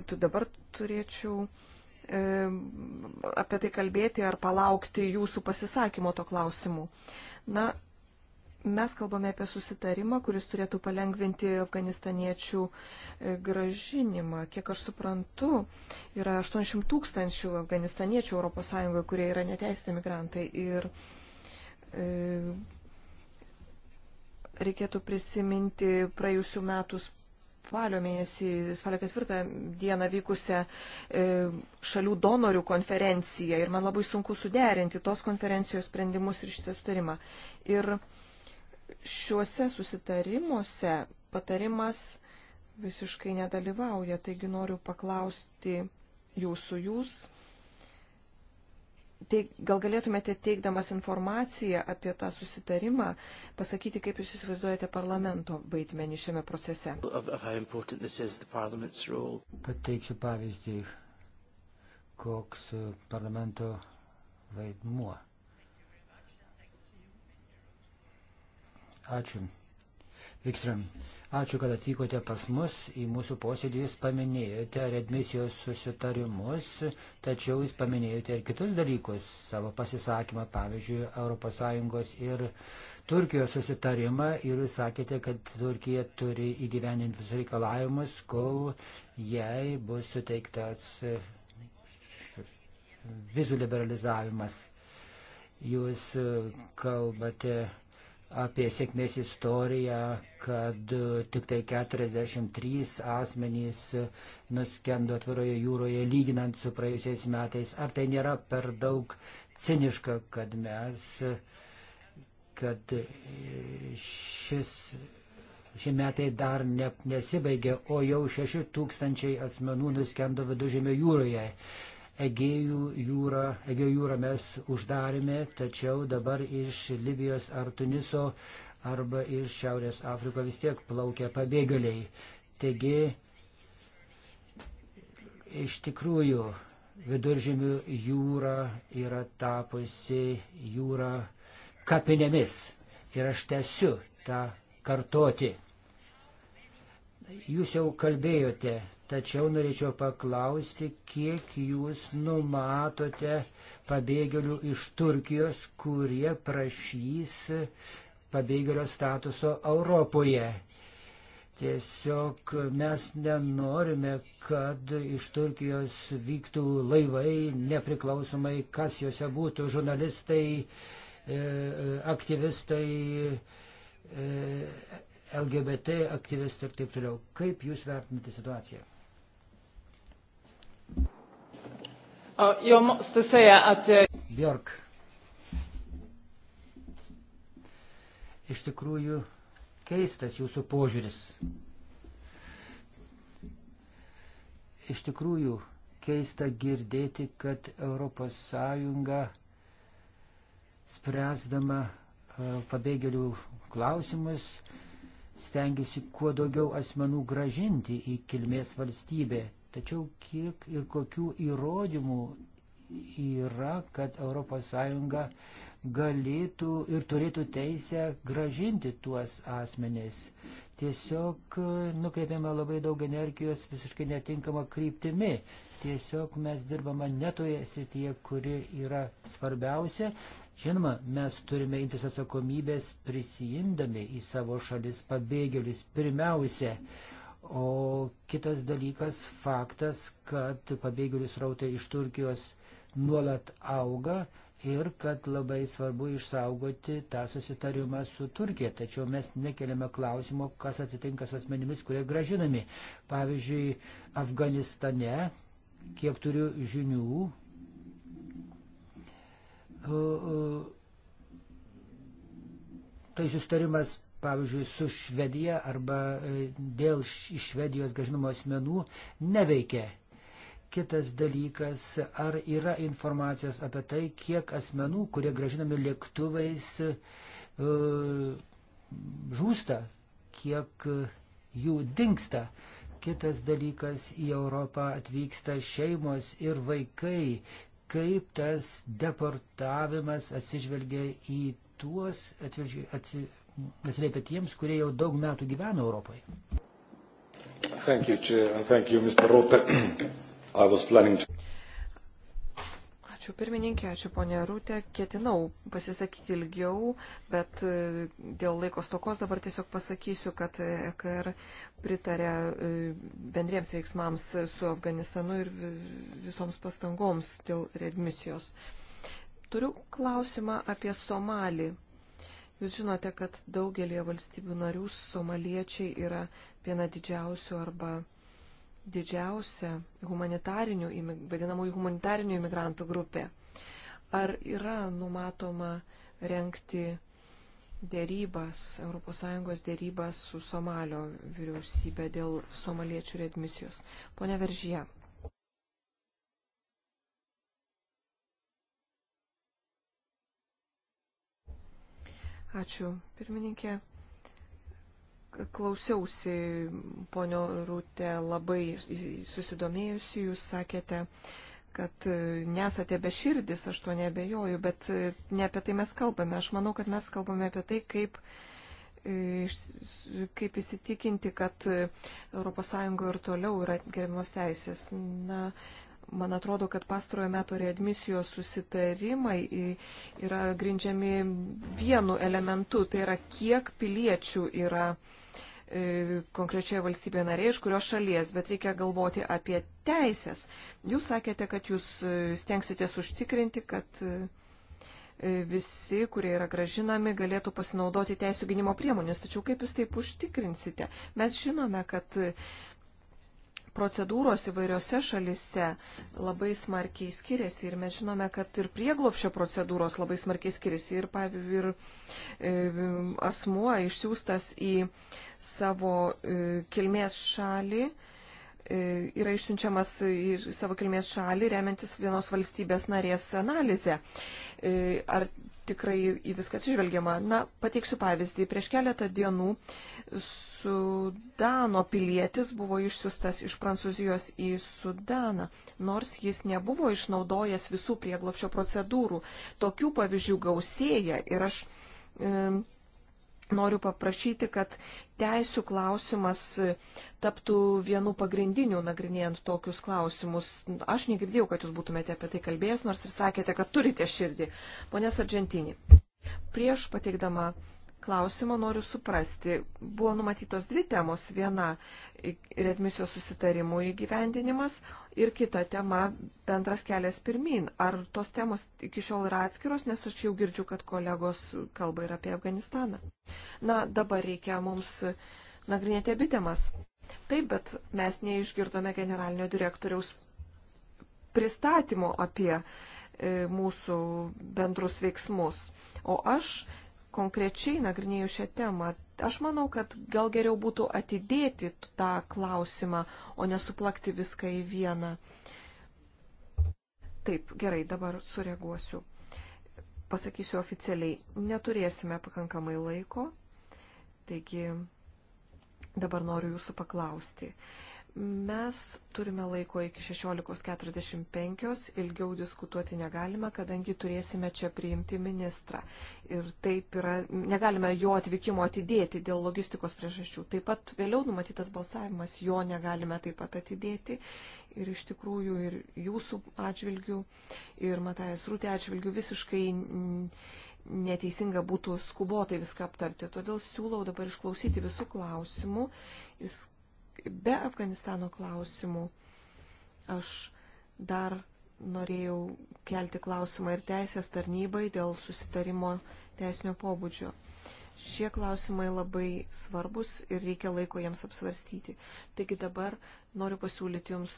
tu dabar turėčiau e, apie tai kalbėti ar palaukti jūsų pasisakymo to klausimu. Na, Mes kalbame apie susitarimą, kuris turėtų palengventi afganistaniečių e, gražinimą. Kiek aš suprantu, yra 800 tūkstančių afganistaniečių ES, kurie yra neteisėti migrantai. Ir e, reikėtų prisiminti praėjusių metų spalio mėnesį, spalio ketvirtą dieną vykusią e, šalių donorių konferenciją. Ir man labai sunku suderinti tos konferencijos sprendimus ir šitą sutarimą. Ir, e, šiuose susitarimuose patarimas visiškai nedalyvauja. Taigi noriu paklausti jūsų jūs. Teik, gal galėtumėte teikdamas informaciją apie tą susitarimą pasakyti, kaip jūs įsivaizduojate parlamento vaidmenį šiame procese? Pateiksiu pavyzdį, koks uh, parlamento vaidmuo Ačiū. Vikstram, ačiū, kad atvykote pas mus į mūsų posėdį. Jūs paminėjote redmisijos susitarimus, tačiau jūs paminėjote ir kitus dalykus savo pasisakymą, pavyzdžiui, ES ir Turkijos susitarimą ir jūs sakėte, kad Turkija turi įgyveninti visus reikalavimus, kol jai bus suteiktas vizų liberalizavimas. Jūs kalbate apie sėkmės istoriją, kad tik tai 43 asmenys nuskendo atviroje jūroje lyginant su praėjusiais metais. Ar tai nėra per daug ciniška, kad mes, kad šis, šie metai dar ne, nesibaigė, o jau 6 tūkstančiai asmenų nuskendo viduržėmio jūroje. Egejų jūrą, Egejų jūrą mes uždarėme, tačiau dabar iš Libijos ar Tuniso arba iš Šiaurės Afriko vis tiek plaukia pabėgėliai. Taigi, iš tikrųjų, viduržymių jūra yra tapusi jūra kapinėmis. Ir aš tęsiu tą kartoti. Jūs jau kalbėjote Tačiau norėčiau paklausti, kiek jūs numatote pabėgėlių iš Turkijos, kurie prašys pabėgėlio statuso Europoje. Tiesiog mes nenorime, kad iš Turkijos vyktų laivai, nepriklausomai kas juose būtų, žurnalistai, e, e, aktyvistai, e, LGBT aktyvistai ir taip toliau. Kaip jūs vertinate situaciją? Jag måste säga att... Eh, Björk. Iš tikrųjų, keistas jūsų požiūris. Iš tikrųjų, keista girdėti, kad ES spręsdama e, pabėgėlių klausimus stengiasi kuo daugiau asmenų gražinti į kilmės valstybę. Tačiau kiek ir kokių įrodymų yra, kad ES galėtų ir turėtų teisę gražinti tuos asmenys. Tiesiog e, nukreipiame labai daug energijos visiškai netinkama kryptimi. Tiesiog mes dirbame netoje srityje, kuri yra svarbiausia. Žinoma, mes turime imtis atsakomybės prisijindami į savo šalis pabėgėlius pirmiausia, O kitas dalykas faktas, kad pabėgėlių srautai iš Turkijos nuolat auga ir kad labai svarbu išsaugoti tą susitarimą su Turkija. Tačiau mes nekeliame klausimo, kas atsitinka su asmenimis, kurie gražinami. Pavyzdžiui, Afganistane, kiek turiu žinių, tai susitarimas pavyzdžiui, su Švedija arba e, dėl iš Švedijos gažinamo asmenų neveikia. Kitas dalykas, ar yra informacijos apie tai, kiek asmenų, kurie gražinami lėktuvais, e, žūsta, kiek e, jų dinksta. Kitas dalykas, į Europą atvyksta šeimos ir vaikai, kaip tas deportavimas atsižvelgia į tuos, atsižvelgia, atsižvelgia neslėpia tiems, kurie jau daug metų gyvena Europoje. Thank you, Chair, and thank you, Mr. Rote. I was planning to... Ačiū pirmininkė, ačiū ponė Rūtė. Ketinau pasisakyti ilgiau, bet e, dėl laikos tokos dabar tiesiog pasakysiu, kad EKR pritarė e, bendriems veiksmams su Afganistanu ir visoms pastangoms dėl redmisijos. Turiu klausimą apie Somalį. Jūs žinote, kad daugelie valstybių narių somaliečiai yra viena didžiausių arba didžiausia humanitarinių, vadinamųjų humanitarinių imigrantų grupė. Ar yra numatoma renkti dėrybas, ES dėrybas su Somalio vyriausybė dėl somaliečių redmisijos? Pone Veržyje. Ačiū, pirmininkė. Klausiausi, ponio Rūtė, labai susidomėjusi, jūs sakėte, kad nesate beširdis, aš to nebejoju, bet ne apie tai mes kalbame. Aš manau, kad mes kalbame apie tai, kaip, e, kaip įsitikinti, kad ES ir toliau yra gerbiamos teisės. Na, Man atrodo, kad pastarojo meto readmisijos susitarimai yra grindžiami vienu elementu, tai yra kiek piliečių yra e, konkrečioje valstybėje narėje, iš kurios šalies, bet reikia galvoti apie teisės. Jūs sakėte, kad jūs e, stengsitės užtikrinti, kad e, visi, kurie yra gražinami, galėtų pasinaudoti teisų gynimo priemonės. Tačiau kaip jūs taip užtikrinsite? Mes žinome, kad procedūros įvairiose šalise labai smarkiai skiriasi ir mes žinome, kad ir prieglopšio procedūros labai smarkiai skiriasi ir, pavyzdžiui, ir e, asmuo išsiųstas į savo e, kilmės šalį e, yra išsiunčiamas į savo kilmės šalį, remiantis vienos valstybės narės analizę. E, ar tikrai į viską atsižvelgiama. Na, pateiksiu pavyzdį. Prieš keletą dienų Sudano pilietis buvo išsiustas iš Prancūzijos į Sudaną, nors jis nebuvo išnaudojęs visų prieglopšio procedūrų. Tokių pavyzdžių gausėja ir aš. E, noriu paprašyti, kad teisų klausimas taptų vienu pagrindiniu nagrinėjant tokius klausimus. Aš negirdėjau, kad jūs būtumėte apie tai kalbėjęs, nors ir sakėte, kad turite širdį. Pone Sargentinį, prieš pateikdama klausimą noriu suprasti. Buvo numatytos dvi temos. Viena - redmisijos susitarimų įgyvendinimas, ir kita tema bendras kelias pirmin. Ar tos temos iki šiol yra atskiros, nes aš jau girdžiu, kad kolegos kalba ir apie Afganistaną. Na, dabar reikia mums nagrinėti abi temas. Taip, bet mes neišgirdome generalinio direktoriaus pristatymo apie e, mūsų bendrus veiksmus. O aš konkrečiai nagrinėjau šią temą. Aš manau, kad gal geriau būtų atidėti tą klausimą, o nesuplakti viską į vieną. Taip, gerai, dabar sureaguosiu. Pasakysiu oficialiai, neturėsime pakankamai laiko, taigi dabar noriu jūsų paklausti. Mes turime laiko iki 16.45, ilgiau diskutuoti negalime, kadangi turėsime čia priimti ministrą. Ir taip yra, negalime jo atvykimo atidėti dėl logistikos priežasčių. Taip pat vėliau numatytas balsavimas, jo negalime taip pat atidėti. Ir iš tikrųjų ir jūsų atžvilgių, ir Matajas Rūtė atžvilgių visiškai neteisinga būtų skubotai viską aptarti. Todėl siūlau dabar išklausyti visų klausimų. Jis be Afganistano klausimų aš dar norėjau kelti klausimą ir teisės tarnybai dėl susitarimo teisinio pobūdžio. Šie klausimai labai svarbus ir reikia laiko jiems apsvarstyti. Taigi dabar noriu pasiūlyti jums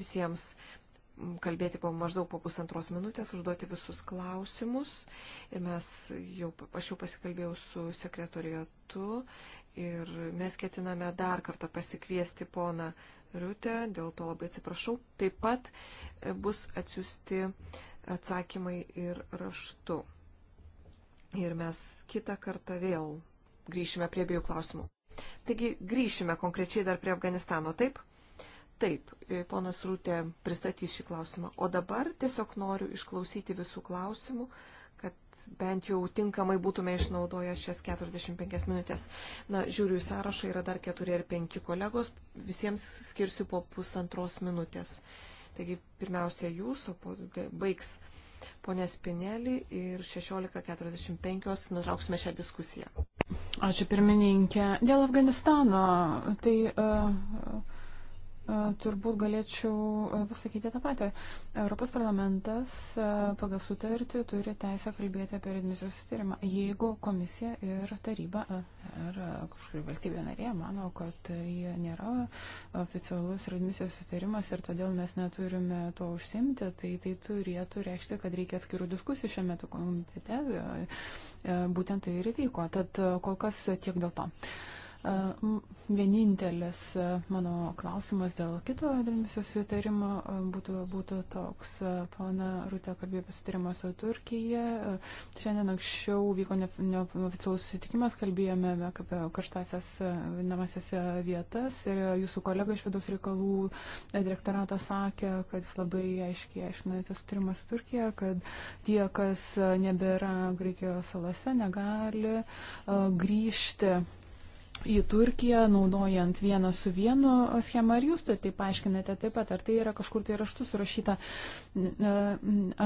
visiems kalbėti po maždaug po pusantros minutės, užduoti visus klausimus. Ir mes jau, aš jau pasikalbėjau su sekretoriatu Ir mes ketiname dar kartą pasikviesti poną Riutę, dėl to labai atsiprašau. Taip pat e, bus atsiusti atsakymai ir raštu. Ir mes kitą kartą vėl grįšime prie abiejų klausimų. Taigi grįšime konkrečiai dar prie Afganistano, taip? Taip, e, ponas Rūtė pristatys šį klausimą. O dabar tiesiog noriu išklausyti visų klausimų, kad bent jau tinkamai būtume išnaudoję šias 45 minutės. Na, žiūriu į sąrašą, yra dar keturi ar penki kolegos, visiems skirsiu po pusantros minutės. Taigi, pirmiausia jūs, o po, baigs ponė Spinelį ir 16.45 nutrauksime šią diskusiją. Ačiū pirmininkė. Dėl Afganistano, tai uh, Turbūt galėčiau pasakyti tą patį. Europos parlamentas pagal sutartį turi teisę kalbėti apie redmisijos sutarimą. Jeigu komisija ir taryba ar kažkuri valstybė narė mano, kad tai nėra oficialus redmisijos sutarimas ir todėl mes neturime to užsimti, tai tai turėtų reikšti, kad reikia atskirų diskusijų šiame metu komitete. Būtent tai ir įvyko. Tad kol kas tiek dėl to. Vienintelis mano klausimas dėl kito dėmesio susitarimo būtų, būtų toks. Pana Rūtė kalbėjo apie susitarimą su Turkija. Šiandien anksčiau vyko neoficialus susitikimas, kalbėjome apie karštasias vadinamasias vietas ir jūsų kolega iš vidaus reikalų direktorato sakė, kad jis labai aiškiai aiškina tą susitarimą su Turkija, kad tie, kas nebėra Graikijos salose, negali grįžti į Turkiją, naudojant vieną su vienu schemą, ar jūs tai paaiškinate taip pat, ar tai yra kažkur tai raštu surašyta. E,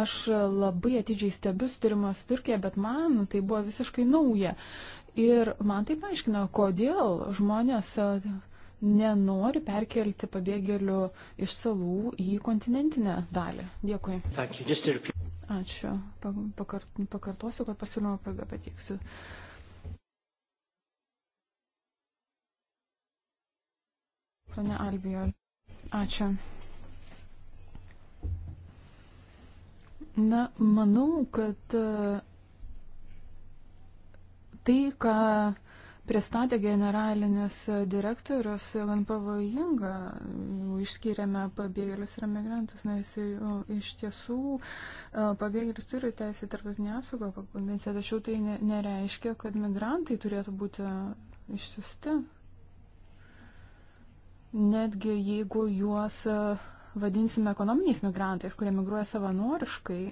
aš labai atidžiai stebiu sutarimą su Turkija, bet man tai buvo visiškai nauja. Ir man tai paaiškina, kodėl žmonės e, nenori perkelti pabėgėlių iš salų į kontinentinę dalį. Dėkui. Ačiū. Pakart, pakartosiu, kad pasiūlymą pateiksiu. Uh, Pane Albijol. Ačiū. Na, manau, kad e, tai, ką pristatė generalinis direktorius, gan pavojinga, išskiriame pabėgėlius ir emigrantus, nes iš tiesų e, pabėgėlis turi teisę tarptautinę apsaugą, konvenciją, tačiau tai nereiškia, kad migrantai turėtų būti išsiusti netgi jeigu juos e, vadinsime ekonominiais migrantais, kurie migruoja savanoriškai.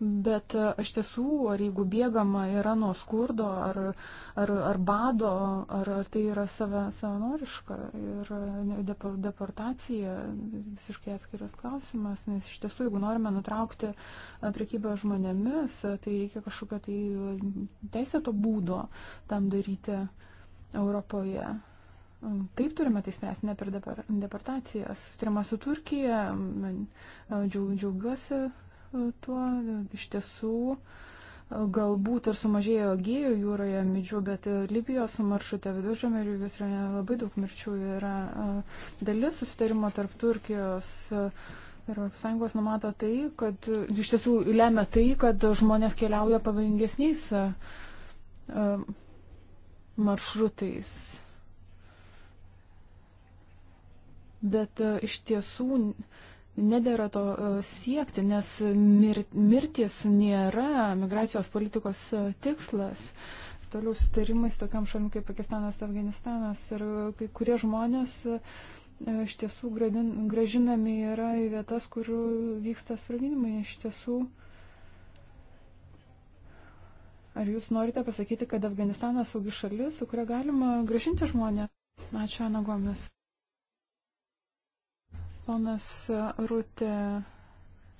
Bet e, iš tiesų, ar jeigu bėgama yra nuo skurdo, ar, ar, ar bado, ar, ar tai yra save, savanoriška ir e, deportacija, visiškai atskiras klausimas, nes iš tiesų, jeigu norime nutraukti priekybą žmonėmis, tai reikia kažkokio tai teisėto būdo tam daryti Europoje. Taip turime tai spręsti ne per deportacijas. Turime su Turkija, džiaugiuosi tuo, iš tiesų galbūt ir sumažėjo gėjų jūroje midžių, bet Libijos maršrute viduržėme ir jūs labai daug mirčių yra dalis susitarimo tarp Turkijos. Europos Sąjungos numato tai, kad iš tiesų lemia tai, kad žmonės keliauja pavojingesniais maršrutais. bet e, iš tiesų nedėra to e, siekti, nes mir, mirtis nėra migracijos politikos e, tikslas. Toliau sutarimais tokiam šalim kaip Pakistanas, Afganistanas ir kai kurie žmonės iš tiesų gradin, gražinami yra į vietas, kur vyksta sproginimai. Iš tiesų, ar jūs norite pasakyti, kad Afganistanas saugi šalis, su kuria galima gražinti žmonę? Ačiū, Ana Gomis ponas Rūtė.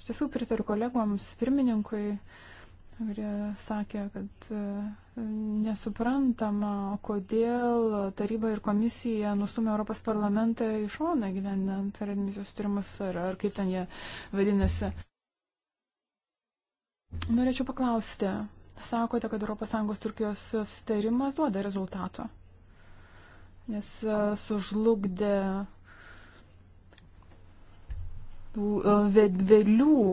Iš tiesų pritariu kolegoms, pirmininkui, kurie sakė, kad e, nesuprantama, kodėl taryba ir komisija nustumė Europos parlamentą į šoną gyvenant ar admisijos turimus, ar, ar kaip ten jie vadinasi. Norėčiau paklausti, sakote, kad ES Turkijos sutarimas duoda rezultato, nes e, sužlugdė E, vedvelių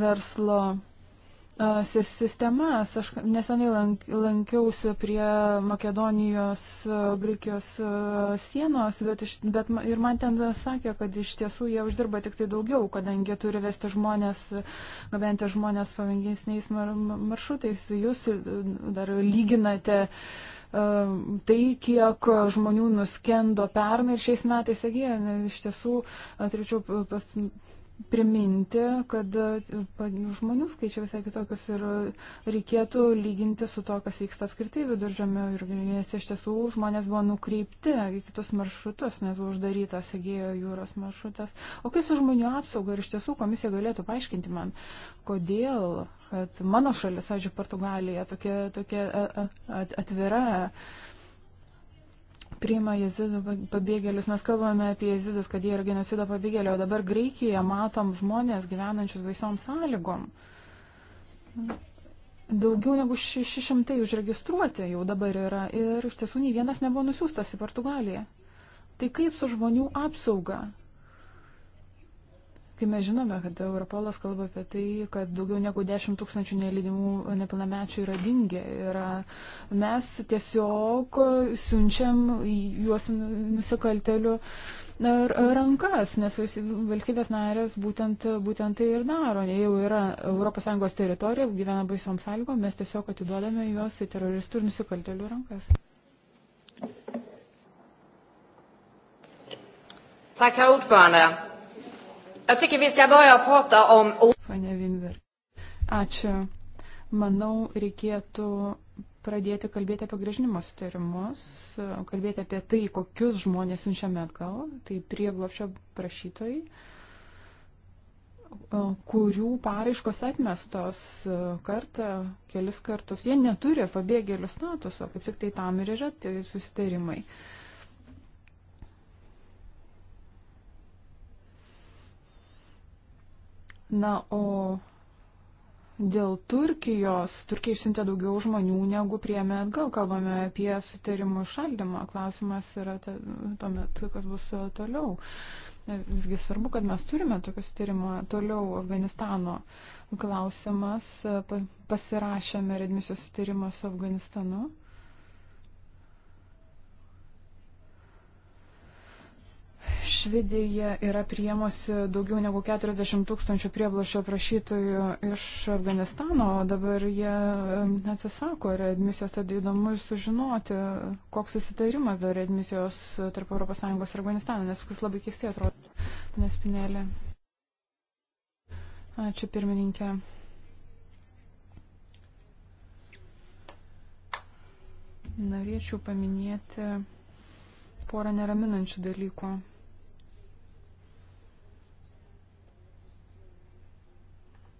verslo e, sistemas. Aš nesenai lankiausi prie Makedonijos, e, Graikijos sienos, bet, iš, bet ir man ten sakė, kad iš tiesų jie uždirba tik tai daugiau, kadangi jie turi vesti žmonės, gabenti žmonės pavangesniais mar, maršrutais. Jūs dar lyginate uh, tai, kiek žmonių nuskendo pernai ir šiais metais Egėje. Iš tiesų, turėčiau pas, priminti, kad žmonių skaičiai visai kitokius ir reikėtų lyginti su to, kas vyksta apskritai viduržėmio ir nes iš tiesų žmonės buvo nukreipti į kitus maršrutus, nes buvo uždarytas Egėjo jūros maršrutas. O kaip su žmonių apsauga ir iš tiesų komisija galėtų paaiškinti man, kodėl kad mano šalis, pavyzdžiui, Portugalija, tokia, tokia atvira priima jezidų pabėgėlius. Mes kalbame apie jezidus, kad jie yra genocido pabėgėliai, o dabar Graikijoje matom žmonės gyvenančius baisiom sąlygom. Daugiau negu 600 užregistruoti jau dabar yra ir iš tiesų nei vienas nebuvo nusiųstas į Portugaliją. Tai kaip su žmonių apsauga? Kai mes žinome, kad Europolas kalba apie tai, kad daugiau negu 10 tūkstančių nelydimų nepilnamečių yra dingę, yra, mes tiesiog siunčiam juos nu, nusikaltelių rankas, nes valstybės narės būtent, būtent tai ir daro. Jei jau yra ES teritorija, gyvena baisom sąlygom, mes tiesiog atiduodame juos į teroristų ir nusikaltelių rankas. Tack, herr ordförande. Pane Vinver. Ačiū. Manau, reikėtų pradėti kalbėti apie gražinimo sutarimus, kalbėti apie tai, kokius žmonės siunčiame atgal, tai prieglopšio prašytojai, kurių paraiškos atmestos e, kartą, kelis kartus. Jie neturi pabėgėlių statuso, kaip tik tai tam ir yra tai susitarimai. Uh, Na, o Dėl Turkijos. Turkija išsiuntė daugiau žmonių, negu priemė atgal. Kalbame apie sutarimų šaldymą. Klausimas yra ta, tuomet, kas bus toliau. Visgi svarbu, kad mes turime tokį sutarimą toliau Afganistano. Klausimas, pasirašėme redmisijos sutarimą su Afganistanu. Švedija yra priemusi daugiau negu 40 tūkstančių prieblašio prašytojų iš Afganistano, o dabar jie atsisako readmisijos, tad įdomu ir sužinoti, koks susitarimas dėl readmisijos tarp ES ir Afganistano, nes kas labai keistai atrodo, nespinėlė. Ačiū pirmininkė. Norėčiau paminėti porą neraminančių dalykų.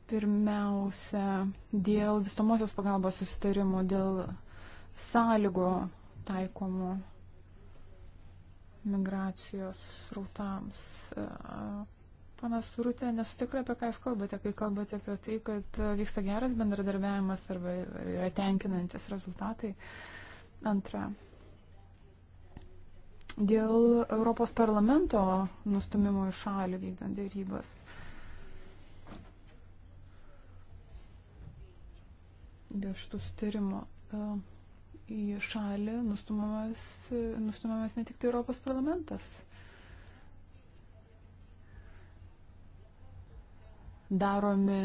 Pirmiausia, dėl vystomosios pagalbos susitarimo, dėl sąlygo taikomų migracijos rautams. Panas Surutė, nesu tikra, apie ką jūs kalbate, kai kalbate apie tai, kad vyksta geras bendradarbiavimas arba yra tenkinantis rezultatai. Antra. Dėl Europos parlamento nustumimo į šalį vykdant dėrybas. dėl šitų sutarimo į šalį nustumamas, e, nustumamas ne tik tai Europos parlamentas. Daromi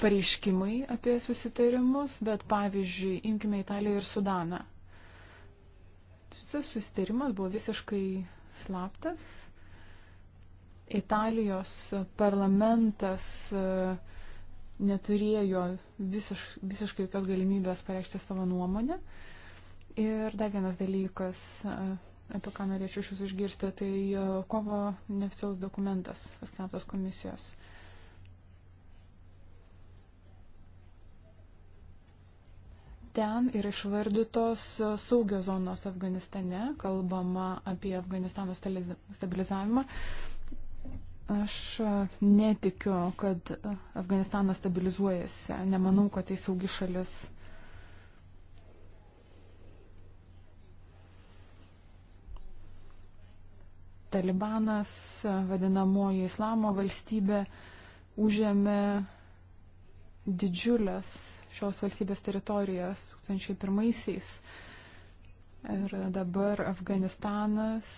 pareiškimai apie susitarimus, bet pavyzdžiui, imkime Italiją ir Sudaną. Šis susitarimas buvo visiškai slaptas. Italijos parlamentas uh, neturėjo visiš, visiškai jokios galimybės pareikšti savo nuomonę. Ir dar vienas dalykas, apie ką norėčiau iš jūsų išgirsti, tai kovo neoficialus dokumentas paskelbtas komisijos. ten yra išvardytos saugios zonos Afganistane, kalbama apie Afganistano stabilizavimą. Aš e, netikiu, kad e, Afganistanas stabilizuojasi. Nemanau, kad tai saugi šalis. Talibanas, e, vadinamoji islamo valstybė, užėmė didžiulės šios valstybės teritorijas 2001-aisiais. Ir dabar Afganistanas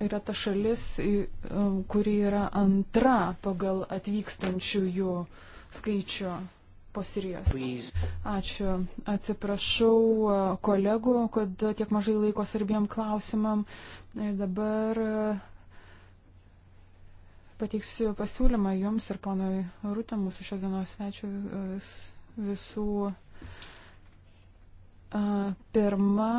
yra ta šalis, um, kuri yra antra pagal atvykstančiųjų skaičių po Sirijos. Ačiū. Atsiprašau uh, kolegų, kad tiek mažai laiko svarbiem klausimam. Ir dabar uh, pateiksiu pasiūlymą jums ir ponui Rūtė, mūsų šios dienos svečių uh, visų. Pirma,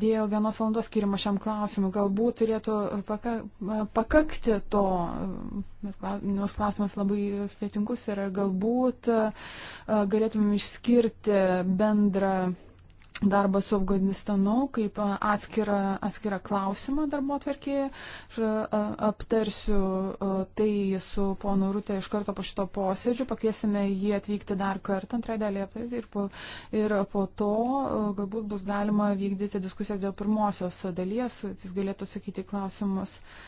dėl vienos valandos skirimo šiam klausimui. Galbūt turėtų paka, pakakti to, nors klausimas labai sudėtingus yra, galbūt galėtumėm išskirti bendrą darbą su Afganistanu kaip atskirą, atskirą klausimą darbo atverkėje. Aš aptarsiu tai su ponu Rutė iš karto po šito posėdžio. Pakviesime jį atvykti dar kartą antrai dalį ir po, ir po to galbūt bus galima vykdyti diskusijas dėl pirmosios dalies. Jis galėtų sakyti klausimus. Uh,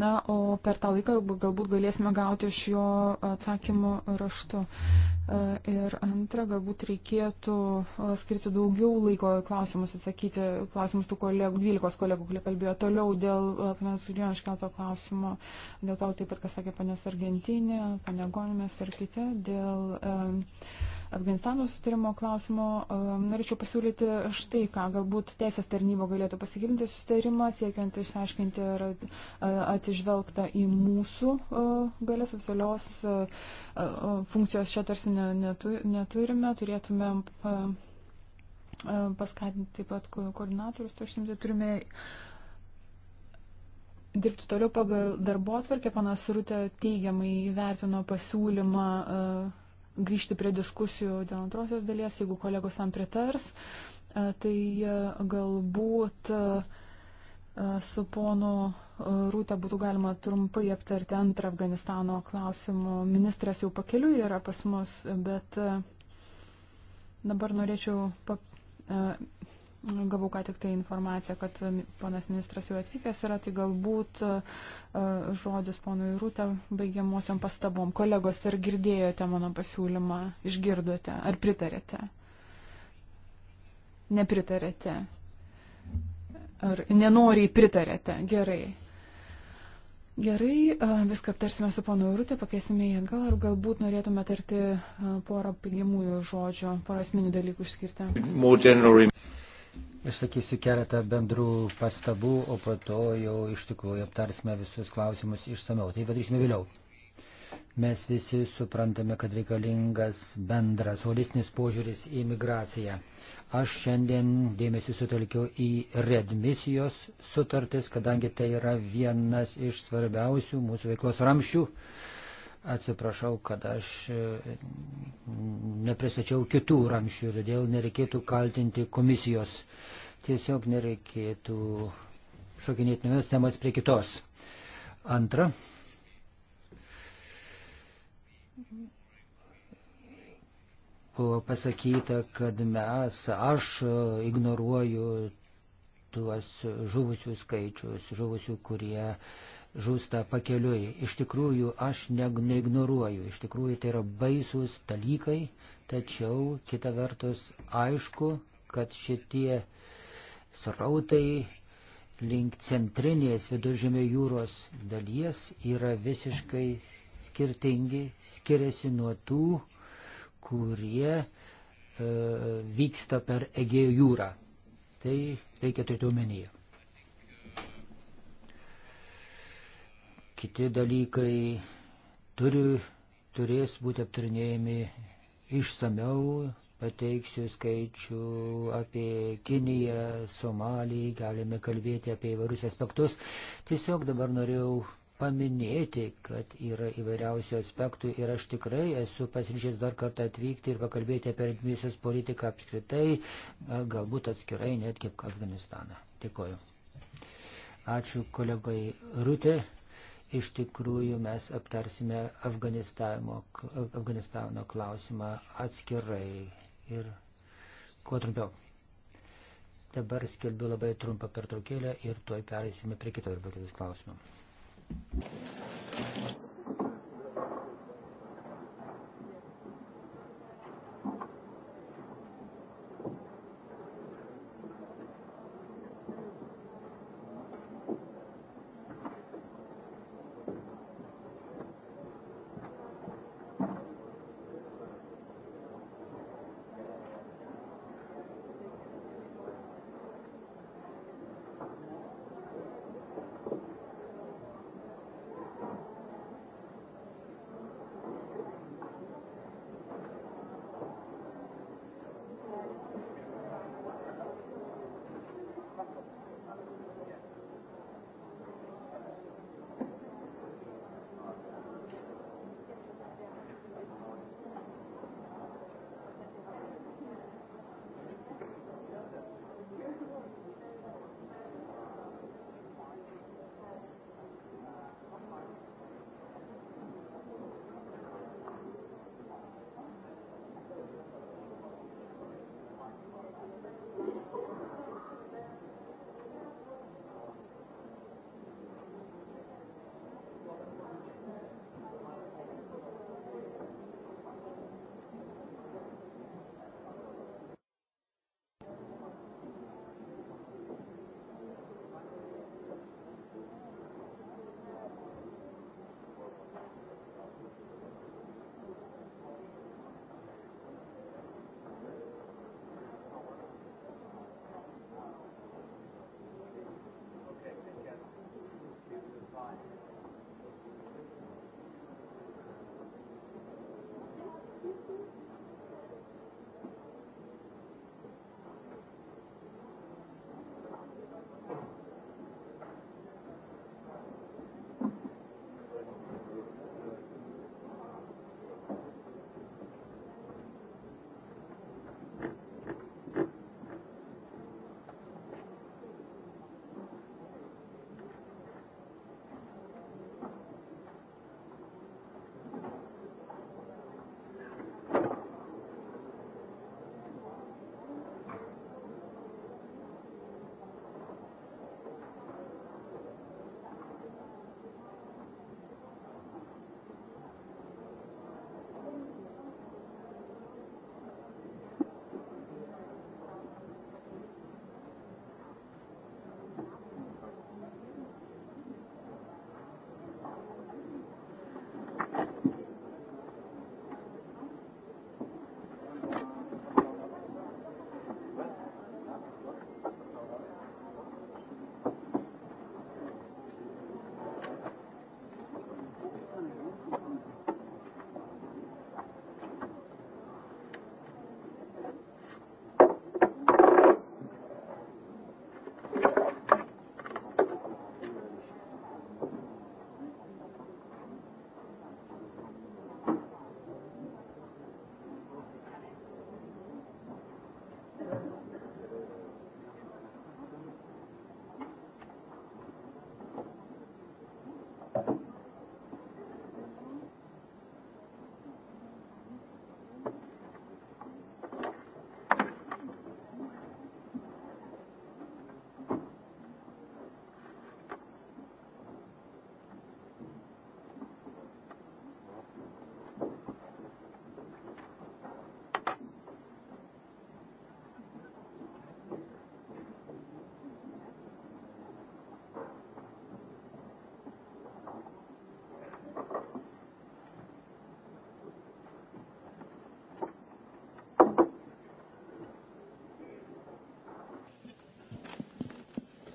Na, o per tą laiką galbūt galėsime gauti iš jo atsakymų raštu. E, ir antra, galbūt reikėtų e, skirti daugiau laiko klausimus atsakyti, klausimus tų kolegų, 12 kolegų, kurie kalbėjo toliau dėl e, panas Julijono iškelto klausimo, dėl to taip pat, kas sakė panas Argentinė, pane Gonimės ir kiti, dėl. Um, Afganistano sutarimo klausimo um, norėčiau pasiūlyti štai ką. Galbūt teisės tarnybo galėtų pasigilinti sutarimą, siekiant išsiaiškinti ir atsižvelgta į mūsų galės oficialios funkcijos čia tarsi neturime. Turėtumėm paskatinti taip pat koordinatorius, to išsimti turime dirbti toliau pagal darbo atvarkę. Panas Rūtė teigiamai įvertino pasiūlymą grįžti prie diskusijų dėl antrosios dalies, jeigu kolegos tam pritars. E, tai e, galbūt e, su ponu Rūta būtų galima trumpai aptarti antrą Afganistano klausimų. Ministras jau pakeliu yra pas mus, bet dabar norėčiau pap Gavau ką tik tai informaciją, kad ponas ministras jau atvykęs yra, tai galbūt e, žodis ponui Rūtė baigiamosiam pastabom. Kolegos, ar girdėjote mano pasiūlymą, išgirdote, ar pritarėte? Nepritarėte? Ar nenoriai pritarėte? Gerai. Gerai, e, viską aptarsime su ponu Rūtė, pakeisime jį atgal, ar galbūt norėtume tarti e, porą pigiamųjų žodžių, porą asmeninių dalykų išskirti. Išsakysiu keletą bendrų pastabų, o po to jau iš tikrųjų aptarsime visus klausimus išsameu. Tai padarysime vėliau. Mes visi suprantame, kad reikalingas bendras, holistinis požiūris į migraciją. Aš šiandien dėmesį sutelkiau į redmisijos sutartis, kadangi tai yra vienas iš svarbiausių mūsų veiklos ramščių. Atsiprašau, kad aš e, nepristačiau kitų ramščių, todėl nereikėtų kaltinti komisijos. Tiesiog nereikėtų šokinėti nuo vienos temos prie kitos. Antra. Buvo pasakyta, kad mes, aš ignoruoju tuos žuvusių skaičius, žuvusių, kurie uh, žūsta pakeliui. Iš tikrųjų, aš ne, neignoruoju, iš tikrųjų tai yra baisūs dalykai, tačiau kita vertus aišku, kad šitie srautai link centrinės viduržėmio jūros dalies yra visiškai skirtingi, skiriasi nuo tų, kurie e, vyksta per Egėjo jūrą. Tai reikia turėti omenyje. kiti dalykai turi, turės būti aptarinėjami išsameu, pateiksiu skaičių apie Kiniją, Somalį, galime kalbėti apie įvairius aspektus. Tiesiog dabar norėjau paminėti, kad yra įvairiausių aspektų ir aš tikrai esu pasiryžęs dar kartą atvykti ir pakalbėti apie admisijos politiką apskritai, galbūt atskirai net kaip Afganistaną. Dėkoju. Ačiū kolegai Rutė iš tikrųjų mes aptarsime Afganistano, Afganistano klausimą atskirai ir kuo trumpiau. Dabar skelbiu labai trumpą pertraukėlę ir tuoj perėsime prie kito ir pakėtis klausimą.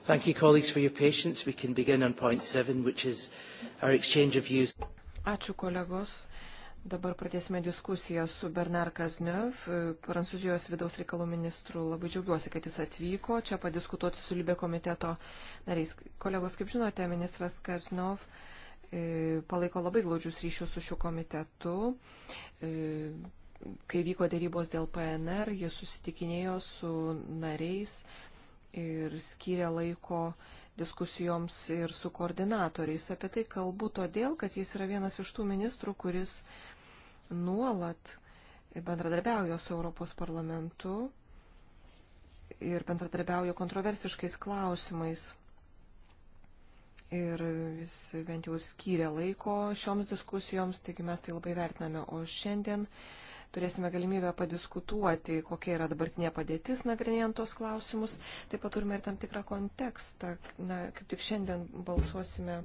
Thank you, colleagues, for your patience. We can begin on point seven, which is our exchange of views. Ačiū, kolegos. Dabar pradėsime diskusiją su Bernard Kaznev, Prancūzijos vidaus reikalų ministru. Labai džiaugiuosi, kad jis atvyko čia padiskutuoti su Libė komiteto nariais. Kolegos, kaip žinote, ministras Kaznov e, palaiko labai glaudžius ryšius su šiuo komitetu e, kai vyko dėrybos dėl PNR, jis susitikinėjo su nariais ir skyrė laiko diskusijoms ir su koordinatoriais. Apie tai kalbu todėl, kad jis yra vienas iš tų ministrų, kuris nuolat bendradarbiauja su Europos parlamentu ir bendradarbiauja kontroversiškais klausimais. Ir jis bent jau skyrė laiko šioms diskusijoms, taigi mes tai labai vertiname. O šiandien uh, turėsime galimybę padiskutuoti, kokia yra dabartinė padėtis nagrinėjant tos klausimus. Taip pat turime ir tam tikrą kontekstą. Na, kaip tik šiandien balsuosime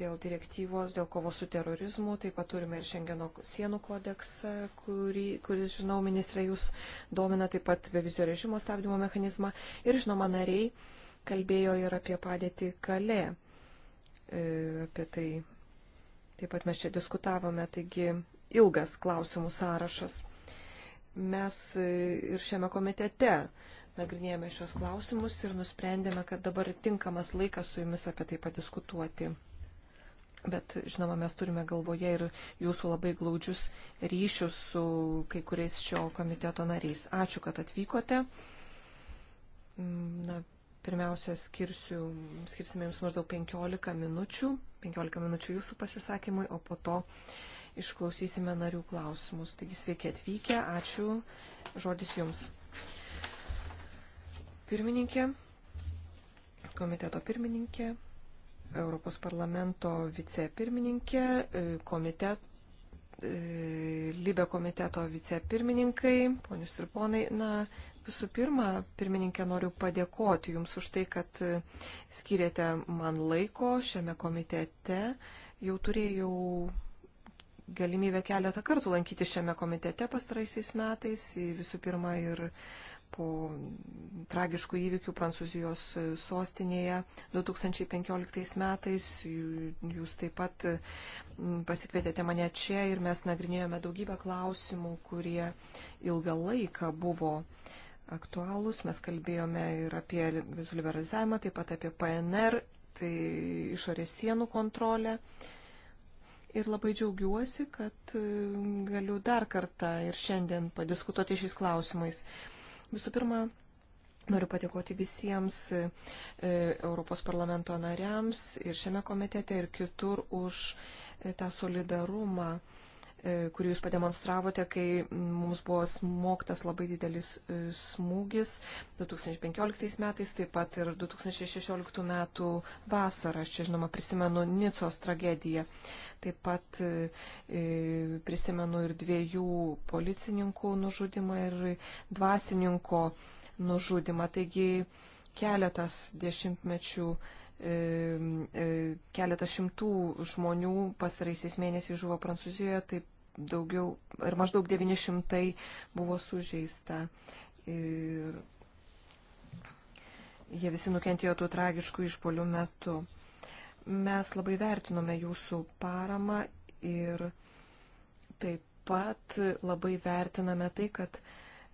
dėl direktyvos, dėl kovos su terorizmu. Taip pat turime ir Šengeno sienų kodeksą, kurį, kuris, žinau, ministrė, jūs domina taip pat bevizio režimo stabdymo mechanizmą. Ir, žinoma, nariai kalbėjo ir apie padėtį kalė. E, apie tai Taip pat mes čia diskutavome, taigi ilgas klausimų sąrašas. Mes ir šiame komitete nagrinėjome šios klausimus ir nusprendėme, kad dabar tinkamas laikas su jumis apie tai padiskutuoti. Bet, žinoma, mes turime galvoje ir jūsų labai glaudžius ryšius su kai kuriais šio komiteto nariais. Ačiū, kad atvykote. Na, pirmiausia, skirsiu, skirsime jums maždaug 15 minučių, 15 minučių jūsų pasisakymui, o po to išklausysime narių klausimus. Taigi sveiki atvykę, ačiū, žodis jums. Pirmininkė, komiteto pirmininkė, Europos parlamento vicepirmininkė, e, komitet, e, Libė komiteto vicepirmininkai, ponius ir ponai, na, visų pirma, pirmininkė, noriu padėkoti Jums už tai, kad e, skiriate man laiko šiame komitete. Jau turėjau galimybę keletą kartų lankyti šiame komitete pastaraisiais metais. Visų pirma ir po tragiškų įvykių Prancūzijos sostinėje 2015 metais. Jūs taip pat pasikvietėte mane čia ir mes nagrinėjome daugybę klausimų, kurie ilgą laiką buvo aktualūs. Mes kalbėjome ir apie liberalizavimą, taip pat apie PNR, tai išorės sienų kontrolę. Uh, ir labai džiaugiuosi, kad e, galiu dar kartą ir šiandien padiskutuoti šiais klausimais. Visų pirma, noriu padėkoti visiems e, e, Europos parlamento nariams ir šiame komitete ir kitur už tą solidarumą E, kurį jūs pademonstravote, kai mums buvo smogtas labai didelis e, smūgis 2015 metais, taip pat ir 2016 metų vasarą. Aš čia, žinoma, prisimenu Nicos tragediją. Taip pat e, prisimenu ir dviejų policininkų nužudimą ir dvasininko nužudimą. Taigi keletas dešimtmečių E, e, keletas šimtų žmonių pastaraisiais mėnesiais žuvo Prancūzijoje, taip daugiau ir maždaug 900 buvo sužeista. Ir jie visi nukentėjo tų tragiškų išpolių metu. Mes labai vertinome jūsų paramą ir taip pat labai vertiname tai, kad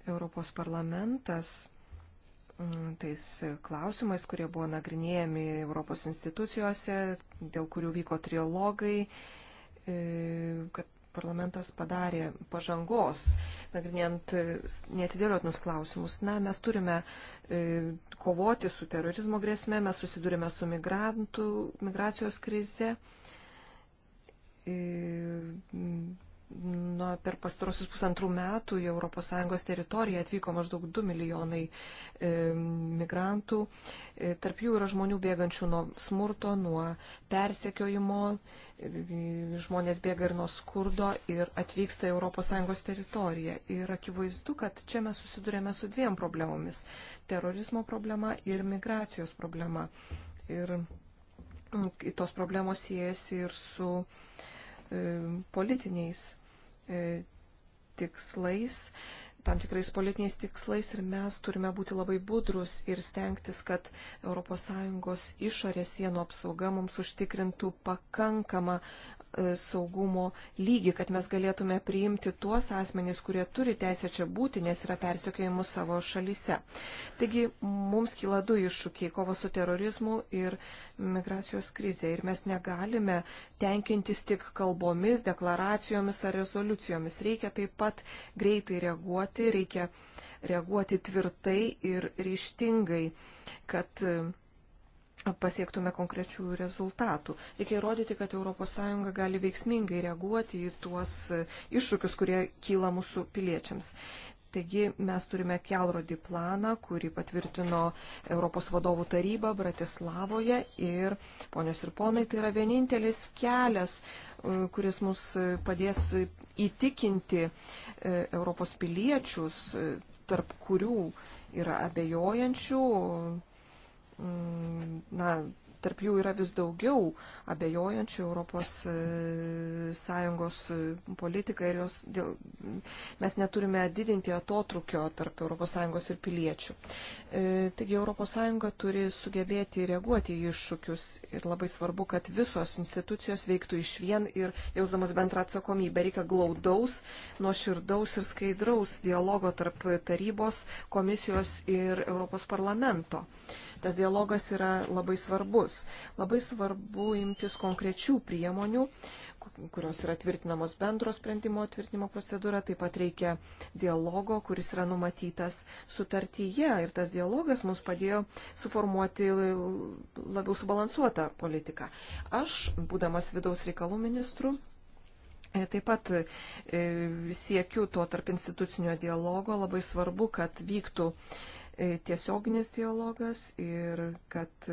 Europos parlamentas tais klausimais, kurie buvo nagrinėjami Europos institucijose, dėl kurių vyko trilogai, e, kad parlamentas padarė pažangos, nagrinėjant netidėliotinus klausimus. Na, mes turime e, kovoti su terorizmo grėsme, mes susidurime su migrantų, migracijos krize. E, nu, per pastarosius pusantrų metų į ES teritoriją atvyko maždaug 2 milijonai e, migrantų. E, tarp jų yra žmonių bėgančių nuo smurto, nuo persekiojimo, e, žmonės bėga ir nuo skurdo ir atvyksta į ES teritoriją. Ir akivaizdu, kad čia mes susidurėme su dviem problemomis - terorizmo problema ir migracijos problema. Ir mm, tos problemos siejasi ir su e, politiniais E, tikslais, tam tikrais politiniais tikslais ir mes turime būti labai budrus ir stengtis, kad ES išorės sienų apsauga mums užtikrintų pakankamą E, saugumo lygį, kad mes galėtume priimti tuos asmenys, kurie turi teisę čia būti, nes yra persiekėjimų savo šalyse. Taigi mums kyla du iššūkiai - kova su terorizmu ir migracijos krize. Ir mes negalime tenkintis tik kalbomis, deklaracijomis ar rezoliucijomis. Reikia taip pat greitai reaguoti, reikia reaguoti tvirtai ir ryštingai, kad pasiektume konkrečių rezultatų. Reikia įrodyti, kad ES gali veiksmingai reaguoti į tuos iššūkius, kurie kyla mūsų piliečiams. Taigi mes turime kelrodį planą, kurį patvirtino Europos vadovų taryba Bratislavoje ir, ponios ir ponai, tai yra vienintelis kelias, e, kuris mus padės įtikinti e, Europos piliečius, e, tarp kurių yra abejojančių, Mm, na, tarp jų yra vis daugiau abejojančių Europos e, Sąjungos e, politiką ir jos, dėl, mes neturime didinti atotrukio tarp Europos Sąjungos ir piliečių. E, taigi Europos Sąjunga turi sugebėti reaguoti į iššūkius ir labai svarbu, kad visos institucijos veiktų iš vien ir jausdamas bendrą atsakomybę reikia glaudaus, nuoširdaus ir skaidraus dialogo tarp tarybos, komisijos ir Europos parlamento. Tas dialogas yra labai svarbus dalykus. Labai svarbu imtis konkrečių priemonių, kurios yra tvirtinamos bendro sprendimo tvirtinimo procedūra. Taip pat reikia dialogo, kuris yra numatytas sutartyje. Ir tas dialogas mums padėjo suformuoti labiau subalansuotą politiką. Aš, būdamas vidaus reikalų ministru, e, Taip pat e, siekiu to tarp institucinio dialogo, labai svarbu, kad vyktų e, tiesioginis dialogas ir kad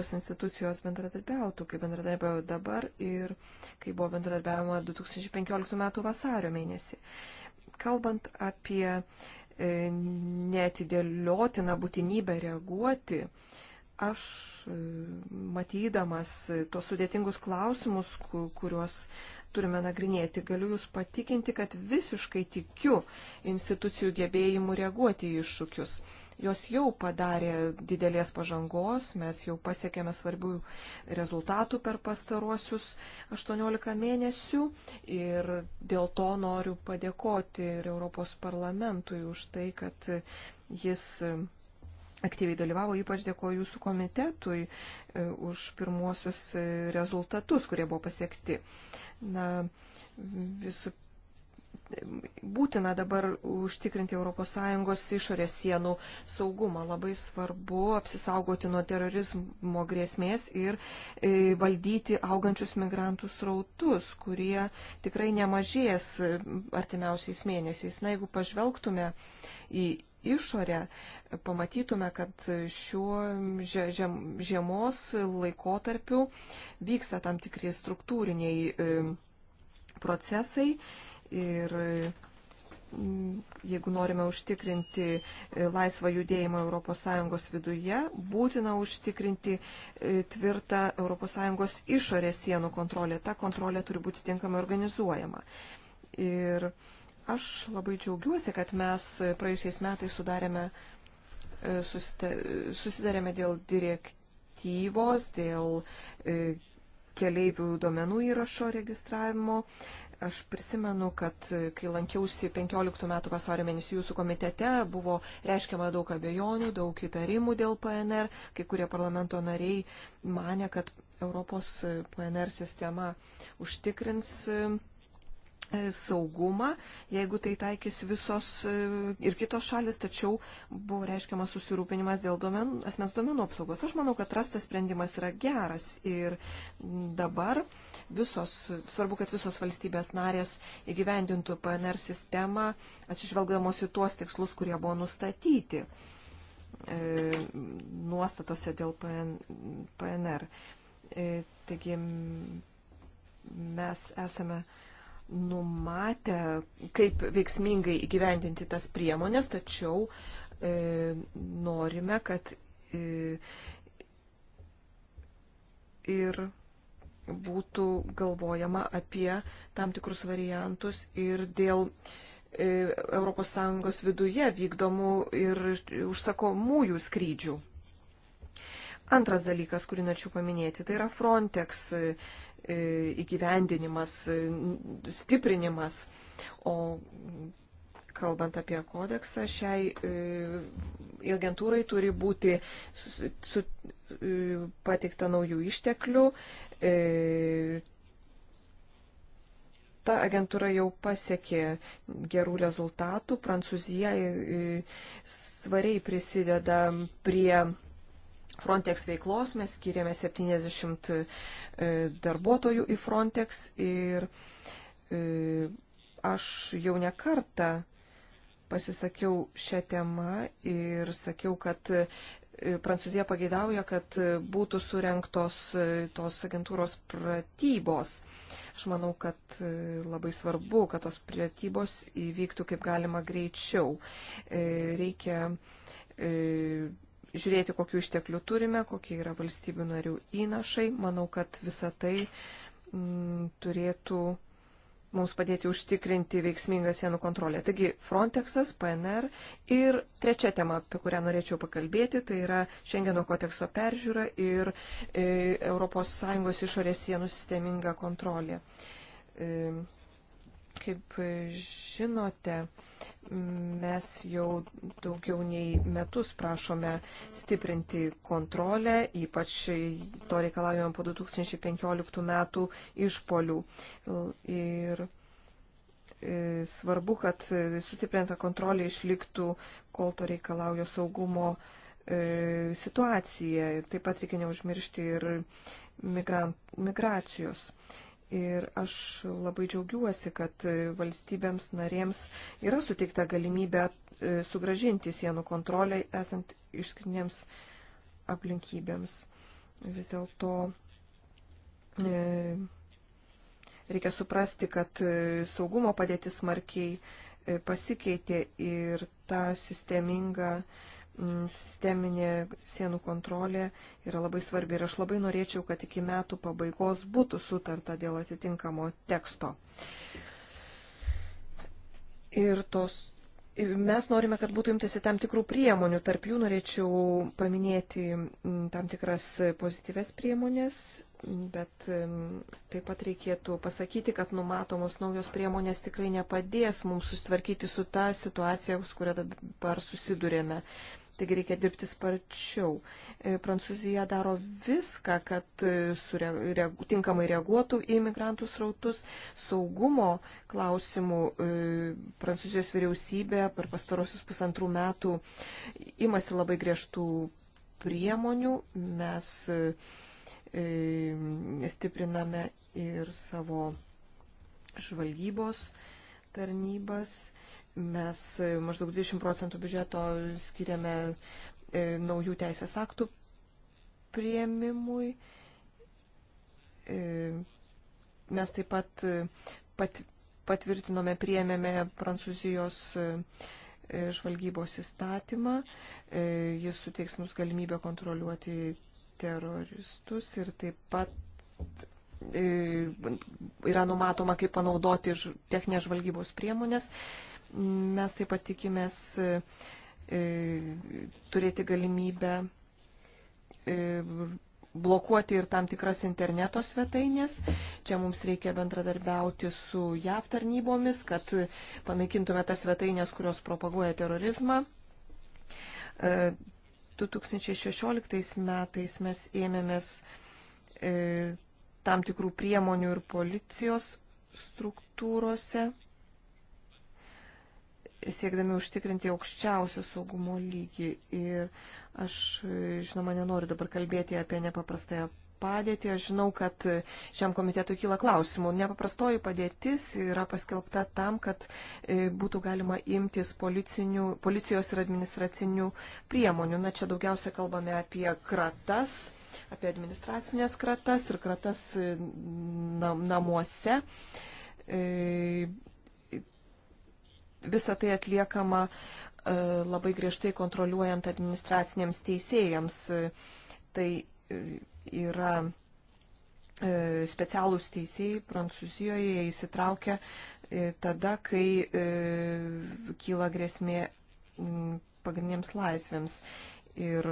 ES institucijos bendradarbiautų, kaip bendradarbiavo dabar ir kaip buvo bendradarbiavimo 2015 m. vasario mėnesį. Kalbant apie e, netidėliotiną būtinybę reaguoti, aš e, matydamas tos sudėtingus klausimus, kuriuos turime nagrinėti, galiu Jūs patikinti, kad visiškai tikiu institucijų gebėjimu reaguoti į iššūkius. Jos jau padarė didelės pažangos, mes jau pasiekėme svarbių rezultatų per pastaruosius 18 mėnesių ir dėl to noriu padėkoti ir Europos parlamentui už tai, kad jis aktyviai dalyvavo, ypač dėkoju jūsų komitetui e, už pirmuosius e, rezultatus, kurie buvo pasiekti. Na, visų būtina dabar užtikrinti ES išorės sienų saugumą. Labai svarbu apsisaugoti nuo terorizmo grėsmės ir e, valdyti augančius migrantų srautus, kurie tikrai nemažės e, artimiausiais mėnesiais. Na, jeigu pažvelgtume į išorę, pamatytume, kad šiuo žiemos laikotarpiu vyksta tam tikrie struktūriniai e, procesai Ir mm, jeigu norime užtikrinti e, laisvą judėjimą ES viduje, būtina užtikrinti e, tvirtą ES išorės sienų kontrolę. Ta kontrolė turi būti tinkamai organizuojama. Ir aš labai džiaugiuosi, kad mes praėjusiais metais sudarėme, e, susidarėme dėl direktyvos, dėl keleivių duomenų įrašo registravimo. E, Aš prisimenu, kad e, kai lankiausi 15 metų vasario mėnesį jūsų komitete, buvo reiškiama daug abejonių, daug įtarimų dėl PNR. Kai kurie parlamento nariai mane, kad Europos PNR sistema užtikrins e, E, saugumą, jeigu tai taikys visos e, ir kitos šalis, tačiau buvo reiškiamas susirūpinimas dėl duomen, asmens duomenų apsaugos. Aš manau, kad rastas sprendimas yra geras ir dabar visos, svarbu, kad visos valstybės narės įgyvendintų PNR sistemą, atsižvelgdamos į tuos tikslus, kurie buvo nustatyti e, nuostatose dėl PN, PNR. E, taigi mes esame e, numatę, kaip veiksmingai įgyvendinti tas priemonės, tačiau e, norime, kad e, ir būtų galvojama apie tam tikrus variantus ir dėl e, ES viduje vykdomų ir užsakomųjų skrydžių. Antras dalykas, kurį norėčiau paminėti, tai yra Frontex e, e, įgyvendinimas, e, stiprinimas. O kalbant apie kodeksą, šiai agentūrai turi būti su, su, pateikta naujų išteklių. Ta agentūra jau pasiekė gerų rezultatų. Prancūzija svariai prisideda prie Frontex veiklos mes skiriame 70 e, darbuotojų į Frontex ir e, aš jau ne kartą pasisakiau šią temą ir sakiau, kad e, Prancūzija pageidauja, kad būtų surenktos tos agentūros pratybos. Aš manau, kad labai svarbu, kad tos pratybos įvyktų kaip galima greičiau. Reikia žiūrėti, kokiu išteklių turime, kokie yra valstybių narių įnašai. Manau, kad visa tai m, mm, turėtų mums padėti užtikrinti veiksmingą sienų kontrolę. Taigi Frontexas, PNR ir trečia tema, apie kurią norėčiau pakalbėti, tai yra Šengeno kodekso peržiūra ir e, ES išorės sienų sisteminga kontrolė. E, Kaip žinote, mes jau daugiau nei metus prašome stiprinti kontrolę, ypač to reikalavimą po 2015 metų išpolių. Ir e, svarbu, kad sustiprinta kontrolė išliktų, kol to reikalauja saugumo e, situacija. Taip pat reikia neužmiršti ir migrant, migracijos. Ir aš labai džiaugiuosi, kad valstybėms narėms yra suteikta galimybė e, sugražinti sienų kontrolę esant išskirtinėms aplinkybėms. Vis dėlto e, reikia suprasti, kad e, saugumo padėtis smarkiai e, pasikeitė ir ta sisteminga e, Mm, sisteminė sienų kontrolė yra labai svarbi ir aš labai norėčiau, kad iki metų pabaigos būtų sutarta dėl atitinkamo teksto. Ir tos, ir mes norime, kad būtų imtasi tam tikrų priemonių, tarp jų norėčiau paminėti mm, tam tikras pozityves priemonės, bet mm, taip pat reikėtų pasakyti, kad numatomos naujos priemonės tikrai nepadės mums sustvarkyti su tą situaciją, su kuria dabar susidurėme. Taigi reikia dirbti sparčiau. E, Prancūzija daro viską, kad e, reagu, tinkamai reaguotų į imigrantų srautus. Saugumo klausimų e, Prancūzijos vyriausybė per pastarosius pusantrų metų imasi labai griežtų priemonių. Mes stipriname ir savo žvalgybos tarnybas Mes e, maždaug 20 procentų biudžeto skiriame e, naujų teisės aktų prieimimui. E, mes taip pat, pat patvirtinome, prieėmėme Prancūzijos žvalgybos įstatymą. Jis suteiks mums galimybę kontroliuoti teroristus ir taip pat yra numatoma, kaip panaudoti techninės žvalgybos priemonės. Mes taip pat tikimės e, e, turėti galimybę e, blokuoti ir tam tikras interneto svetainės. Čia mums reikia bendradarbiauti su JAV tarnybomis, kad panaikintume tas svetainės, kurios propaguoja terorizmą. 2016 metais mes ėmėmės tam tikrų priemonių ir policijos struktūrose siekdami užtikrinti aukščiausią saugumo lygį. Ir aš, žinoma, nenoriu dabar kalbėti apie nepaprastąją padėtį. Aš žinau, kad šiam komitetui kyla klausimų. Nepaprastoji padėtis yra paskelbta tam, kad e, būtų galima imtis policijos ir administracinių priemonių. Na, čia daugiausia kalbame apie kratas, apie administracinės kratas ir kratas e, nam namuose. E, visą tai atliekama e, labai griežtai kontroliuojant administraciniams teisėjams. Tai e, yra e, specialūs teisėjai Prancūzijoje įsitraukia tada, kai kyla grėsmė pagrindiniams laisvėms. Ir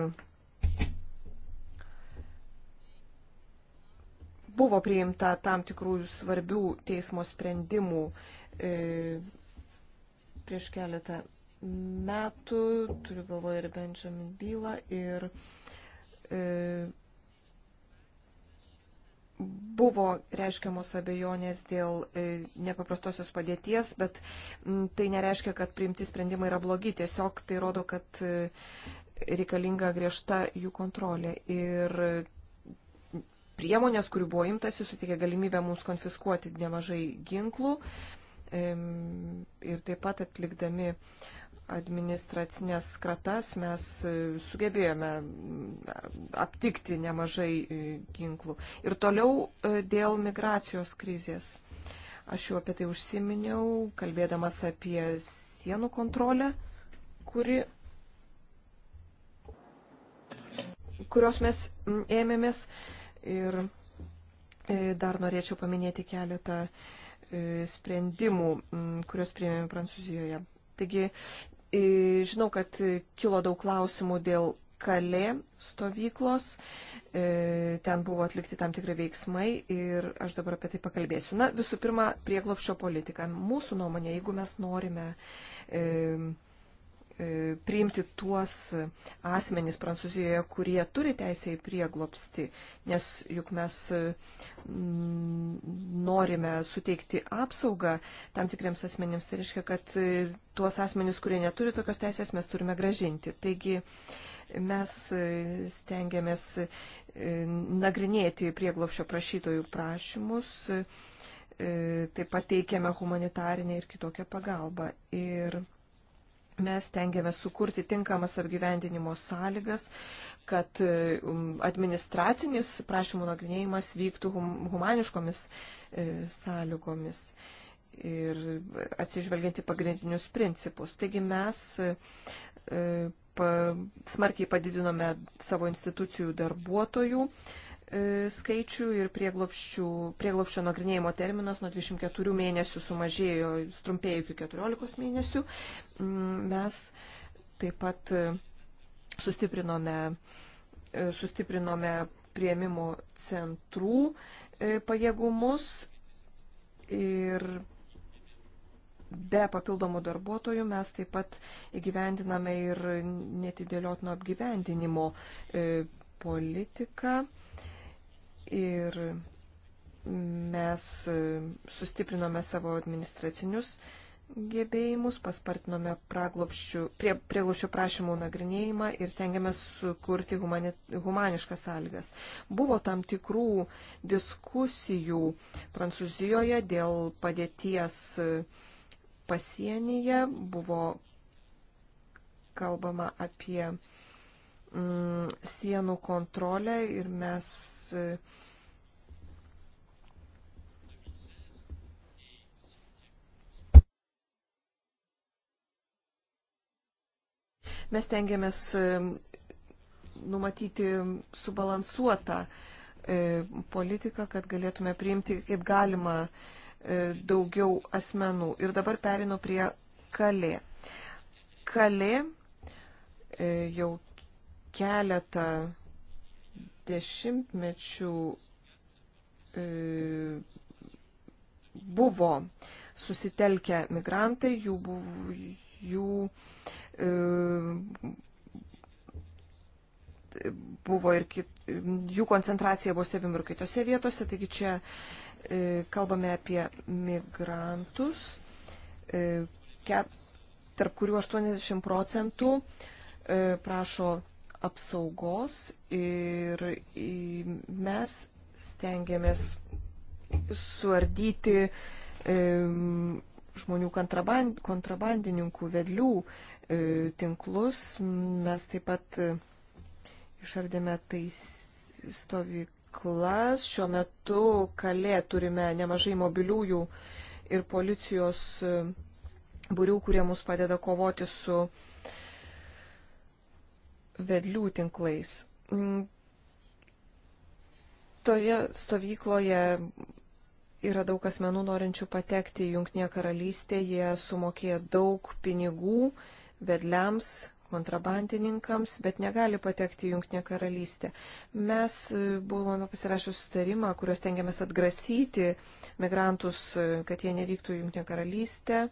buvo priimta tam tikrų svarbių teismo sprendimų prieš keletą metų, turiu galvoje ir Benjamin bylą, ir e, buvo reiškiamos abejonės dėl e, nepaprastosios padėties, bet m, tai nereiškia, kad priimti sprendimai yra blogi, tiesiog tai rodo, kad e, reikalinga griežta jų kontrolė. Ir priemonės, kurių buvo imtasi, suteikė galimybę mums konfiskuoti nemažai ginklų. E, ir taip pat atlikdami administracinės kratas mes e, sugebėjome aptikti nemažai e, ginklų. Ir toliau e, dėl migracijos krizės. Aš jau apie tai užsiminiau, kalbėdamas apie sienų kontrolę, kuri, kurios mes ėmėmės. Ir dar norėčiau paminėti keletą uh, E, sprendimų, kuriuos priėmėme Prancūzijoje. Taigi, e, žinau, kad kilo daug klausimų dėl kalė stovyklos, e, ten buvo atlikti tam tikri veiksmai ir aš dabar apie tai pakalbėsiu. Na, visų pirma, prieglopščio politika. Mūsų nuomonė, jeigu mes norime. E, E, priimti tuos asmenys Prancūzijoje, kurie turi teisę į prieglopsti, nes juk mes mm, norime suteikti apsaugą tam tikriems asmenims. Tai reiškia, kad e, tuos asmenys, kurie neturi tokios teisės, mes turime gražinti. Taigi mes e, stengiamės nagrinėti prieglopšio prašytojų prašymus. Taip pat teikiame humanitarinę ir kitokią pagalbą. Ir Mes tengiame sukurti tinkamas apgyvendinimo sąlygas, kad um, administracinis prašymų nagrinėjimas vyktų humaniškomis e, sąlygomis ir atsižvelgianti pagrindinius principus. Taigi mes e, smarkiai padidinome savo institucijų darbuotojų E, skaičių ir prieglopščio nagrinėjimo terminas nuo 24 mėnesių sumažėjo, trumpėjo iki 14 mėnesių. Mm, mes taip pat e, sustiprinome, e, sustiprinome prieimimo centrų pajėgumus ir be papildomų darbuotojų mes taip pat įgyvendiname ir netidėliotino apgyvendinimo politiką ir mes sustiprinome savo administracinius gebėjimus, paspartinome prie, prieglupščių prašymų nagrinėjimą ir stengiamės sukurti humani, humaniškas sąlygas. Buvo tam tikrų diskusijų Prancūzijoje dėl padėties pasienyje, buvo kalbama apie mm, sienų kontrolę ir mes mm, Mes tengiamės numatyti subalansuotą e, politiką, kad galėtume priimti kaip galima e, daugiau asmenų. Ir dabar perinu prie kalė. Kalė e, jau keletą dešimtmečių buvo susitelkę migrantai, jų, buvo, jų E, buvo ir kit, jų koncentracija buvo stebim ir kitose vietose, taigi čia e, kalbame apie migrantus, e, tarp kurių 80 procentų prašo apsaugos ir mes stengiamės suardyti žmonių kontraband, kontrabandininkų vedlių E, tinklus. Mes taip pat išardėme tai stovyklas. Šiuo metu kalė turime nemažai mobiliųjų ir policijos e, būrių, kurie mus padeda kovoti su vedlių tinklais. Mm. Toje stovykloje yra daug asmenų norinčių patekti į Junktinę karalystę, jie sumokėjo daug pinigų, vedliams, kontrabandininkams, bet negali patekti į Junktinę karalystę. Mes e, buvome pasirašę sustarimą, kurios tengiamės atgrasyti migrantus, e, kad jie nevyktų į Junktinę karalystę.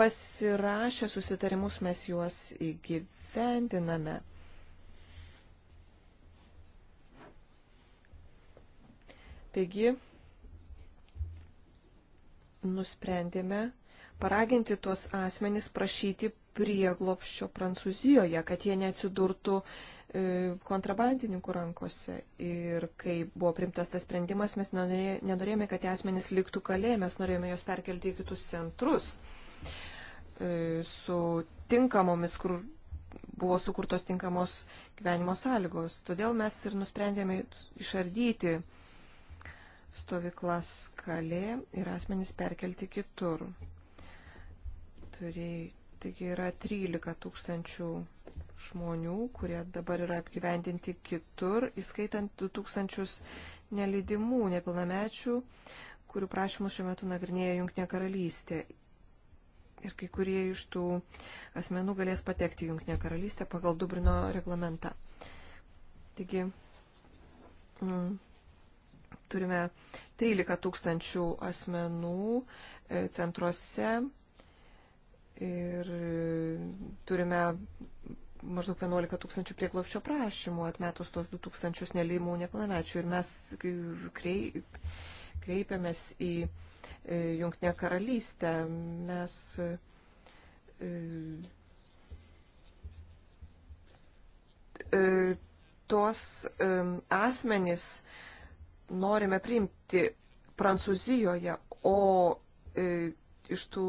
Pasirašę susitarimus mes juos įgyvendiname. Taigi, nusprendėme, paraginti tuos asmenys prašyti prieglopščio Prancūzijoje, kad jie neatsidurtų e, kontrabandininkų rankose. Ir kai buvo primtas tas sprendimas, mes nenorėjome, kad tie asmenys liktų kalė, mes norėjome juos perkelti į kitus centrus e, su tinkamomis, kur buvo sukurtos tinkamos gyvenimo sąlygos. Todėl mes ir nusprendėme išardyti stovyklas kalė ir asmenys perkelti kitur turėjai. Taigi yra 13 tūkstančių žmonių, kurie dabar yra apgyvendinti kitur, įskaitant 2000 nelidimų nepilnamečių, kurių prašymus šiuo metu nagrinėja Junktinė karalystė. Ir kai kurie iš tų asmenų galės patekti į Junktinę karalystę pagal Dubrino reglamentą. Taigi mm, turime 13 tūkstančių asmenų e, centruose Ir e, turime maždaug 11 tūkstančių prieglopščio prašymų atmetus tos 2 tūkstančius nelimų nepilnamečių. Ir mes kreip, kreipiamės į e, Junktinę karalystę. Mes e, tos asmenys norime priimti Prancūzijoje, o iš tų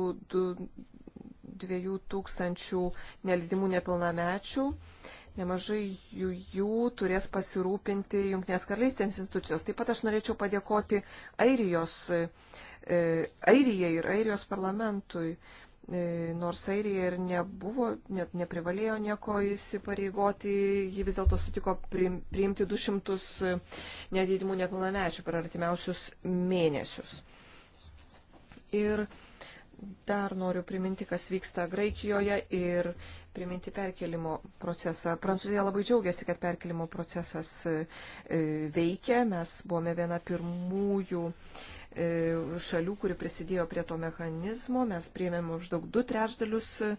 2000 nelydimų nepilnamečių. Nemažai jų, jų turės pasirūpinti Junktinės karalystės institucijos. Taip pat aš norėčiau padėkoti Airijos, e, Airijai ir Airijos parlamentui. E, nors Airija ir nebuvo, net neprivalėjo nieko įsipareigoti, ji vis dėlto sutiko priimti 200 nedidimų nepilnamečių per artimiausius mėnesius. Ir Dar noriu priminti, kas vyksta Graikijoje ir priminti perkelimo procesą. Prancūzija labai džiaugiasi, kad perkelimo procesas e, veikia. Mes buvome viena pirmųjų e, šalių, kuri prisidėjo prie to mechanizmo. Mes priėmėme maždaug du trečdalius e,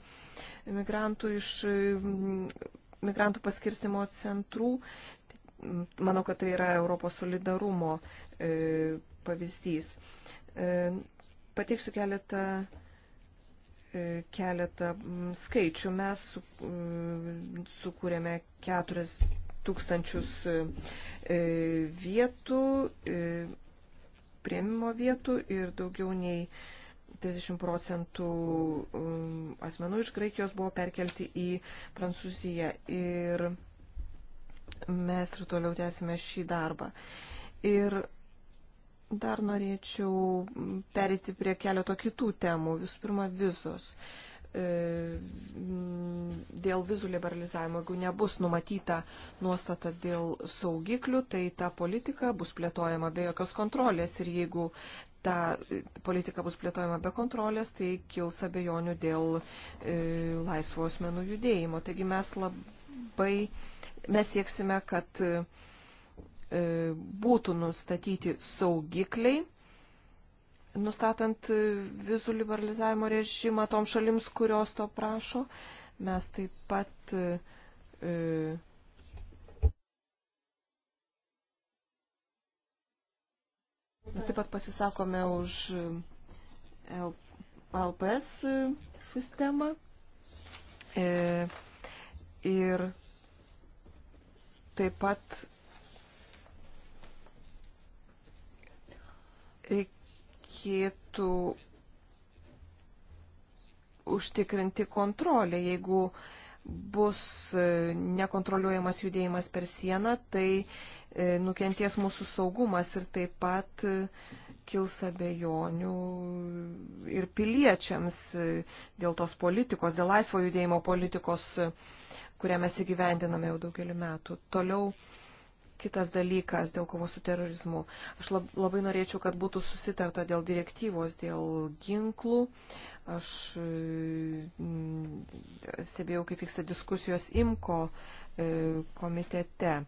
migrantų iš migrantų paskirstimo centrų. Manau, kad tai yra Europos solidarumo pavyzdys pateiksiu keletą, e, keletą mm, skaičių. Mes su, e, sukūrėme 4 tūkstančius e, vietų, prieimimo vietų ir daugiau nei 30 procentų mm, asmenų iš Graikijos buvo perkelti į Prancūziją. Ir mes ir toliau tęsime šį darbą. Ir Dar norėčiau perėti prie keleto kitų temų. Visų pirma, vizos. E, dėl vizų liberalizavimo, jeigu nebus numatyta nuostata dėl saugiklių, tai ta politika bus plėtojama be jokios kontrolės ir jeigu ta politika bus plėtojama be kontrolės, tai kils abejonių dėl e, laisvo asmenų judėjimo. Taigi mes labai, mes sieksime, kad e, E, būtų nustatyti saugikliai, nustatant e, vizų liberalizavimo režimą tom šalims, kurios to prašo. Mes taip pat e, Mes taip pat pasisakome už LPS sistemą ir taip pat reikėtų užtikrinti kontrolę. Jeigu bus nekontroliuojamas judėjimas per sieną, tai e, nukenties mūsų saugumas ir taip pat e, kils abejonių ir piliečiams e, dėl tos politikos, dėl laisvo judėjimo politikos, kurią mes įgyvendiname jau daugelį metų. Toliau Kitas dalykas dėl kovos su terorizmu. Aš labai norėčiau, kad būtų susitarta dėl direktyvos, dėl ginklų. Aš mm, stebėjau, kaip vyksta diskusijos IMKO e, komitete. E,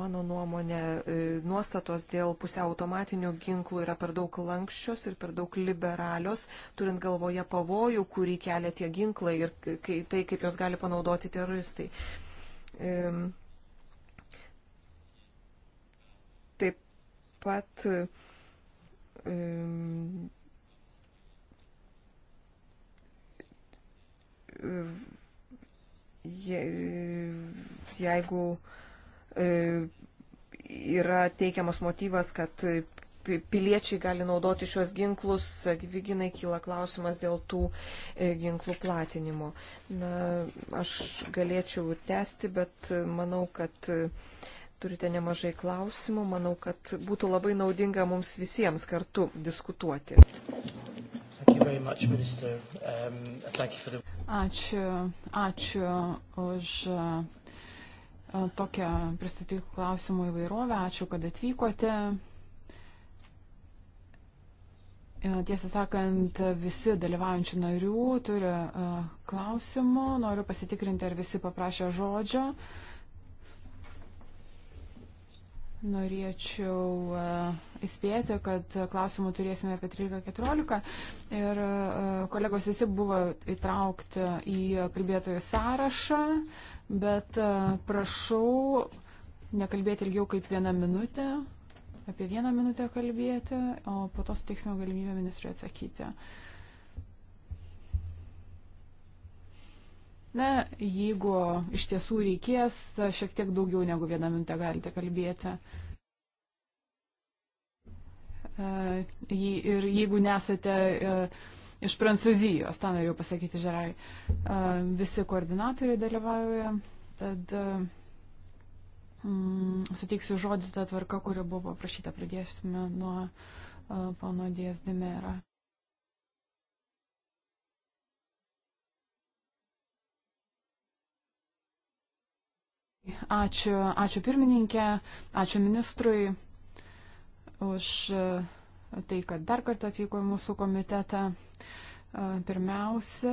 mano nuomonė, e, nuostatos dėl pusiau automatinių ginklų yra per daug lankščios ir per daug liberalios, turint galvoje pavojų, kurį kelia tie ginklai ir tai, kaip jos gali panaudoti teroristai. Um Taip pat um, je, jeigu um, yra teikiamas motyvas, kad piliečiai gali naudoti šios ginklus, gyvyginai kyla klausimas dėl tų e, ginklų platinimo. Na, aš galėčiau tęsti, bet manau, kad turite nemažai klausimų. Manau, kad būtų labai naudinga mums visiems kartu diskutuoti. Much, um, the... Ačiū, ačiū už uh, tokią pristatytų klausimų įvairovę. Ačiū, kad atvykote. Uh, tiesą sakant, visi dalyvaujančių narių turi uh, klausimų. Noriu pasitikrinti, ar visi paprašė žodžio. Uh, Norėčiau e, įspėti, kad klausimų turėsime apie 13-14 ir e, kolegos visi buvo įtraukti į kalbėtojų sąrašą, bet e, prašau nekalbėti ilgiau kaip vieną minutę, apie vieną minutę kalbėti, o po to suteiksime galimybę ministrui atsakyti. Uh, Na, jeigu iš tiesų reikės, šiek tiek daugiau negu vieną minutę galite kalbėti. E, ir jeigu nesate e, iš Prancūzijos, tą norėjau pasakyti, Žerai, e, visi koordinatoriai dalyvauja, tad mm, suteiksiu žodį tą tvarką, kuri buvo prašyta, pradėsime nuo pono Dės Dimera. Ačiū, ačiū pirmininkė, ačiū ministrui už tai, kad dar kartą atvyko į mūsų komitetą. Pirmiausia,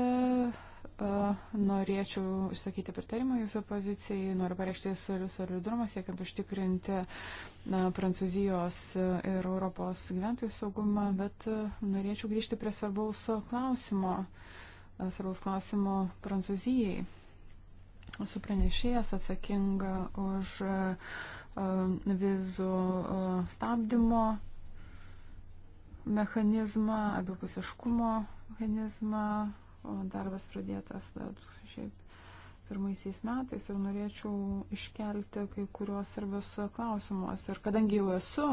norėčiau išsakyti pritarimą jūsų pozicijai, noriu pareikšti solidarumą siekiant užtikrinti na, Prancūzijos ir Europos gyventojų saugumą, bet norėčiau grįžti prie svarbaus klausimo, svarbaus klausimo Prancūzijai su pranešėjas atsakinga už e, e, vizų e, stabdymo mechanizmą, abipusiškumo mechanizmą. Darbas pradėtas dar 2001 metais ir norėčiau iškelti kai kuriuos svarbius klausimus. Ir kadangi jau esu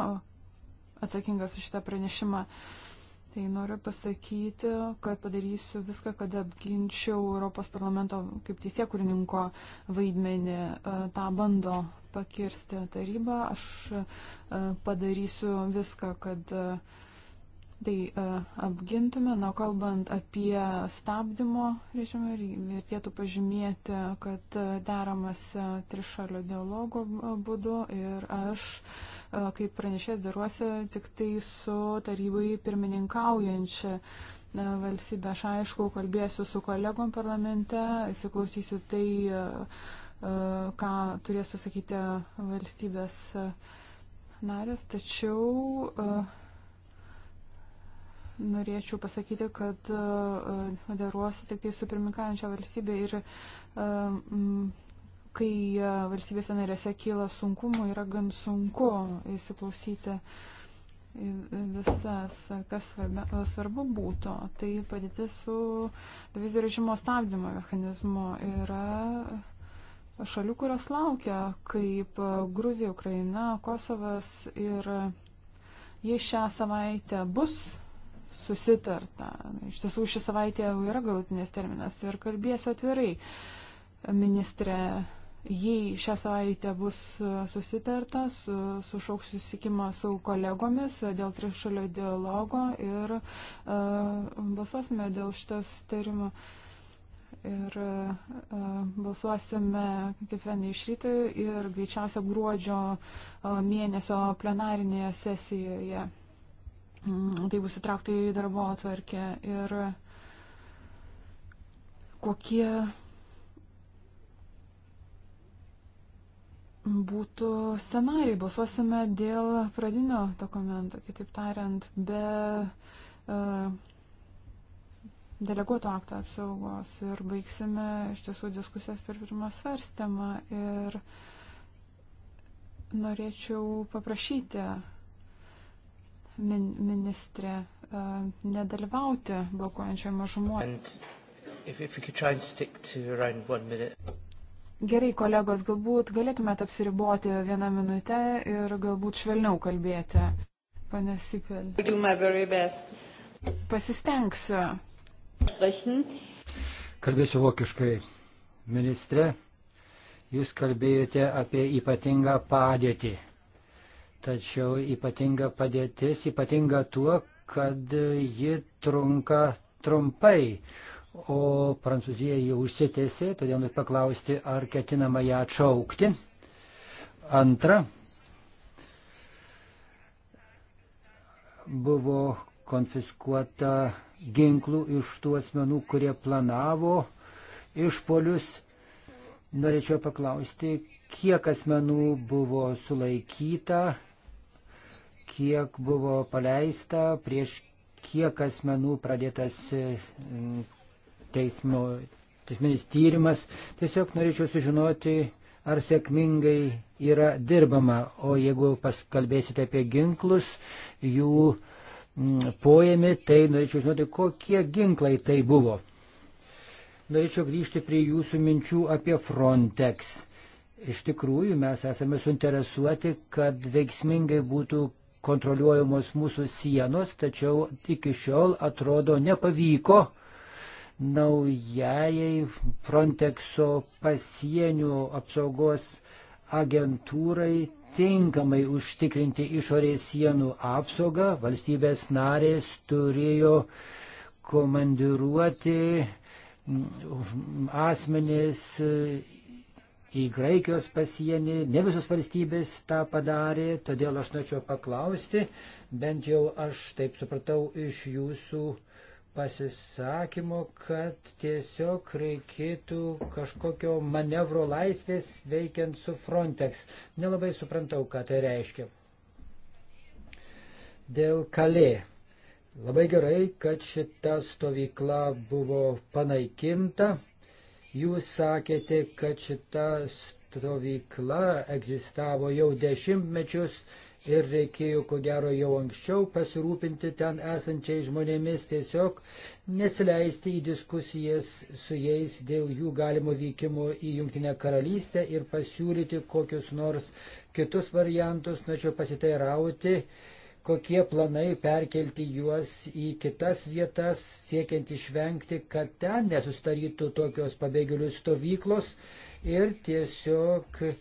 atsakingas už šitą pranešimą, uh, Tai noriu pasakyti, kad padarysiu viską, kad apginčiau Europos parlamento kaip teisėkurininko vaidmenį. E, Ta bando pakirsti tarybą. Aš e, padarysiu viską, kad e, tai apgintume. Na, kalbant apie stabdymo režimą, reikėtų pažymėti, kad deramas trišalio dialogo būdu ir aš. Uh, kaip pranešės daruosi tik tai su tarybai pirmininkaujančia valstybė. Aš aišku, kalbėsiu su kolegom parlamente, įsiklausysiu tai, ką turės pasakyti valstybės narės, tačiau norėčiau pasakyti, kad deruosi tik tai su pirmininkaujančia valstybė ir kai e, valstybėse narėse kyla sunkumų, yra gan sunku įsiklausyti visas, ar kas svarbia, svarbu būtų, tai padėtis su bevizio režimo stabdymo mechanizmu yra šalių, kurios laukia, kaip Gruzija, Ukraina, Kosovas ir jei šią savaitę bus susitarta, iš tiesų šį savaitę jau yra galutinis terminas ir kalbėsiu atvirai ministrė Jei šią savaitę bus e, susitartas, sušauks susikimą su kolegomis e, dėl trišalio dialogo ir e, balsuosime dėl šito sutarimo. Ir balsuosime kiekvieną iš ryto ir greičiausia gruodžio mėnesio plenarinėje sesijoje. Mm, tai bus įtraukta į darbo atvarkę. Ir kokie būtų scenarijai. Balsuosime dėl pradinio dokumento, kitaip tariant, be uh, deleguoto akto apsaugos ir baigsime iš tiesų diskusijas per pirmą svarstymą. Ir norėčiau paprašyti min ministrė uh, nedalyvauti blokuojančioje mažumoje. If, if Gerai, kolegos, galbūt galėtumėt apsiriboti vieną minutę ir galbūt švelniau kalbėti. Pane Sipel. Pasistengsiu. Kalbėsiu vokiškai. Ministre, jūs kalbėjote apie ypatingą padėtį. Tačiau ypatinga padėtis ypatinga tuo, kad ji trunka trumpai o Prancūzija jau užsitėsi, todėl noriu paklausti, ar ketinama ją atšaukti. Antra, buvo konfiskuota ginklų iš tų asmenų, kurie planavo išpolius. Norėčiau paklausti, kiek asmenų buvo sulaikyta, kiek buvo paleista, prieš kiek asmenų pradėtas teismo, teisminis tyrimas. Tiesiog norėčiau sužinoti, ar sėkmingai yra dirbama. O jeigu paskalbėsite apie ginklus, jų mm, poėmį, tai norėčiau žinoti, kokie ginklai tai buvo. Norėčiau grįžti prie jūsų minčių apie Frontex. Iš tikrųjų, mes esame suinteresuoti, kad veiksmingai būtų kontroliuojamos mūsų sienos, tačiau iki šiol atrodo nepavyko naujajai Frontexo pasienio apsaugos agentūrai tinkamai užtikrinti išorės sienų apsaugą. Valstybės narės turėjo komandiruoti mm, asmenys e, į Graikijos pasienį. Ne visos valstybės tą padarė, todėl aš norėčiau paklausti, bent jau aš taip supratau iš jūsų pasisakymo, kad tiesiog reikėtų kažkokio manevro laisvės veikiant su Frontex. Nelabai suprantau, ką tai reiškia. Dėl kalė. Labai gerai, kad šita stovykla buvo panaikinta. Jūs sakėte, kad šita stovykla egzistavo jau dešimtmečius ir reikėjo, ko gero, jau anksčiau pasirūpinti ten esančiai žmonėmis, tiesiog nesileisti į diskusijas su jais dėl jų galimo vykimo į Junktinę karalystę ir pasiūlyti kokius nors kitus variantus, tačiau pasiteirauti kokie planai perkelti juos į kitas vietas, siekiant išvengti, kad ten nesustarytų tokios pabėgėlių stovyklos ir tiesiog uh,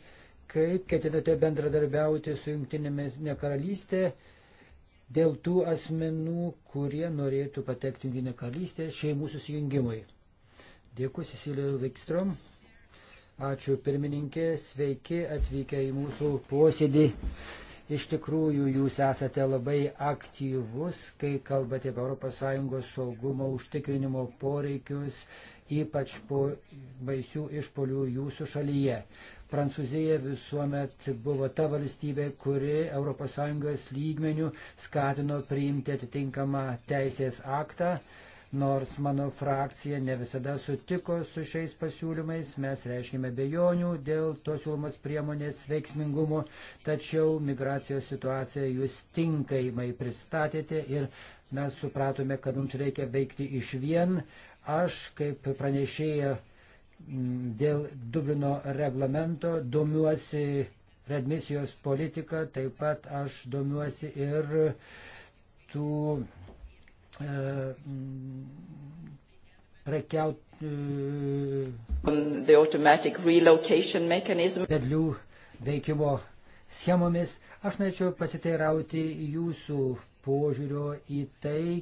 Kaip ketinate bendradarbiauti su Junktinėmis nekaralystė dėl tų asmenų, kurie norėtų patekti Junktinė karalystė šeimų susijungimui? Dėkui, Cecilijai Vikstrom. Ačiū pirmininkė, sveiki atvykę į mūsų posėdį. Iš tikrųjų, jūs esate labai aktyvus, kai kalbate apie ES saugumo užtikrinimo poreikius, ypač po baisių išpolių jūsų šalyje. Prancūzija visuomet buvo ta valstybė, kuri ES lygmenių skatino priimti atitinkamą teisės aktą. Nors mano frakcija ne visada sutiko su šiais pasiūlymais, mes reiškime bejonių dėl to siūlomos priemonės veiksmingumo, tačiau migracijos situaciją jūs tinkamai pristatėte ir mes supratome, kad mums reikia veikti iš vien. Aš kaip pranešėja dėl Dublino reglamento, domiuosi redmisijos politiką, taip pat aš domiuosi ir tų e, mm, prekiaut. E, Pedlių veikimo schemomis. Aš norėčiau pasiteirauti jūsų požiūrio į tai,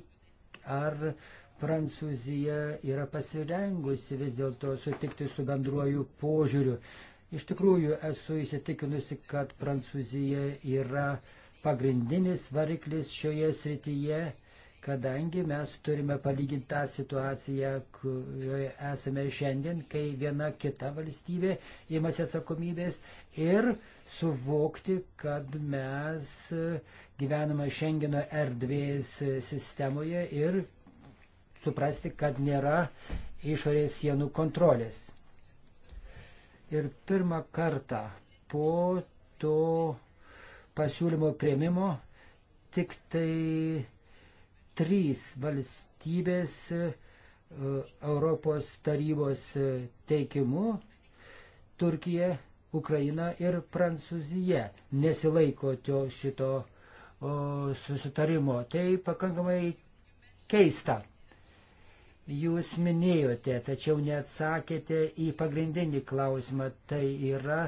ar uh, Prancūzija yra pasirengusi vis dėlto sutikti su bendruoju požiūriu. Iš tikrųjų esu įsitikinusi, kad Prancūzija yra pagrindinis variklis šioje srityje, kadangi mes turime palyginti tą situaciją, kurioje esame šiandien, kai viena kita valstybė imasi atsakomybės ir suvokti, kad mes gyvename Šengeno erdvės sistemoje ir suprasti, kad nėra išorės sienų kontrolės. Ir pirmą kartą po to pasiūlymo prieimimo tik tai trys valstybės e, Europos tarybos teikimu - Turkija, Ukraina ir Prancūzija nesilaiko šito susitarimo. Tai pakankamai keista jūs minėjote, tačiau neatsakėte į pagrindinį klausimą, tai yra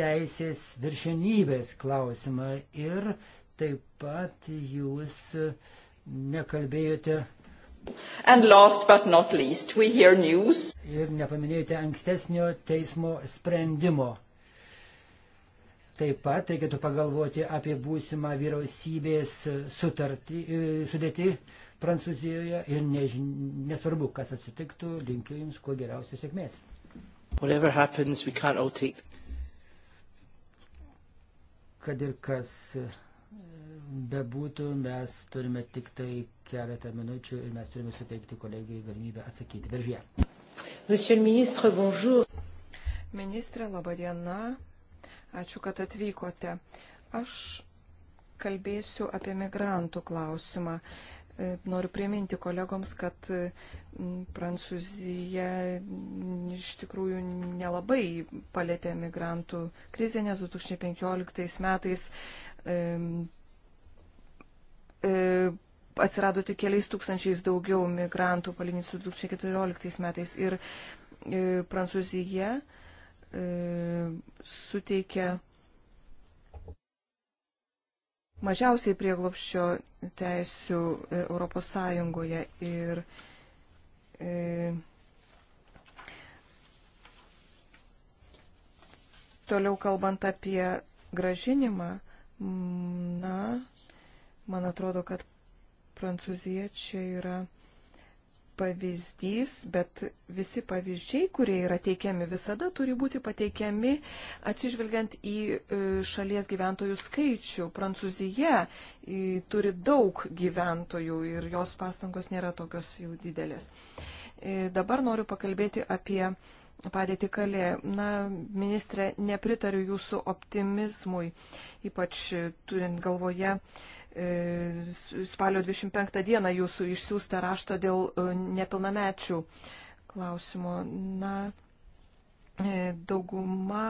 teisės viršenybės klausimą ir taip pat jūs nekalbėjote. And last but not least, we hear news. Ir nepaminėjote ankstesnio teismo sprendimo. Taip pat reikėtų pagalvoti apie būsimą vyriausybės sutartį, e, sudėtį, Prancūzijoje ir než, nesvarbu, kas atsitiktų, linkiu Jums kuo geriausios sėkmės. Happens, take... Kad ir kas e, bebūtų, mes turime tik tai keletą minučių ir mes turime suteikti kolegijai galimybę atsakyti. Veržyje. Monsieur le ministre, bonjour. Ministrė, laba diena. Ačiū, kad atvykote. Aš kalbėsiu apie migrantų klausimą. Noriu priminti kolegoms, kad Prancūzija iš tikrųjų nelabai palėtė migrantų krizę, nes 2015 metais e, e, atsirado tik keliais tūkstančiais daugiau migrantų palyginti su 2014 metais. Ir e, Prancūzija e, suteikia mažiausiai prieglopščio teisių e, Europos Sąjungoje ir e, toliau kalbant apie gražinimą, na, man atrodo, kad prancūzija čia yra pavyzdys, bet visi pavyzdžiai, kurie yra teikiami, visada turi būti pateikiami atsižvelgiant į e, šalies gyventojų skaičių. Prancūzija e, turi daug gyventojų ir jos pastangos nėra tokios jau didelės. E, dabar noriu pakalbėti apie padėti kalė. Na, ministrė, nepritariu jūsų optimizmui, ypač turint galvoje E, spalio 25 dieną jūsų išsiųstą raštą dėl e, nepilnamečių klausimo. Na, e, dauguma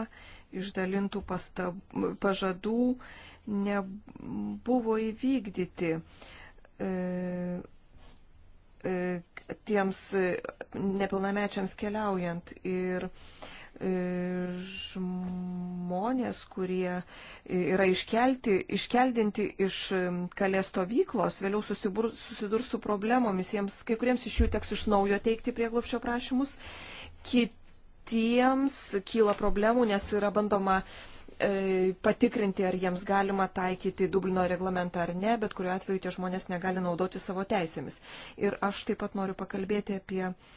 išdalintų pastab, pažadų nebuvo įvykdyti tiems nepilnamečiams keliaujant. Ir e, E, žmonės, kurie e, yra iškelti, iškeldinti iš kalės stovyklos, vėliau susidurs su problemomis, jiems, kai kuriems iš jų teks iš naujo teikti prieglopšio prašymus, kitiems kyla problemų, nes yra bandoma e, patikrinti, ar jiems galima taikyti Dublino reglamentą ar ne, bet kuriuo atveju tie žmonės negali naudoti savo teisėmis. Ir aš taip pat noriu pakalbėti apie uh,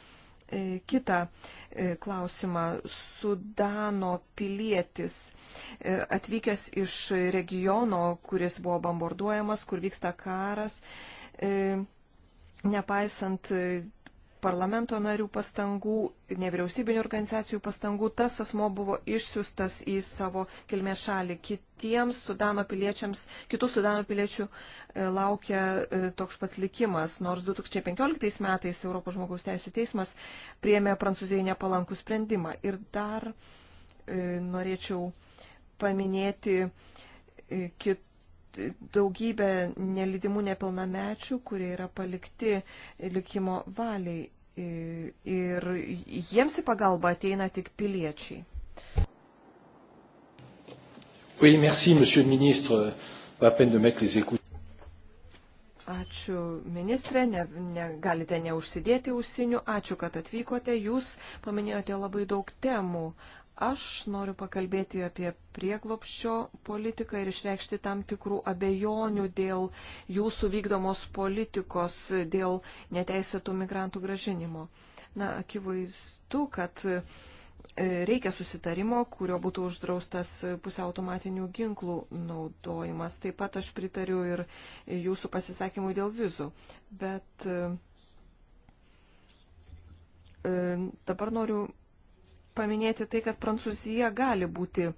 E, kitą e, klausimą. Sudano pilietis e, atvykęs iš regiono, kuris buvo bombarduojamas, kur vyksta karas, nepaisant parlamento narių pastangų, nevyriausybinio organizacijų pastangų, tas asmo buvo išsiustas į savo kilmės šalį. Kitiems Sudano piliečiams, kitų Sudano piliečių e, laukia e, toks pats likimas, nors 2015 metais Europos žmogaus teisų teismas priemė Prancūzijai nepalankų sprendimą. Ir dar e, norėčiau paminėti e, kitų daugybė nelydimų nepilnamečių, kurie yra palikti likimo valiai ir jiems į pagalbą ateina tik piliečiai. Oui, merci, monsieur le ministre. Pas à peine de mettre les écoutes. Ačiū, ministrė, ne, ne, galite neužsidėti ausinių. Ačiū, kad atvykote. Jūs paminėjote labai daug temų. Aš noriu pakalbėti apie prieglopščio politiką ir išreikšti tam tikrų abejonių dėl jūsų vykdomos politikos, dėl neteisėtų migrantų gražinimo. Na, akivaizdu, kad e, reikia susitarimo, kurio būtų uždraustas pusiautomatinių ginklų naudojimas. Taip pat aš pritariu ir jūsų pasisakymui dėl vizų. Bet e, e, dabar noriu paminėti tai, kad Prancūzija gali būti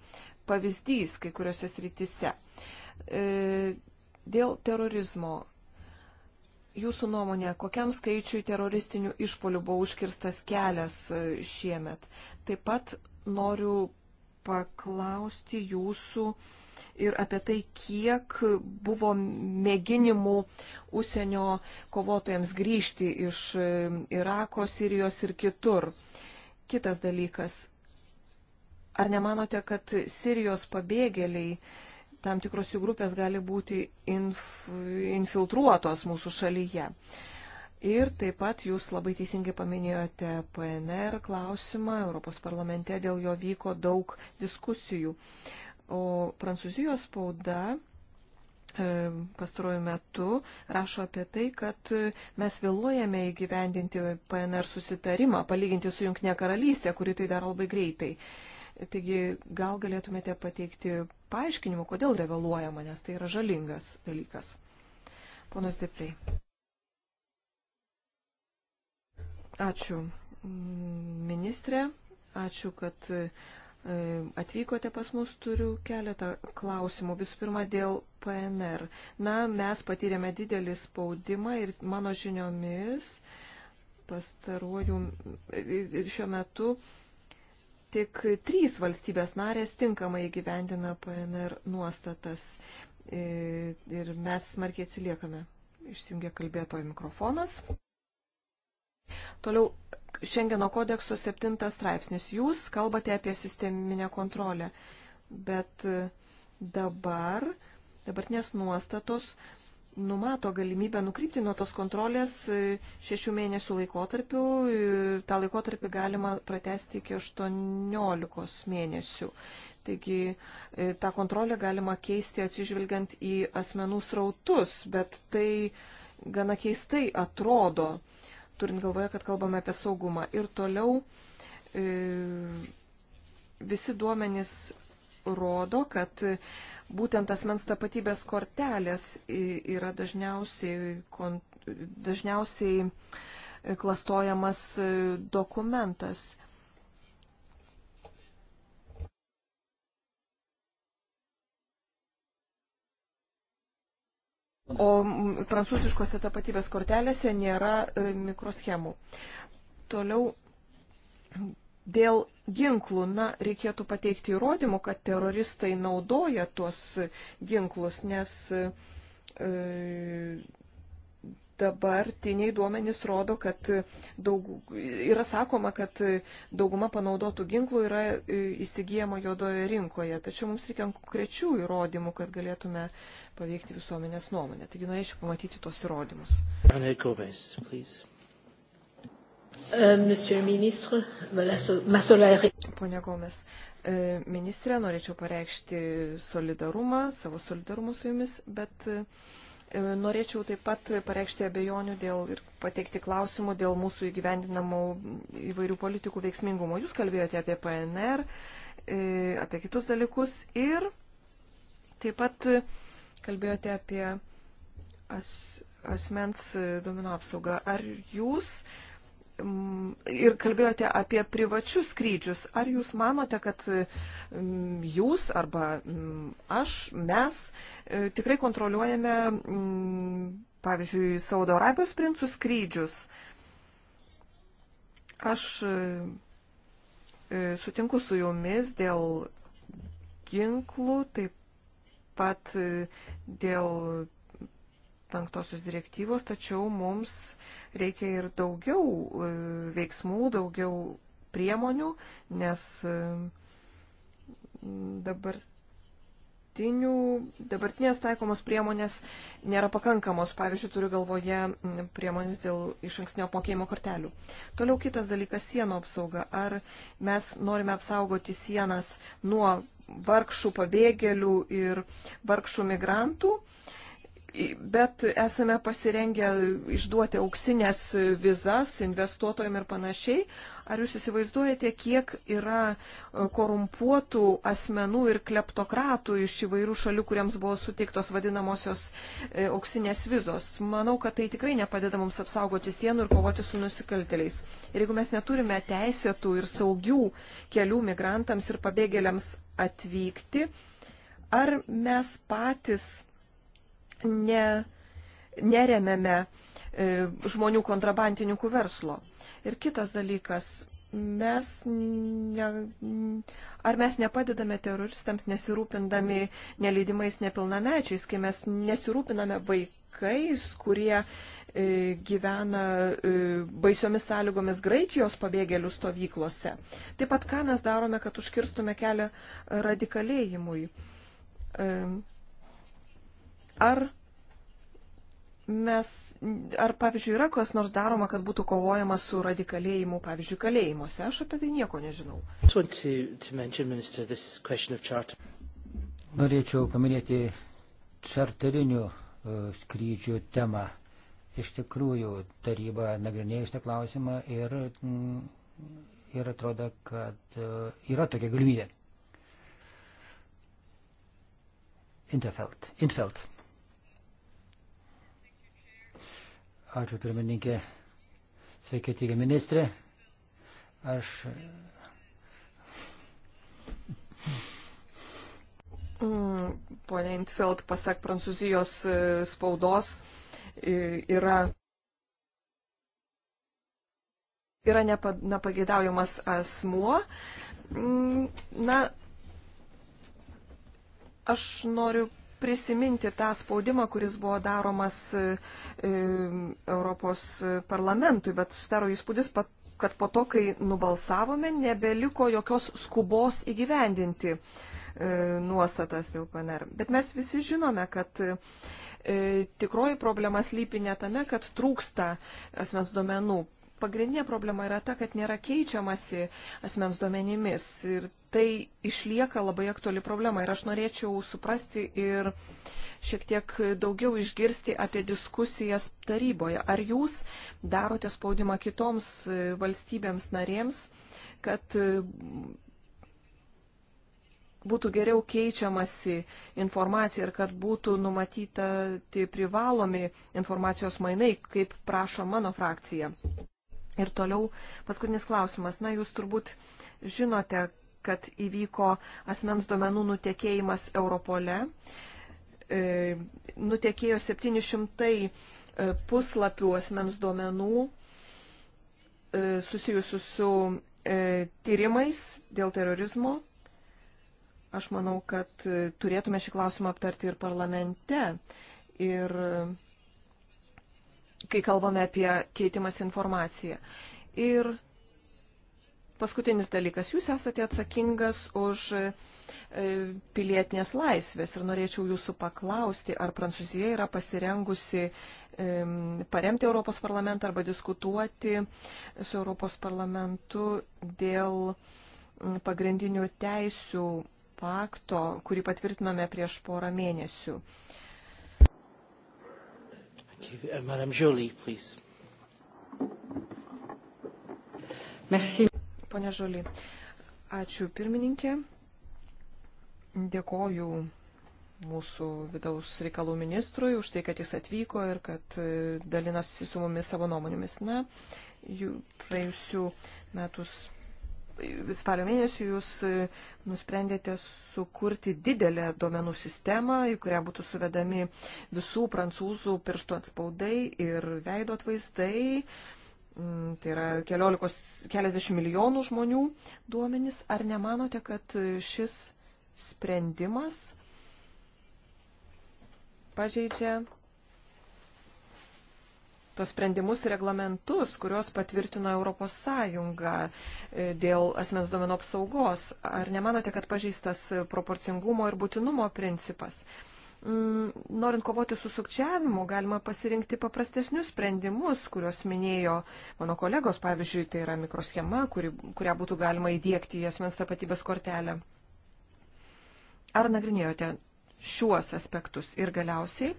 pavyzdys kai kuriuose srityse. E, dėl terorizmo. Jūsų nuomonė, kokiam skaičiui teroristinių išpolių buvo užkirstas kelias e, šiemet? Taip pat noriu paklausti jūsų ir apie tai, kiek buvo mėginimų užsienio kovotojams grįžti iš e, Irako, Sirijos ir kitur. E, Kitas dalykas. Ar nemanote, kad Sirijos pabėgėliai, tam tikros jų grupės gali būti inf, infiltruotos mūsų šalyje? Ir taip pat jūs labai teisingai paminėjote PNR klausimą, Europos parlamente dėl jo vyko daug diskusijų. O prancūzijos spauda E, pastaruoju metu rašo apie tai, kad mes vėluojame įgyvendinti PNR susitarimą, palyginti su Junktinė karalystė, kuri tai daro labai greitai. Taigi gal galėtumėte pateikti paaiškinimų, kodėl yra vėluojama, nes tai yra žalingas dalykas. Ponas Deprei. Ačiū ministrė, ačiū, kad E, atvykote pas mus, turiu keletą klausimų. Visų pirma, dėl PNR. Na, mes patyrėme didelį spaudimą ir mano žiniomis pastaruoju e, šiuo metu tik trys valstybės narės tinkamai gyvendina PNR nuostatas e, ir mes smarkiai atsiliekame. Išsijungia kalbėtojo mikrofonas. Toliau Šengeno kodekso septintas straipsnis. Jūs kalbate apie sisteminę kontrolę, bet e, dabar, dabartinės nuostatos numato galimybę nukrypti nuo tos kontrolės e, šešių mėnesių laikotarpių ir tą laikotarpį galima pratesti iki 18 mėnesių. Taigi e, tą kontrolę galima keisti atsižvelgiant į asmenų srautus, bet tai gana keistai atrodo turint galvoje, kad kalbame apie saugumą. Ir toliau e, visi duomenys rodo, kad būtent asmens tapatybės kortelės yra dažniausiai, dažniausiai e, klastojamas e, dokumentas. o prancūziškose tapatybės kortelėse nėra e, mikroschemų. Toliau dėl ginklų, na, reikėtų pateikti įrodymų, kad teroristai naudoja tuos ginklus, nes e, dabartiniai duomenys rodo, kad daug, yra sakoma, kad dauguma panaudotų ginklų yra e, įsigijama juodoje rinkoje. Tačiau mums reikia konkrečių įrodymų, kad galėtume paveikti visuomenės nuomonę. Taigi norėčiau pamatyti tos įrodymus. Euh, Pone Gomes, e, ministrė, norėčiau pareikšti solidarumą, savo solidarumą su jumis, bet uh, E, norėčiau taip pat pareikšti abejonių dėl ir pateikti klausimų dėl mūsų įgyvendinamų įvairių politikų veiksmingumo. Jūs kalbėjote apie PNR, e, apie kitus dalykus ir taip pat kalbėjote apie as, asmens domino apsaugą. Ar jūs ir kalbėjote apie privačius skrydžius. Ar jūs manote, kad jūs arba aš, mes E, tikrai kontroliuojame, mm, pavyzdžiui, Saudo Arabijos princų skrydžius. Aš e, e, sutinku su jumis dėl ginklų, taip pat dėl penktosios direktyvos, tačiau mums reikia ir daugiau veiksmų, daugiau priemonių, nes dabar dabartinės taikomos priemonės nėra pakankamos. Pavyzdžiui, turiu galvoje priemonės dėl iš ankstinio apmokėjimo kortelių. Toliau kitas dalykas - sienų apsauga. Ar mes norime apsaugoti sienas nuo vargšų pabėgėlių ir vargšų migrantų? Bet esame pasirengę išduoti auksinės vizas investuotojams ir panašiai, Ar jūs įsivaizduojate, kiek yra e, korumpuotų asmenų ir kleptokratų iš įvairių šalių, kuriems buvo suteiktos vadinamosios e, auksinės vizos? Manau, kad tai tikrai nepadeda mums apsaugoti sienų ir kovoti su nusikalteliais. Ir jeigu mes neturime teisėtų ir saugių kelių migrantams ir pabėgėliams atvykti, ar mes patys ne, neremėme E, žmonių kontrabantininkų verslo. Ir kitas dalykas, mes ne, ar mes nepadedame teroristams nesirūpindami nelydimais nepilnamečiais, kai mes nesirūpiname vaikais, kurie e, gyvena e, baisiomis sąlygomis Graikijos pabėgėlių stovyklose. Taip pat ką mes darome, kad užkirstume kelią radikalėjimui. E, ar mes, ar pavyzdžiui, yra kas nors daroma, kad būtų kovojama su radikalėjimu, pavyzdžiui, kalėjimuose? Aš apie tai nieko nežinau. To, to mention, Minister, Norėčiau paminėti čarterinių e, skrydžių temą. Iš tikrųjų, taryba nagrinėjo šitą klausimą ir, mm, ir atrodo, kad e, yra tokia galimybė. Interfeld. Interfeld. Ačiū pirmininkė. Sveiki, teigia ministrė. Aš. Pone Intfeld, pasak prancūzijos e, spaudos, e, yra yra nepa, nepageidaujamas asmuo. Mm, na, aš noriu prisiminti tą spaudimą, kuris buvo daromas e, e Europos parlamentui, bet susidaro įspūdis, kad po to, kai nubalsavome, nebeliko jokios skubos įgyvendinti e, nuostatas dėl PNR. Bet mes visi žinome, kad e, tikroji problema slypi ne tame, kad trūksta asmens duomenų. Pagrindinė problema yra ta, kad nėra keičiamasi asmens duomenimis ir tai išlieka labai aktuali problema. Ir aš norėčiau suprasti ir šiek tiek daugiau išgirsti apie diskusijas taryboje. Ar jūs darote spaudimą kitoms e, valstybėms narėms, kad e, būtų geriau keičiamasi informacija ir kad būtų numatyta privalomi informacijos mainai, kaip prašo mano frakcija. Ir toliau paskutinis klausimas. Na, jūs turbūt žinote, kad įvyko asmens duomenų nutekėjimas Europole. E, nutekėjo 700 e, puslapių asmens duomenų e, susijusių su tyrimais dėl terorizmo. Aš manau, kad turėtume šį klausimą aptarti ir parlamente. Ir kai kalbame apie keitimas informaciją. Ir Paskutinis dalykas. Jūs esate atsakingas už e, pilietinės laisvės ir norėčiau jūsų paklausti, ar Prancūzija yra pasirengusi paremti Europos parlamentą arba diskutuoti su Europos parlamentu dėl pagrindinių teisių pakto, kurį patvirtinome prieš porą mėnesių. Uh, Madame Jolie, please. Merci. Pone Žoli, ačiū pirmininkė. Dėkoju mūsų vidaus reikalų ministrui už tai, kad jis atvyko ir kad e, dalinasi su mumis savo nuomonėmis. Na, jų praėjusių metus spalio mėnesį jūs e, nusprendėte sukurti didelę duomenų sistemą, į kurią būtų suvedami visų prancūzų pirštų atspaudai ir veido atvaizdai. Uh, Mm, tai yra keliolikos, keliasdešimt milijonų žmonių duomenys. Ar nemanote, kad šis sprendimas pažeidžia tos sprendimus ir reglamentus, kuriuos patvirtino Europos Sąjunga e, dėl asmens duomenų apsaugos? Ar nemanote, kad pažeistas proporcingumo ir būtinumo principas? Mm, norint kovoti su sukčiavimu, galima pasirinkti paprastesnius sprendimus, kuriuos minėjo mano kolegos, pavyzdžiui, tai yra mikroschema, kuri, kurią būtų galima įdėkti į asmens tapatybės kortelę. Ar nagrinėjote šiuos aspektus? Ir galiausiai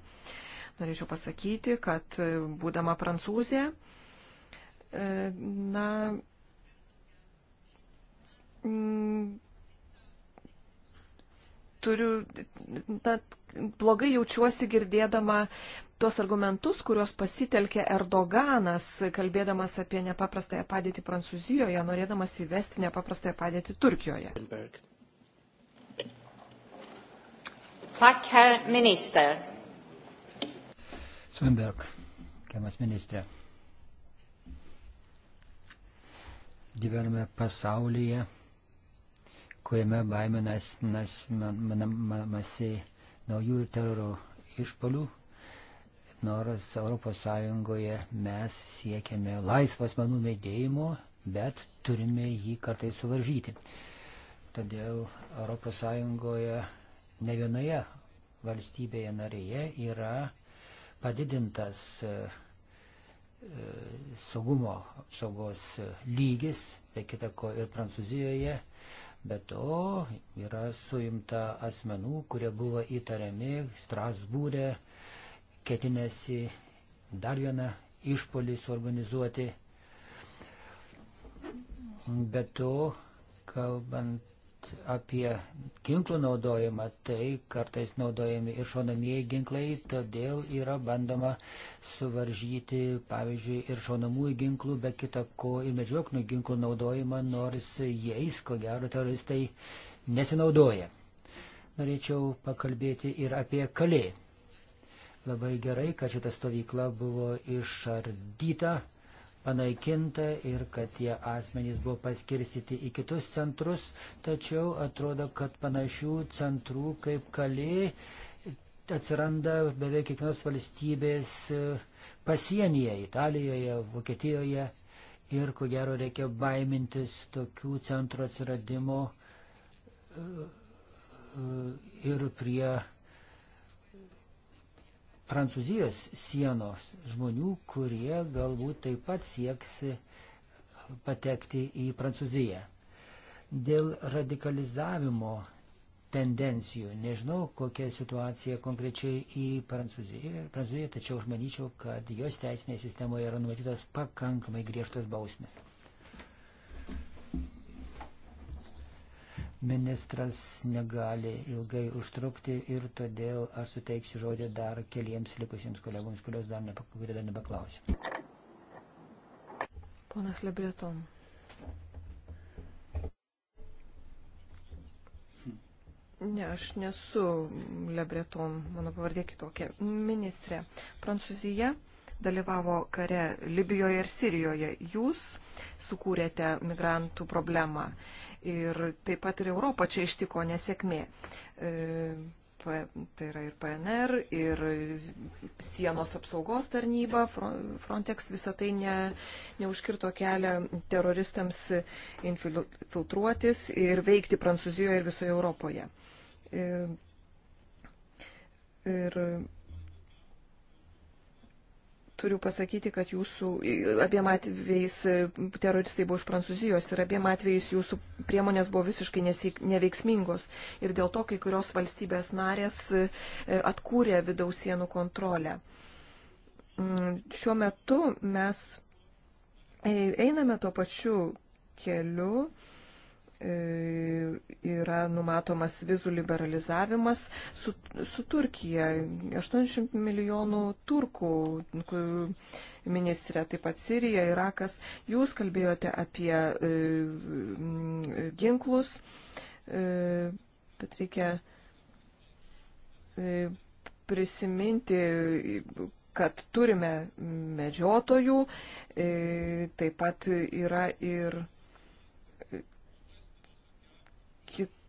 norėčiau pasakyti, kad e, būdama prancūzė, e, na, mm, turiu, na, blogai jaučiuosi girdėdama tuos argumentus, kuriuos pasitelkė Erdoganas, kalbėdamas apie nepaprastąją padėtį Prancūzijoje, norėdamas įvesti nepaprastąją padėtį Turkijoje. Tak, herr minister. Svenberg, kiemas ministrė. Gyvename pasaulyje, kuriame baiminasi naujų teroro išpolių, nors ES mes siekiame laisvo asmenų mėdėjimo, bet turime jį kartai suvaržyti. Todėl ES ne vienoje valstybėje narėje yra padidintas e, e, saugumo apsaugos lygis, be kita ko ir Prancūzijoje Be to yra suimta asmenų, kurie buvo įtariami Strasbūrė, ketinėsi dar vieną išpolį suorganizuoti. Be to, kalbant apie ginklų naudojimą, tai kartais naudojami ir šaunamieji ginklai, todėl yra bandoma suvaržyti, pavyzdžiui, ir šaunamųjų ginklų, be kita ko, ir medžioklių ginklų naudojimą, nors jais, ko gero, teroristai nesinaudoja. Norėčiau pakalbėti ir apie kalėjimą labai gerai, kad šita stovykla buvo išardyta panaikinta ir kad tie asmenys buvo paskirstyti į kitus centrus, tačiau atrodo, kad panašių centrų kaip kalė atsiranda beveik kiekvienos valstybės e, pasienyje - Italijoje, Vokietijoje ir ko gero reikia baimintis tokių centrų atsiradimo e, e, ir prie Prancūzijos sienos žmonių, kurie galbūt taip pat sieks patekti į Prancūziją. Dėl radikalizavimo tendencijų, nežinau, kokia situacija konkrečiai į Prancūziją, Prancūziją tačiau aš manyčiau, kad jos teisinėje sistemoje yra numatytos pakankamai griežtas bausmės. ministras negali ilgai užtrukti ir todėl aš suteiksiu žodį dar keliems likusiems kolegoms, kurios dar, nepa, kurie dar nepaklausė. Ponas Lebrietom. Ne, aš nesu Lebreton, mano pavardė kitokia. Ministrė, Prancūzija dalyvavo kare Libijoje ir Sirijoje. Jūs sukūrėte migrantų problemą. Ir taip pat ir Europą čia ištiko nesėkmė. E, tai yra ir PNR, ir sienos apsaugos tarnyba, Frontex visą tai ne, neužkirto kelią teroristams infiltruotis ir veikti Prancūzijoje ir visoje Europoje. E, ir, ir Turiu pasakyti, kad jūsų abiem atvejais e, teroristai buvo iš Prancūzijos ir abiem atvejais jūsų priemonės buvo visiškai nesik, neveiksmingos. Ir dėl to kai kurios valstybės narės e, atkūrė vidaus sienų kontrolę. Mm, šiuo metu mes e, einame tuo pačiu keliu E, yra numatomas vizų liberalizavimas su, su Turkija. 80 milijonų turkų, ministrė, taip pat Sirija, Irakas. Jūs kalbėjote apie e, ginklus, e, bet reikia e, prisiminti, kad turime medžiotojų, e, taip pat yra ir. E,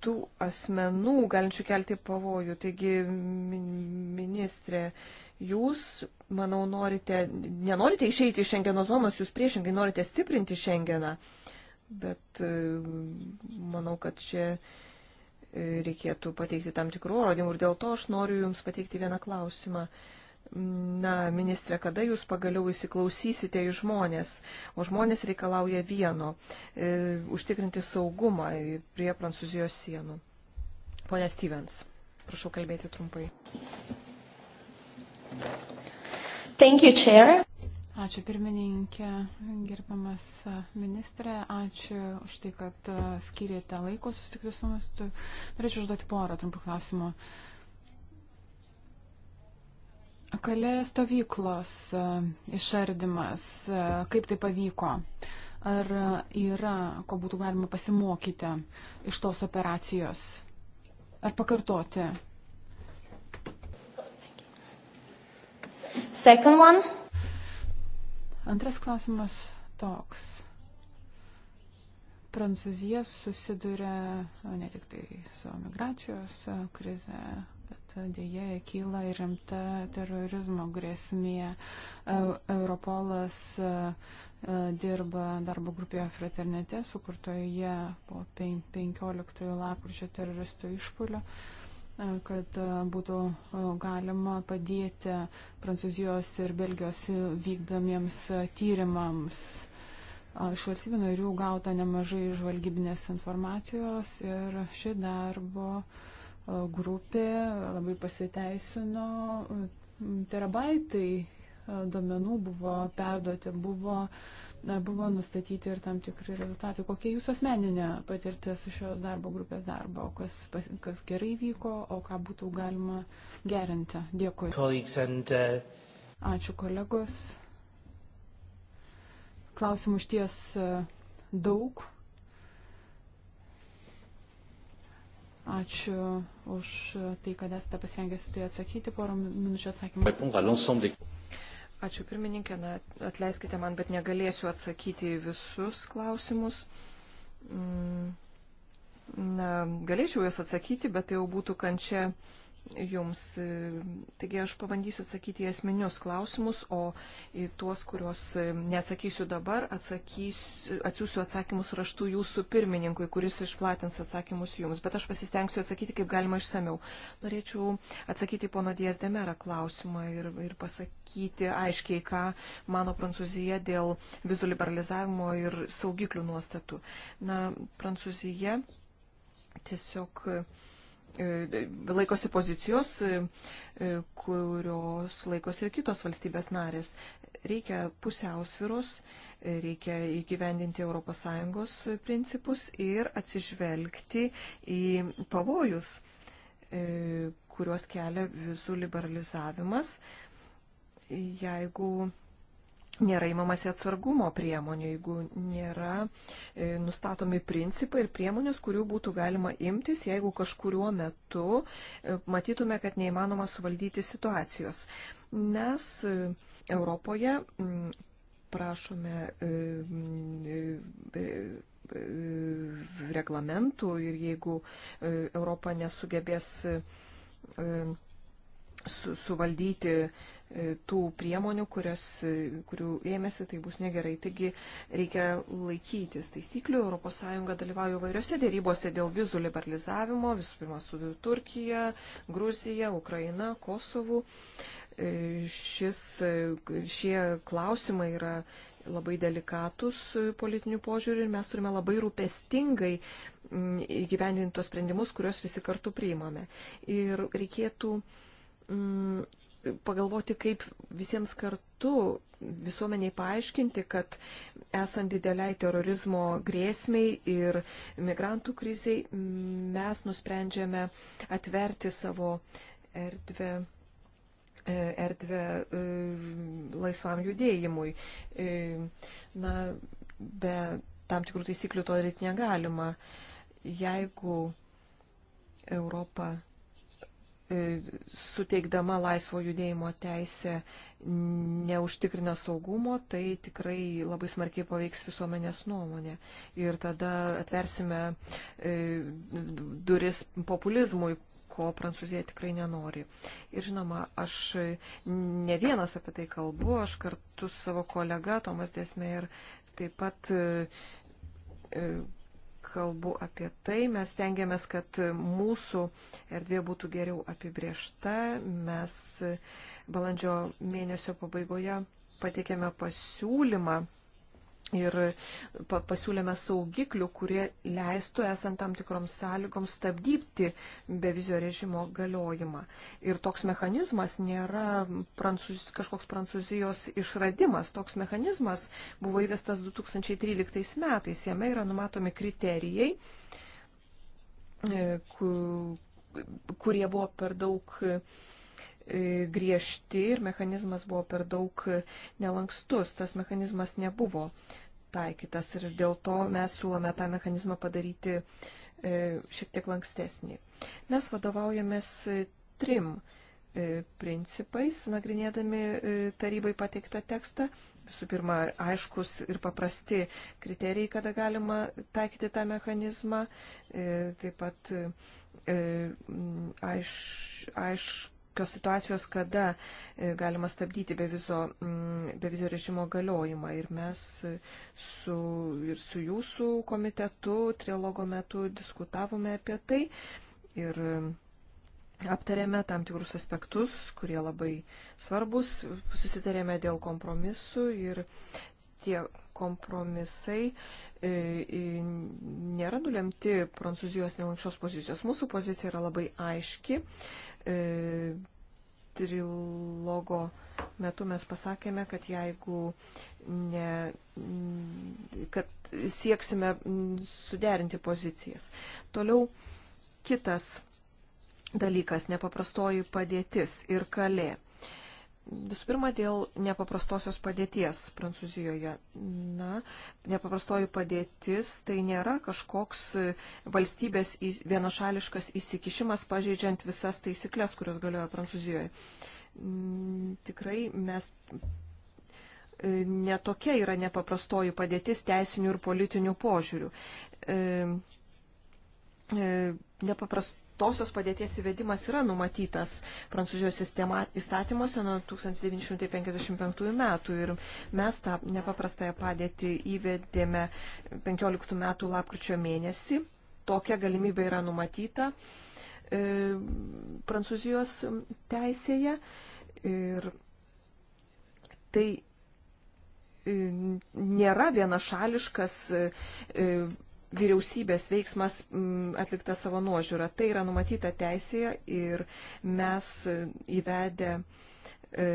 kitų asmenų galinčių kelti pavojų. Taigi, ministrė, jūs, manau, norite, nenorite išeiti iš Šengeno zonos, jūs priešingai norite stiprinti Šengeną. Bet e, manau, kad čia e, reikėtų pateikti tam tikrų rodymų ir dėl to aš noriu Jums pateikti vieną klausimą. Uh, na, ministrė, kada jūs pagaliau įsiklausysite į žmonės, o žmonės reikalauja vieno e, - užtikrinti saugumą prie Prancūzijos sienų. Pone Stevens, prašau kalbėti trumpai. Thank you, Chair. Ačiū pirmininkė, gerbiamas e, ministrė, ačiū už tai, kad e, skirėte laiko susitikti su mumis. Norėčiau užduoti porą trumpų klausimų. Uh, Kalė stovyklos e, išardimas, e, kaip tai pavyko? Ar yra, ko būtų galima pasimokyti iš tos operacijos? Ar pakartoti? Antras klausimas toks. Prancūzija susiduria ne tik tai su migracijos e, krize, kad dėje kyla ir rimta terorizmo grėsmė. E, Europolas e, e, dirba darbo grupėje fraternete, sukurtoje po 15 lapkričio teroristų išpolio kad būtų galima padėti Prancūzijos ir Belgijos vykdomiems tyrimams iš valstybių narių gauta nemažai žvalgybinės informacijos ir ši darbo grupė labai pasiteisino. Terabaitai duomenų buvo perduoti, buvo, buvo nustatyti ir tam tikri rezultatai. Kokia jūsų asmeninė patirtis šio darbo grupės darbo, kas, kas gerai vyko, o ką būtų galima gerinti. Dėkui. Uh, Ačiū kolegos. Klausimų iš ties daug. Ačiū už tai, kad esate pasirengęs tai atsakyti. Porą minučių atsakymų. Ačiū pirmininkė, na, atleiskite man, bet negalėsiu atsakyti visus klausimus. Mm, na, galėčiau juos atsakyti, bet tai jau būtų kančia jums. Taigi aš pabandysiu atsakyti į esminius klausimus, o į tuos, kuriuos e, neatsakysiu dabar, atsakysiu, atsiųsiu atsakymus raštu jūsų pirmininkui, kuris išplatins atsakymus jums. Bet aš pasistengsiu atsakyti kaip galima išsameu. Norėčiau atsakyti pono Dijas Demera klausimą ir, ir pasakyti aiškiai, ką mano Prancūzija dėl vizų liberalizavimo ir saugiklių nuostatų. Na, Prancūzija tiesiog E, laikosi pozicijos, e, e, kurios laikosi ir kitos valstybės narės. Reikia pusiausviros, reikia įgyvendinti ES principus ir atsižvelgti į pavojus, kuriuos kelia vizų liberalizavimas, jeigu nėra įmamasi atsargumo priemonių, jeigu nėra e, nustatomi principai ir priemonės, kurių būtų galima imtis, jeigu kažkuriuo metu e, matytume, kad neįmanoma suvaldyti situacijos. Mes e, Europoje m, prašome e, e, e, reglamentų ir jeigu Europa nesugebės su, suvaldyti E, tų priemonių, kurias, e, kurių ėmėsi, tai bus negerai. Taigi reikia laikytis taisyklių. ES dalyvauja vairiose dėrybose dėl vizų liberalizavimo, visų pirma, su Turkija, Gruzija, Ukraina, Kosovu. E, šis, šie klausimai yra labai delikatus politinių požiūrių ir mes turime labai rūpestingai įgyvendinti tos sprendimus, kuriuos visi kartu priimame. Ir reikėtų pagalvoti, kaip visiems kartu visuomeniai paaiškinti, kad esant dideliai terorizmo grėsmiai ir migrantų kriziai, mes nusprendžiame atverti savo erdvę e, erdvę e, laisvam judėjimui. E, na, be tam tikrų taisyklių to daryti negalima. Jeigu Europa E, suteikdama laisvo judėjimo teisę neužtikrina saugumo, tai tikrai labai smarkiai paveiks visuomenės nuomonę. Ir tada atversime e, duris populizmui, ko Prancūzija tikrai nenori. Ir žinoma, aš ne vienas apie tai kalbu, aš kartu su savo kolega Tomas Desmė ir taip pat e, kalbu apie tai. Mes tengiamės, kad mūsų erdvė būtų geriau apibriešta. Mes balandžio mėnesio pabaigoje pateikėme pasiūlymą Ir pasiūlėme saugiklių, kurie leistų esant tam tikroms sąlygoms stabdyti bevizio režimo galiojimą. Ir toks mechanizmas nėra prancūz, kažkoks Prancūzijos išradimas. Toks mechanizmas buvo įvestas 2013 metais. Jame yra numatomi kriterijai, e, kurie buvo per daug E, griežti ir mechanizmas buvo per daug nelankstus. Tas mechanizmas nebuvo taikytas ir dėl to mes siūlome tą mechanizmą padaryti e, šiek tiek lankstesnį. Mes vadovaujamės e, trim principais, nagrinėdami tarybai pateiktą tekstą. Visų pirma, aiškus ir paprasti kriterijai, kada galima taikyti tą mechanizmą. Taip pat aiš, aiš, tokios situacijos, kada e, galima stabdyti bevizio, mm, bevizio režimo galiojimą. Ir mes su, ir su jūsų komitetu trilogo metu diskutavome apie tai ir e, aptarėme tam tikrus aspektus, kurie labai svarbus, susitarėme dėl kompromisų ir tie kompromisai e, nėra nulemti Prancūzijos nelankščios pozicijos. Mūsų pozicija yra labai aiški e, trilogo metu mes pasakėme, kad jeigu ne, kad sieksime suderinti pozicijas. Toliau kitas dalykas - nepaprastoji padėtis ir kalė. Visų pirma, dėl nepaprastosios padėties Prancūzijoje. Na, nepaprastoji padėtis tai nėra kažkoks e, valstybės vienašališkas įsikišimas, pažeidžiant visas taisyklės, kurios galioja Prancūzijoje. Mm, tikrai mes e, netokia yra nepaprastoji padėtis teisinių ir politinių požiūrių. E, Nepaprast nepaprastosios padėties įvedimas yra numatytas Prancūzijos sistema, įstatymuose nuo 1955 metų ir mes tą nepaprastąją padėtį įvedėme 15 metų lapkričio mėnesį. Tokia galimybė yra numatyta e, Prancūzijos teisėje ir tai e, nėra vienašališkas e, vyriausybės veiksmas mm, atlikta savo nuožiūra. Tai yra numatyta teisėje ir mes e, įvedę e,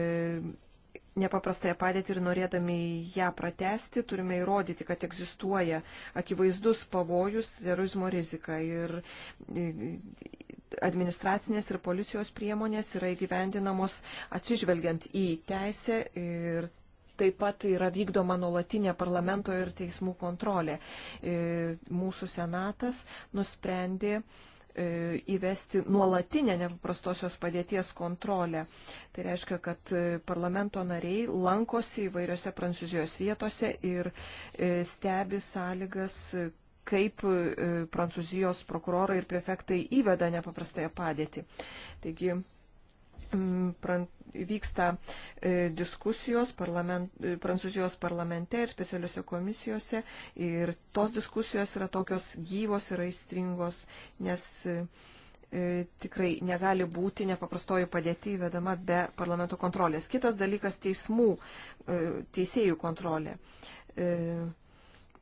nepaprastąją padėtį ir norėdami ją pratesti, turime įrodyti, kad egzistuoja akivaizdus pavojus terorizmo rizika. Ir e, administracinės ir policijos priemonės yra įgyvendinamos atsižvelgiant į teisę ir taip pat yra vykdoma nuolatinė parlamento ir teismų kontrolė. E, mūsų senatas nusprendė e, įvesti nuolatinę nepaprastosios padėties kontrolę. Tai reiškia, kad e, parlamento nariai lankosi įvairiose Prancūzijos vietose ir stebi sąlygas, kaip Prancūzijos prokurorai ir prefektai įveda nepaprastąją padėtį. Taigi vyksta e, diskusijos parlament, e, Prancūzijos parlamente ir specialiuose komisijose. Ir tos diskusijos yra tokios gyvos ir aistringos, nes e, tikrai negali būti nepaprastoji padėti įvedama be parlamento kontrolės. Kitas dalykas - teismų, teisėjų kontrolė.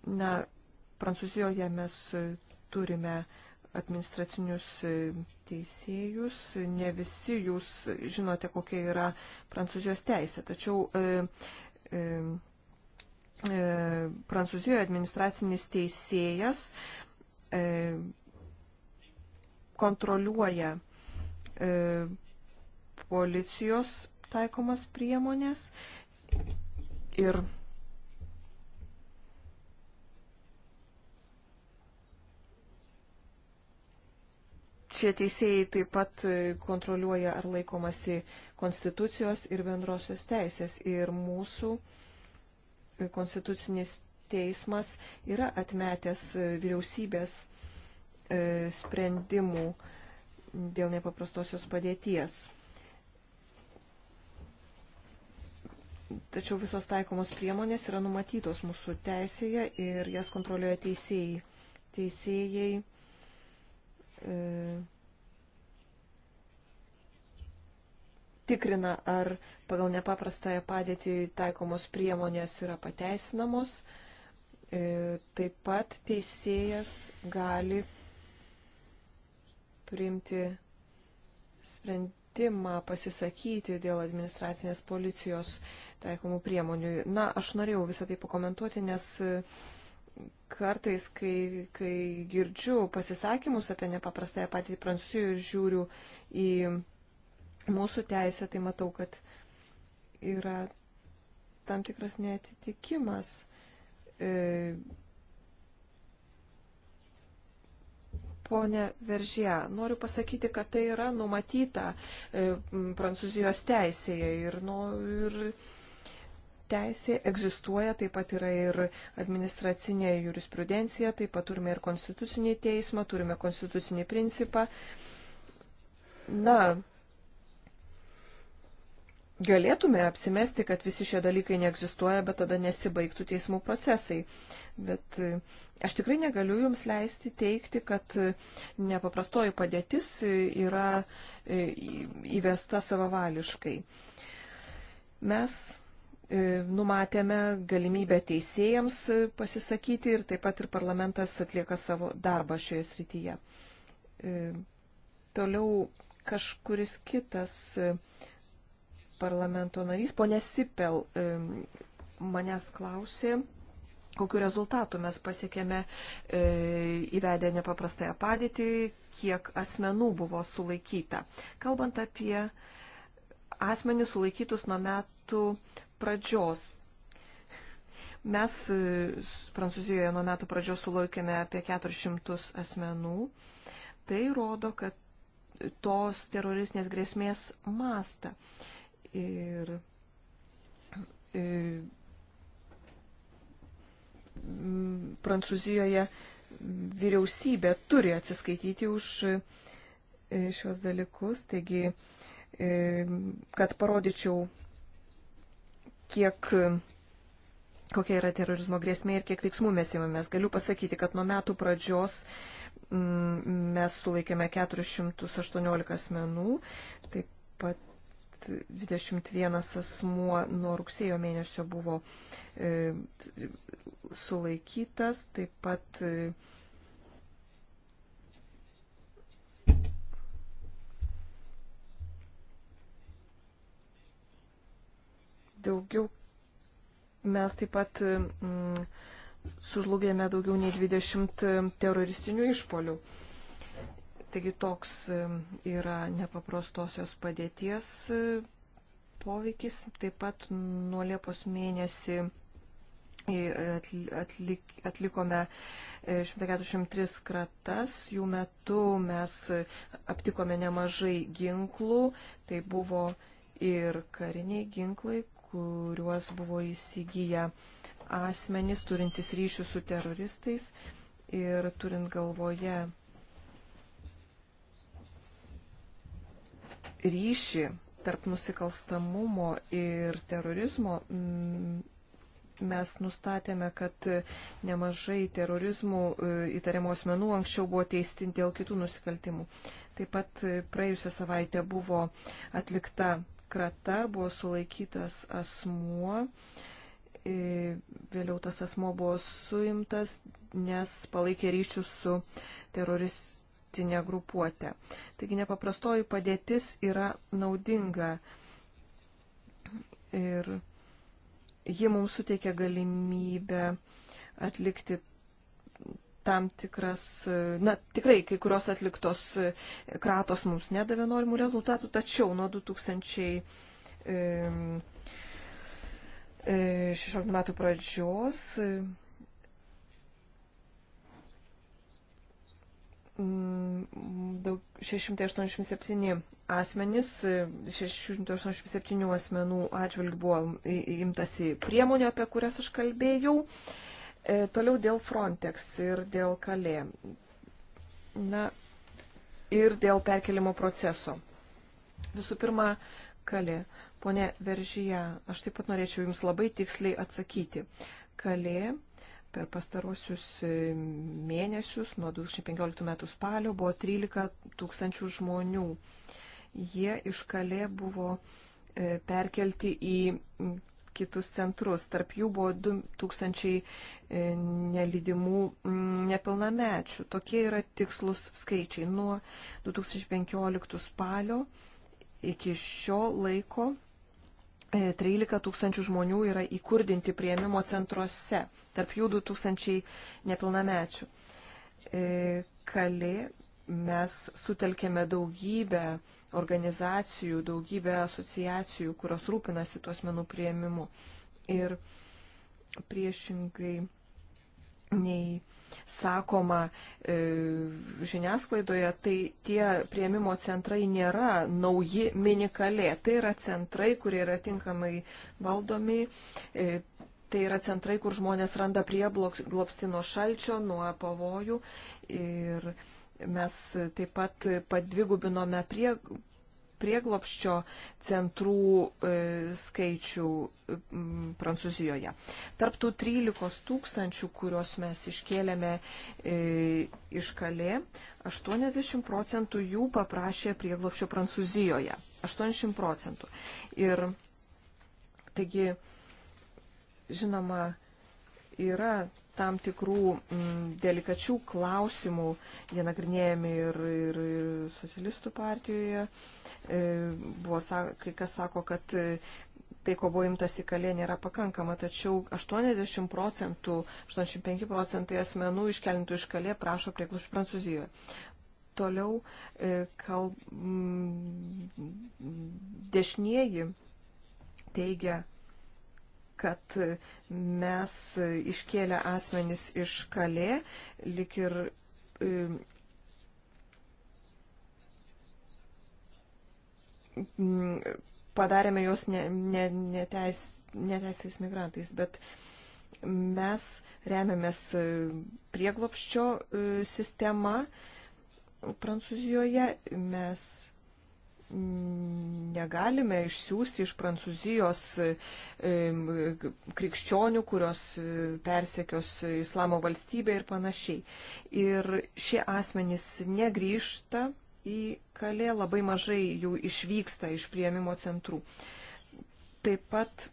Na, Prancūzijoje mes turime administracinius teisėjus. Ne visi jūs žinote, kokia yra Prancūzijos teisė. Tačiau e, e, e, Prancūzijoje administracinis teisėjas e, kontroliuoja e, policijos taikomas priemonės ir čia teisėjai taip pat kontroliuoja, ar laikomasi konstitucijos ir bendrosios teisės. Ir mūsų konstitucinis teismas yra atmetęs vyriausybės e, sprendimų dėl nepaprastosios padėties. Tačiau visos taikomos priemonės yra numatytos mūsų teisėje ir jas kontroliuoja teisėjai. Teisėjai E, tikrina, ar pagal nepaprastąją padėtį taikomos priemonės yra pateisinamos. E, taip pat teisėjas gali priimti sprendimą pasisakyti dėl administracinės policijos taikomų priemonių. Na, aš norėjau visą tai pakomentuoti, nes kartais, kai, kai girdžiu pasisakymus apie nepaprastąją patį Prancūziją ir žiūriu į mūsų teisę, tai matau, kad yra tam tikras neatitikimas. E, Pone Veržė, noriu pasakyti, kad tai yra numatyta e, Prancūzijos teisėje ir, nu, ir teisė egzistuoja, taip pat yra ir administracinė jurisprudencija, taip pat turime ir konstitucinį teismą, turime konstitucinį principą. Na, galėtume apsimesti, kad visi šie dalykai neegzistuoja, bet tada nesibaigtų teismų procesai. Bet e, aš tikrai negaliu jums leisti teikti, kad e, nepaprastoji padėtis e, yra įvesta savavališkai. Mes E, numatėme galimybę teisėjams pasisakyti ir taip pat ir parlamentas atlieka savo darbą šioje srityje. E, toliau kažkuris kitas e, parlamento narys, ponė Sipel, manęs klausė, kokiu rezultatu mes pasiekėme įvedę nepaprastąją padėtį, kiek asmenų buvo sulaikyta. Kalbant apie asmenį sulaikytus nuo metų pradžios. Mes e, Prancūzijoje nuo metų pradžios sulaukėme apie 400 asmenų. Tai rodo, kad tos teroristinės grėsmės mastą. Ir, ir e, Prancūzijoje vyriausybė turi atsiskaityti už e, šios dalykus. Taigi, kad parodyčiau, kiek kokia yra terorizmo grėsmė ir kiek veiksmų mes įmamės. Galiu pasakyti, kad nuo metų pradžios mm, mes sulaikėme 418 asmenų, taip pat 21 asmuo nuo rugsėjo mėnesio buvo e, sulaikytas, taip pat e, Daugiau mes taip pat mm, sužlugėme daugiau nei 20 mm, teroristinių išpolių. Taigi toks mm, yra nepaprastosios padėties mm, poveikis. Taip pat nuo Liepos mėnesį atlik, atlikome 143 e, kratas. Jų metu mes aptikome nemažai ginklų. Tai buvo ir kariniai ginklai, kuriuos buvo įsigiję asmenys turintys ryšių su teroristais ir turint galvoje ryšį tarp nusikalstamumo ir terorizmo, mes nustatėme, kad nemažai terorizmų e, įtariamų asmenų anksčiau buvo teisti dėl kitų nusikaltimų. Taip pat praėjusią savaitę buvo atlikta krata buvo sulaikytas asmuo. E, vėliau tas asmo buvo suimtas, nes palaikė ryšius su teroristinė grupuotė. Taigi nepaprastoji padėtis yra naudinga ir ji mums suteikia galimybę atlikti tam tikras, na tikrai kai kurios atliktos e, kratos mums nedavė norimų rezultatų, tačiau nuo 2016 e, metų pradžios e, daug, 687 asmenys, 687 asmenų atžvilgių buvo imtasi priemonių, apie kurias aš kalbėjau. E, E, toliau dėl Frontex ir dėl Kalė. Na, ir dėl perkelimo proceso. Visų pirma, Kalė. Pone Veržyje, aš taip pat norėčiau Jums labai tiksliai atsakyti. Kalė per pastarosius e, mėnesius, nuo 2015 metų spalio, buvo 13 tūkstančių žmonių. Jie iš Kalė buvo e, perkelti į kitus centrus. Tarp jų buvo 2000 e, nelydimų nepilnamečių. Tokie yra tikslus skaičiai. Nuo 2015 spalio iki šio laiko 13 e, tūkstančių žmonių yra įkurdinti prieimimo centruose, tarp jų 2 tūkstančiai nepilnamečių. E, kalė mes sutelkėme daugybę organizacijų, daugybė asociacijų, kurios rūpinasi tuos menų prieimimu. Ir priešingai nei sakoma e, žiniasklaidoje, tai tie prieimimo centrai nėra nauji minikalė. Tai yra centrai, kurie yra tinkamai valdomi. E, tai yra centrai, kur žmonės randa prieglobstį nuo šalčio, nuo pavojų. Ir Mes taip pat padvigubinome prie, prieglopščio centrų e, skaičių Prancūzijoje. Tarptų 13 tūkstančių, kuriuos mes iškėlėme e, iš kalė, 80 procentų jų paprašė prieglopščio Prancūzijoje. 80 procentų. Ir taigi, žinoma, yra tam tikrų m, mm, delikačių klausimų, jie nagrinėjami ir, ir, ir socialistų partijoje. E, buvo, kai kas sako, kad e, tai, ko buvo imtasi kalė, nėra pakankama, tačiau 80 procentų, 85 procentai asmenų iškelintų iš kalė prašo prieklušų Prancūzijoje. Toliau e, kal, m, dešnieji teigia, kad mes iškėlę asmenys iš kalė, lik ir e, padarėme juos ne, ne, neteis, neteisais migrantais, bet mes remiamės e, prieglopščio e, sistema Prancūzijoje, mes negalime išsiųsti iš Prancūzijos krikščionių, kurios e, persekios islamo valstybę ir panašiai. Ir šie asmenys negrįžta į kalė, labai mažai jų išvyksta iš prieimimo centrų. Taip pat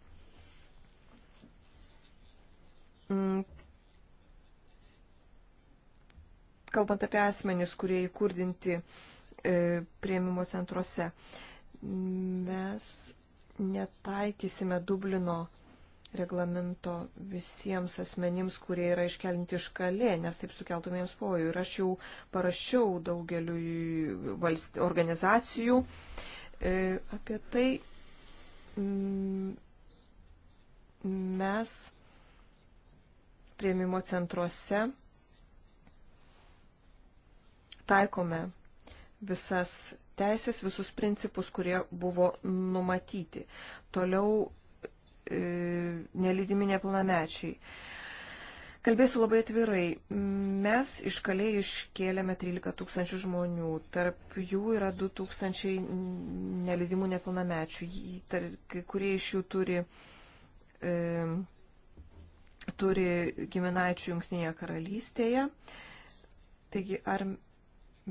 kalbant apie asmenys, kurie įkurdinti E, prieimimo centruose. Mes netaikysime Dublino reglamento visiems asmenims, kurie yra iškelinti iš kalė, nes taip sukeltumėms pojų. Ir aš jau parašiau daugeliu valst... organizacijų e, apie tai. Mes prieimimo centruose taikome visas teisės, visus principus, kurie buvo numatyti. Toliau e, nelydimi nepilnamečiai. Kalbėsiu labai atvirai. Mes iš kalėjų iškėlėme 13 tūkstančių žmonių. Tarp jų yra 2 tūkstančiai nelydimų nepilnamečių. Kai kurie iš jų turi, e, turi giminaičių Junktinėje karalystėje. Taigi, ar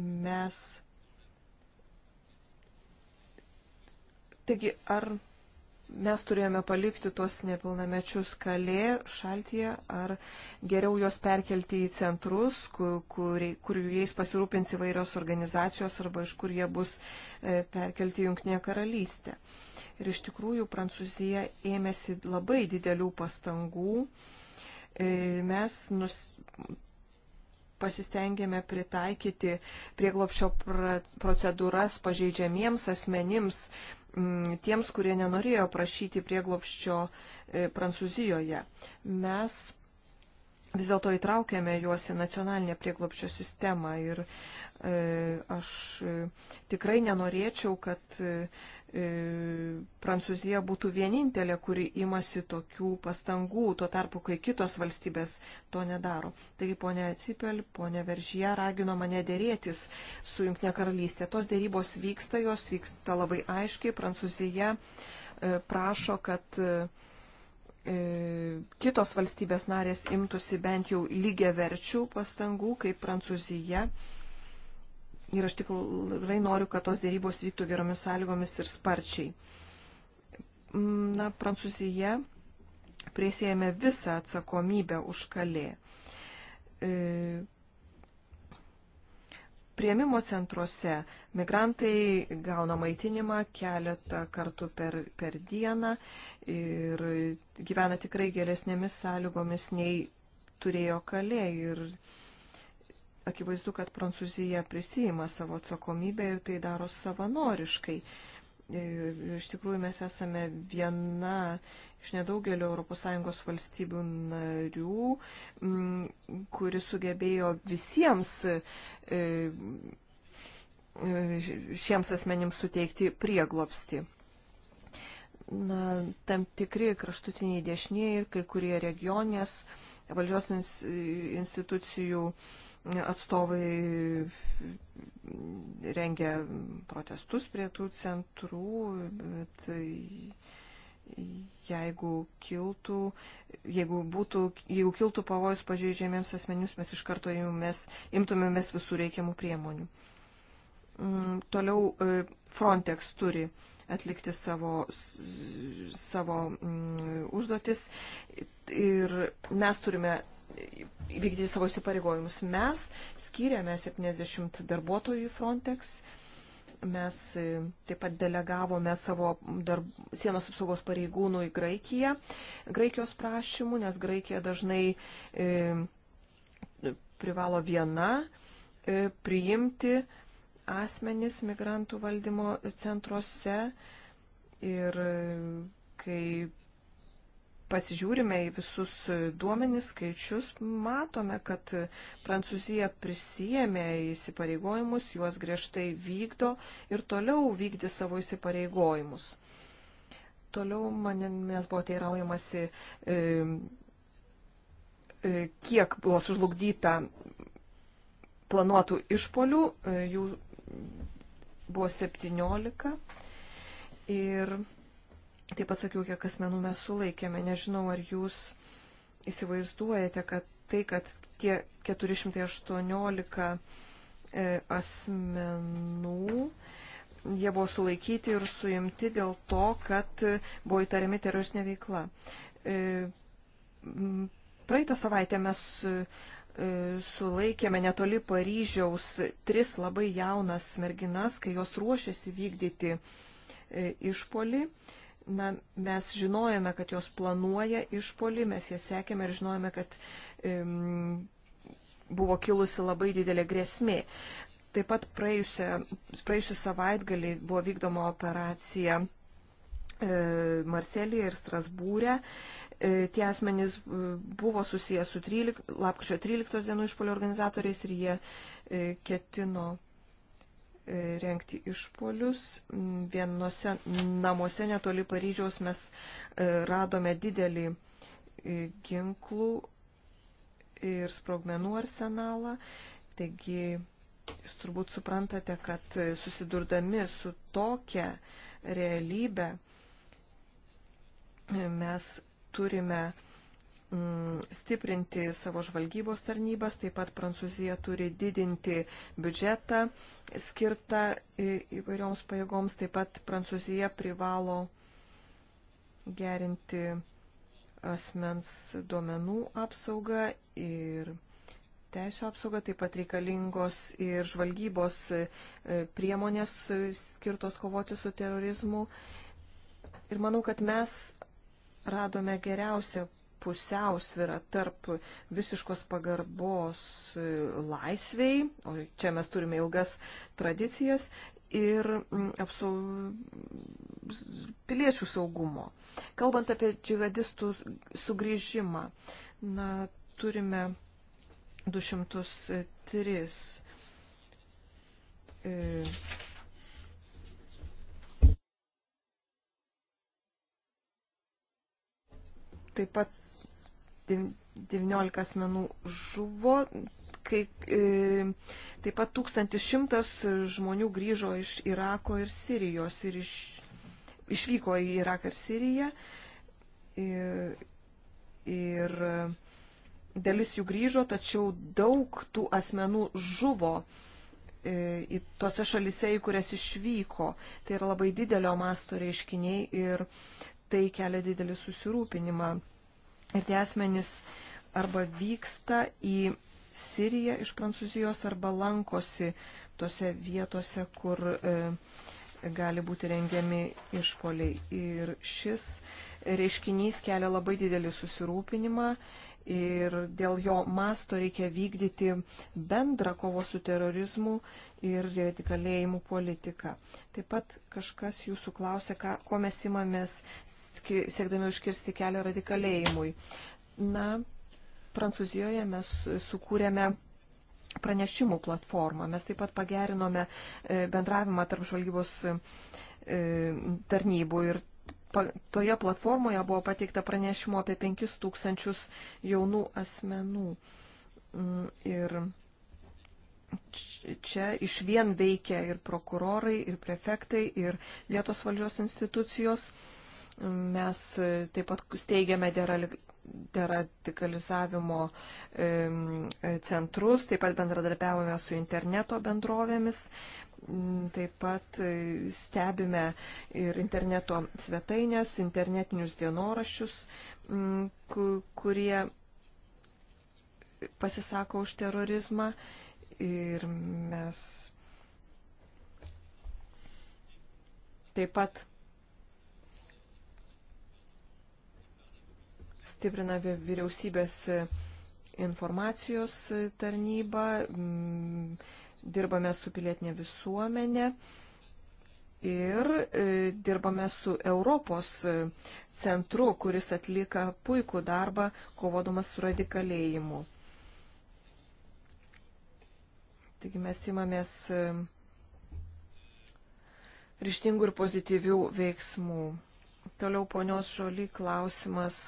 mes Taigi, ar mes turėjome palikti tuos nepilnamečius kalė šaltyje, ar geriau juos perkelti į centrus, kur, kur, kur jais pasirūpins įvairios organizacijos arba iš kur jie bus e, perkelti į Junktinę karalystę. Ir iš tikrųjų Prancūzija ėmėsi labai didelių pastangų. E, mes nus, pasistengėme pritaikyti prieglopšio procedūras pažeidžiamiems asmenims Mm, tiems, kurie nenorėjo prašyti prieglopščio e, Prancūzijoje. Mes vis dėlto įtraukėme juos į nacionalinę prieglopščio sistemą ir e, aš e, tikrai nenorėčiau, kad E, Prancūzija būtų vienintelė, kuri imasi tokių pastangų, tuo tarpu, kai kitos valstybės to nedaro. Taigi, ponė Cipel, ponė Veržyje ragino mane dėrėtis su Junktinė karalystė. Tos dėrybos vyksta, jos vyksta labai aiškiai. Prancūzija e, prašo, kad e, kitos valstybės narės imtųsi bent jau lygiaverčių pastangų, kaip Prancūzija Ir aš tikrai noriu, kad tos dėrybos vyktų geromis sąlygomis ir sparčiai. Na, Prancūzija prisėmė visą atsakomybę už kalė. E, prieimimo centruose migrantai gauna maitinimą keletą kartų per, per dieną ir gyvena tikrai geresnėmis sąlygomis nei turėjo kalė. Ir akivaizdu, kad Prancūzija prisijima savo atsakomybę ir tai daro savanoriškai. Iš tikrųjų, mes esame viena iš nedaugelio ES valstybių narių, mm, kuri sugebėjo visiems e, e, šiems asmenims suteikti prieglopsti na, tam tikri kraštutiniai dešiniai ir kai kurie regionės valdžios institucijų atstovai rengia protestus prie tų centrų, bet jeigu kiltų, jeigu būtų, jeigu kiltų pavojus pažeidžiamiems asmenius, mes iš karto imtumėmės, imtumėmės visų reikiamų priemonių. Mm, toliau e, Frontex turi atlikti savo, savo mm, užduotis ir mes turime įvykdyti savo įsipareigojimus. Mes skiriame 70 darbuotojų į Frontex, mes e, taip pat delegavome savo darb... sienos apsaugos pareigūnų į Graikiją, Graikijos prašymų, nes Graikija dažnai e, privalo viena e, priimti asmenis migrantų valdymo centruose ir e, kai pasižiūrime į visus duomenis, skaičius, matome, kad Prancūzija prisijėmė įsipareigojimus, juos griežtai vykdo ir toliau vykdė savo įsipareigojimus. Toliau manęs buvo teiraujamasi, e, e, kiek buvo sužlugdyta planuotų išpolių, e, jų buvo 17 ir Taip pat sakiau, kiek asmenų mes sulaikėme. Nežinau, ar jūs įsivaizduojate, kad tai, kad tie 418 e, asmenų, jie buvo sulaikyti ir suimti dėl to, kad buvo įtariami teroristinė veikla. E, praeitą savaitę mes e, sulaikėme netoli Paryžiaus tris labai jaunas merginas, kai jos ruošėsi vykdyti išpolį na, mes žinojome, kad jos planuoja išpolį, mes jas sekėme ir žinojome, kad um, buvo kilusi labai didelė grėsmė. Taip pat praėjusią savaitgalį buvo vykdoma operacija e, Marselėje ir Strasbūrė. E, tie asmenys e, buvo susijęs su 13, lapkričio 13 dienų išpolio organizatoriais ir jie e, ketino rengti išpolius. Vienose namuose netoli Paryžiaus mes e, radome didelį e, ginklų ir sprogmenų arsenalą. Taigi jūs turbūt suprantate, kad susidurdami su tokia realybė mes turime Mm, stiprinti savo žvalgybos tarnybas, taip pat Prancūzija turi didinti biudžetą skirtą įvairioms pajėgoms, taip pat Prancūzija privalo gerinti asmens duomenų apsaugą ir teisų apsaugą, taip pat reikalingos ir žvalgybos e, priemonės skirtos kovoti su terorizmu. Ir manau, kad mes radome geriausią pusiausvyrą tarp visiškos pagarbos e, laisviai, o čia mes turime ilgas tradicijas, ir mm, apsau... piliečių saugumo. Kalbant apie džihadistų sugrįžimą, na, turime 203. E... Taip pat 19 asmenų žuvo, kai e, taip pat 1100 žmonių grįžo iš Irako ir Sirijos ir iš, išvyko į Iraką ir Siriją. Ir, ir dalis jų grįžo, tačiau daug tų asmenų žuvo e, į tose šalise, į kurias išvyko. Tai yra labai didelio masto reiškiniai ir tai kelia didelį susirūpinimą ir tie asmenys arba vyksta į Siriją iš Prancūzijos arba lankosi tose vietose, kur e, gali būti rengiami išpoliai. Ir šis reiškinys kelia labai didelį susirūpinimą ir dėl jo masto reikia vykdyti bendrą kovo su terorizmu ir radikalėjimų politiką. Taip pat kažkas jūsų klausė, ką, ko mes imamės siekdami užkirsti kelią radikalėjimui. Na, Prancūzijoje mes sukūrėme pranešimų platformą. Mes taip pat pagerinome e, bendravimą tarp žvalgybos e, tarnybų ir toje platformoje buvo pateikta pranešimo apie 5000 jaunų asmenų. Mm, ir čia iš vien veikia ir prokurorai, ir prefektai, ir vietos valdžios institucijos. Mes taip pat steigiame deradikalizavimo centrus, taip pat bendradarbiavome su interneto bendrovėmis, taip pat e, stebime ir interneto svetainės, internetinius dienoraščius, kurie pasisako už terorizmą ir mes taip pat stiprina vyriausybės informacijos tarnybą, mm, dirbame su pilietinė visuomenė ir e, dirbame su Europos e, centru, kuris atlieka puikų darbą kovodamas su radikalėjimu. Taigi mes įmamės e, ryštingų ir pozityvių veiksmų. Toliau ponios Žoly klausimas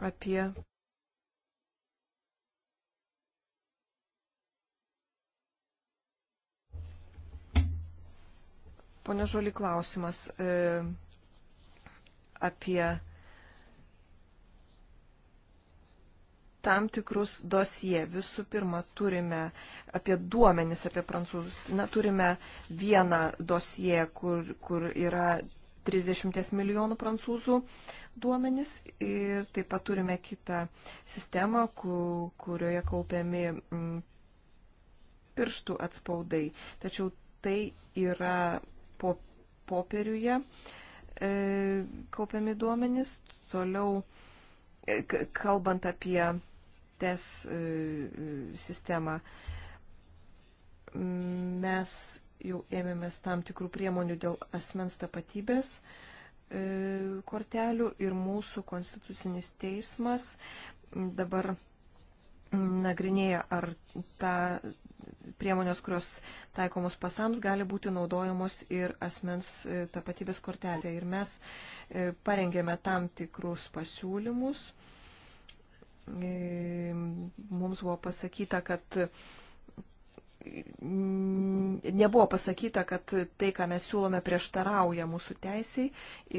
apie Pone Žoli klausimas e, apie tam tikrus dosie. Visų pirma, turime apie duomenis apie prancūzus. Na, turime vieną dosie, kur, kur yra 30 milijonų prancūzų duomenys ir taip pat turime kitą sistemą, kurioje kaupiami mm, pirštų atspaudai. Tačiau tai yra po, popieriuje e, kaupiami duomenys. Toliau, e, kalbant apie TES e, e sistemą, mes jau ėmėmės tam tikrų priemonių dėl asmens tapatybės e, kortelių ir mūsų konstitucinis teismas dabar nagrinėja, ar ta priemonės, kurios taikomos pasams, gali būti naudojamos ir asmens e, tapatybės kortelė. Ir mes e, parengėme tam tikrus pasiūlymus. Mums buvo pasakyta, kad Mm, nebuvo pasakyta, kad tai, ką mes siūlome, prieštarauja mūsų teisiai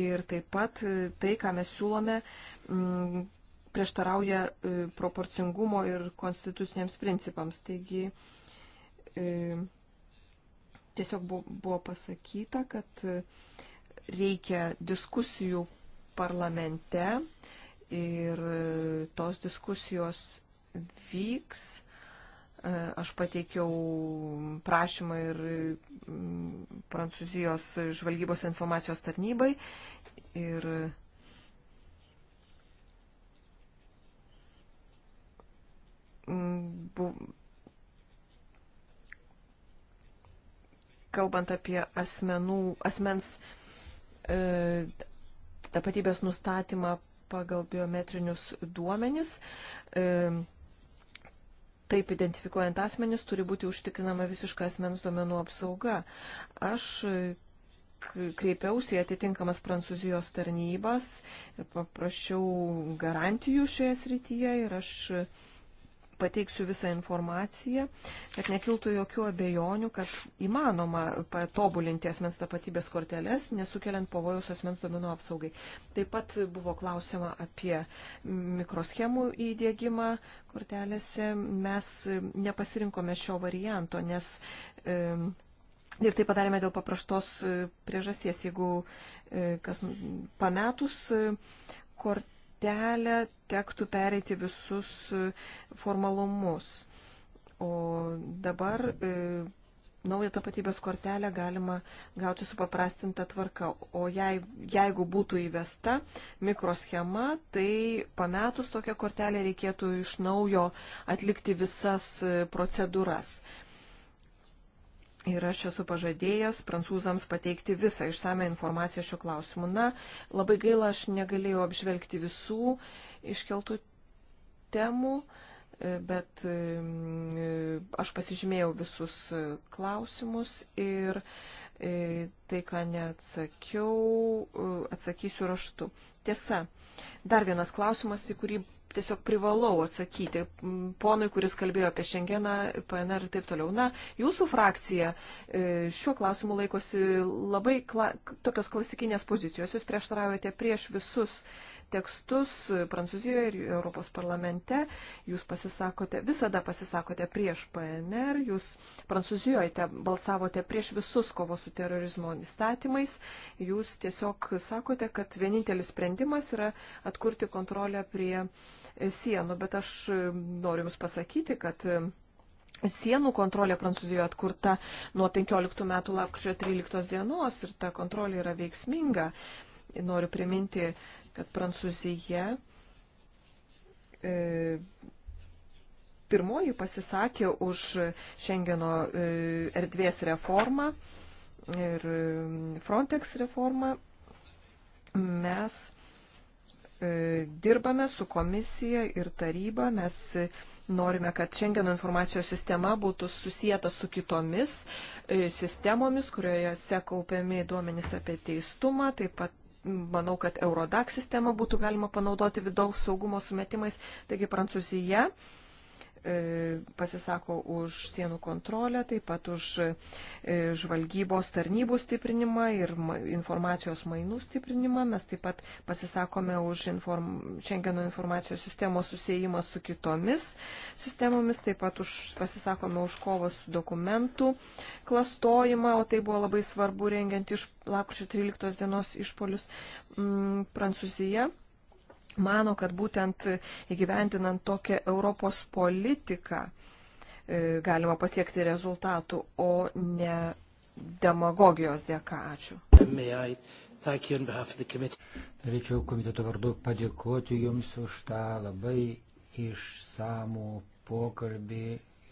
ir taip pat e, tai, ką mes siūlome, mm, prieštarauja e, proporcingumo ir konstituciniams principams. Taigi e, tiesiog buvo pasakyta, kad reikia diskusijų parlamente ir tos diskusijos vyks Aš pateikiau prašymą ir mm, Prancūzijos žvalgybos informacijos tarnybai ir mm, bu... kalbant apie asmenų, asmens e, tapatybės nustatymą pagal biometrinius duomenis, e, Taip identifikuojant asmenis turi būti užtikrinama visiška asmens duomenų apsauga. Aš kreipiausi į atitinkamas Prancūzijos tarnybas ir paprašiau garantijų šioje srityje ir aš pateiksiu visą informaciją, kad nekiltų jokių abejonių, kad įmanoma patobulinti asmens tapatybės korteles, nesukeliant pavojus asmens domino apsaugai. Taip pat buvo klausima apie mikroschemų įdėgymą kortelėse. Mes nepasirinkome šio varianto, nes. E, Ir tai padarėme dėl paprastos e, priežasties, jeigu e, kas pametus e, kortelės kartelę tektų pereiti visus e, formalumus. O dabar e, naują tapatybės kortelę galima gauti su paprastinta tvarka. O jei, jeigu būtų įvesta mikroschema, tai pametus tokią kortelę reikėtų iš naujo atlikti visas e, procedūras. E, Ir aš esu pažadėjęs prancūzams pateikti visą išsame informaciją šiuo klausimu. Na, labai gaila, aš negalėjau apžvelgti visų iškeltų temų, bet aš pasižymėjau visus klausimus ir e, tai, ką neatsakiau, atsakysiu raštu. Tiesa, dar vienas klausimas, į kurį tiesiog privalau atsakyti ponui, kuris kalbėjo apie Šengeną, PNR ir taip toliau. Na, jūsų frakcija e, šiuo klausimu laikosi labai kla, tokios klasikinės pozicijos. Jūs prieštaraujate prieš visus tekstus Prancūzijoje ir Europos parlamente. Jūs pasisakote, visada pasisakote prieš PNR, jūs Prancūzijoje te balsavote prieš visus kovos su terorizmo įstatymais. Jūs tiesiog sakote, kad vienintelis sprendimas yra atkurti kontrolę prie uh, sienų, bet aš noriu Jums pasakyti, kad sienų kontrolė Prancūzijoje atkurta nuo 15 metų lapkričio 13 dienos ir ta kontrolė yra veiksminga. Noriu priminti, kad Prancūzija e, pirmoji pasisakė už Šengeno e, erdvės reformą ir Frontex reformą. Mes E, dirbame su komisija ir taryba. Mes norime, kad Schengeno informacijos sistema būtų susijęta su kitomis e, sistemomis, kurioje kaupiami duomenys apie teistumą. Taip pat manau, kad Eurodax sistemą būtų galima panaudoti vidaus saugumo sumetimais. Taigi Prancūzija. E, E, pasisako už sienų kontrolę, taip pat už e, žvalgybos tarnybų stiprinimą ir informacijos mainų stiprinimą. Mes taip pat pasisakome už inform... Schengeno informacijos sistemos susijimą su kitomis sistemomis, taip pat už... pasisakome už kovą su dokumentų klastojimą, o tai buvo labai svarbu rengiant iš lapkričio 13 dienos išpolius mm, Prancūzija mano, kad būtent įgyvendinant tokią Europos politiką e, galima pasiekti rezultatų, o ne demagogijos dėka. Ačiū. Norėčiau komiteto vardu padėkoti Jums už tą labai išsamų pokalbį.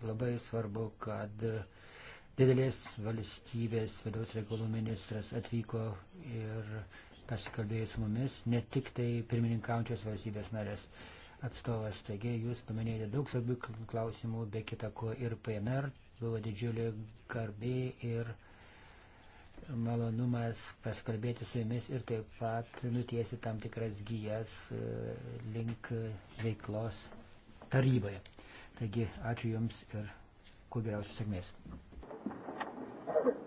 Labai svarbu, kad didelės valstybės vidaus reikalų ministras atvyko ir pasikalbėjai su mumis, ne tik tai pirmininkaujančios valstybės narės atstovas. Taigi jūs paminėjote daug svarbių klausimų, be kita ko ir PNR. Buvo didžiulė garbė ir malonumas paskalbėti su jumis ir taip pat nutiesi tam tikras gyjas e, link veiklos taryboje. Taigi ačiū Jums ir kuo geriausios sėkmės. Thank you.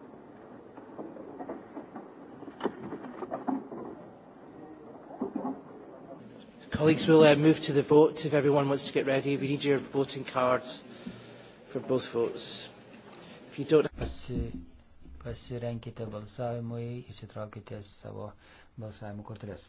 colleagues, will I uh, move to the vote if everyone wants to get ready? We need your voting cards for both votes. If you don't... Pasi, pasirenkite balsavimui, įsitraukite savo balsavimo korteles.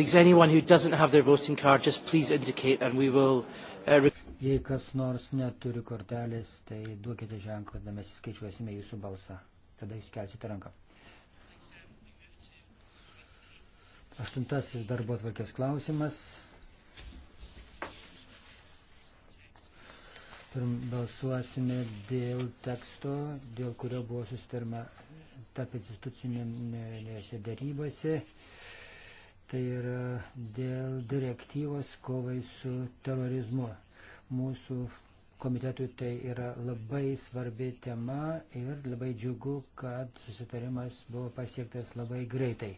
Colleagues, anyone who doesn't have their voting card, just please indicate and we will... Uh, Jei kas nors neturi kortelės, tai duokite ženklą, tada mes įskaičiuosime jūsų balsą. Tada jūs kelsite ranką. Aštuntasis darbo atvarkės klausimas. Pirm, balsuosime dėl teksto, dėl kurio buvo susitarma tarp institucinėse darybose. Uh, Tai yra dėl direktyvos kovai su terorizmu. Mūsų komitetui tai yra labai svarbi tema ir labai džiugu, kad susitarimas buvo pasiektas labai greitai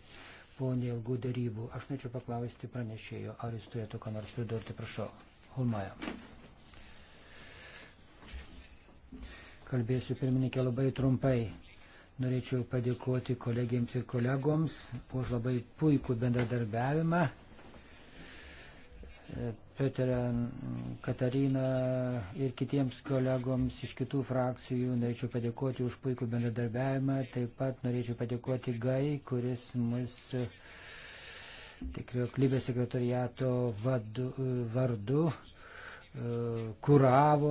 po neilgų darybų. Aš norėčiau paklausti pranešėjo, ar jis turėtų ką nors pridurti, prašau. Holmaja. Kalbėsiu pirmininkė labai trumpai. Norėčiau padėkoti kolegiams ir kolegoms už labai puikų bendradarbiavimą. E, Peterą, Katariną ir kitiems kolegoms iš kitų frakcijų norėčiau padėkoti už puikų bendradarbiavimą. Taip pat norėčiau padėkoti Gai, kuris mus e, tikrio klybės sekretariato vadu, e, vardu kuravo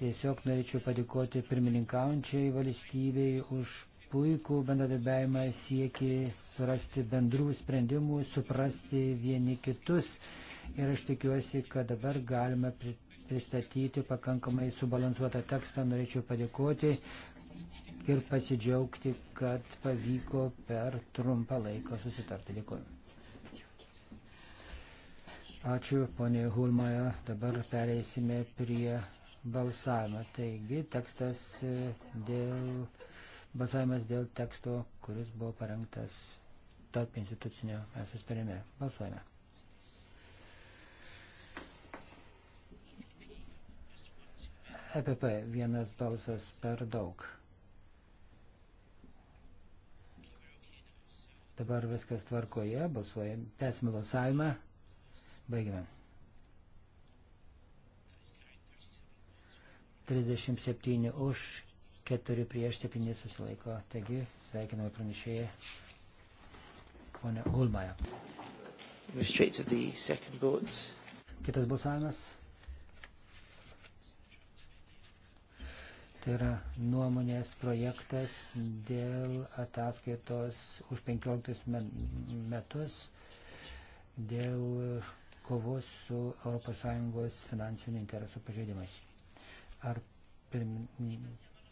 Tiesiog norėčiau padėkoti pirmininkaujančiai valstybei už puikų bendradarbiavimą siekį surasti bendrų sprendimų, suprasti vieni kitus. Ir aš tikiuosi, kad dabar galime pristatyti pakankamai subalansuotą tekstą. Norėčiau padėkoti ir pasidžiaugti, kad pavyko per trumpą laiką susitarti. Dėkuoju. Ačiū, ponė Hulmaja. Dabar pereisime prie balsavimą. Taigi tekstas e, dėl, balsavimas dėl teksto, kuris buvo parengtas tarp institucinio sustarime. Balsuojame. EPP vienas balsas per daug. Dabar viskas tvarkoje, balsuojame, tęsime balsavimą, baigime. 37 už, 4 prieš 7 susilaiko. Taigi, sveikiname pranešėją ponę Ulmają. Kitas balsavimas. Tai yra nuomonės projektas dėl ataskaitos už 15 metus dėl kovos su ES finansinių interesų pažeidimais. Ar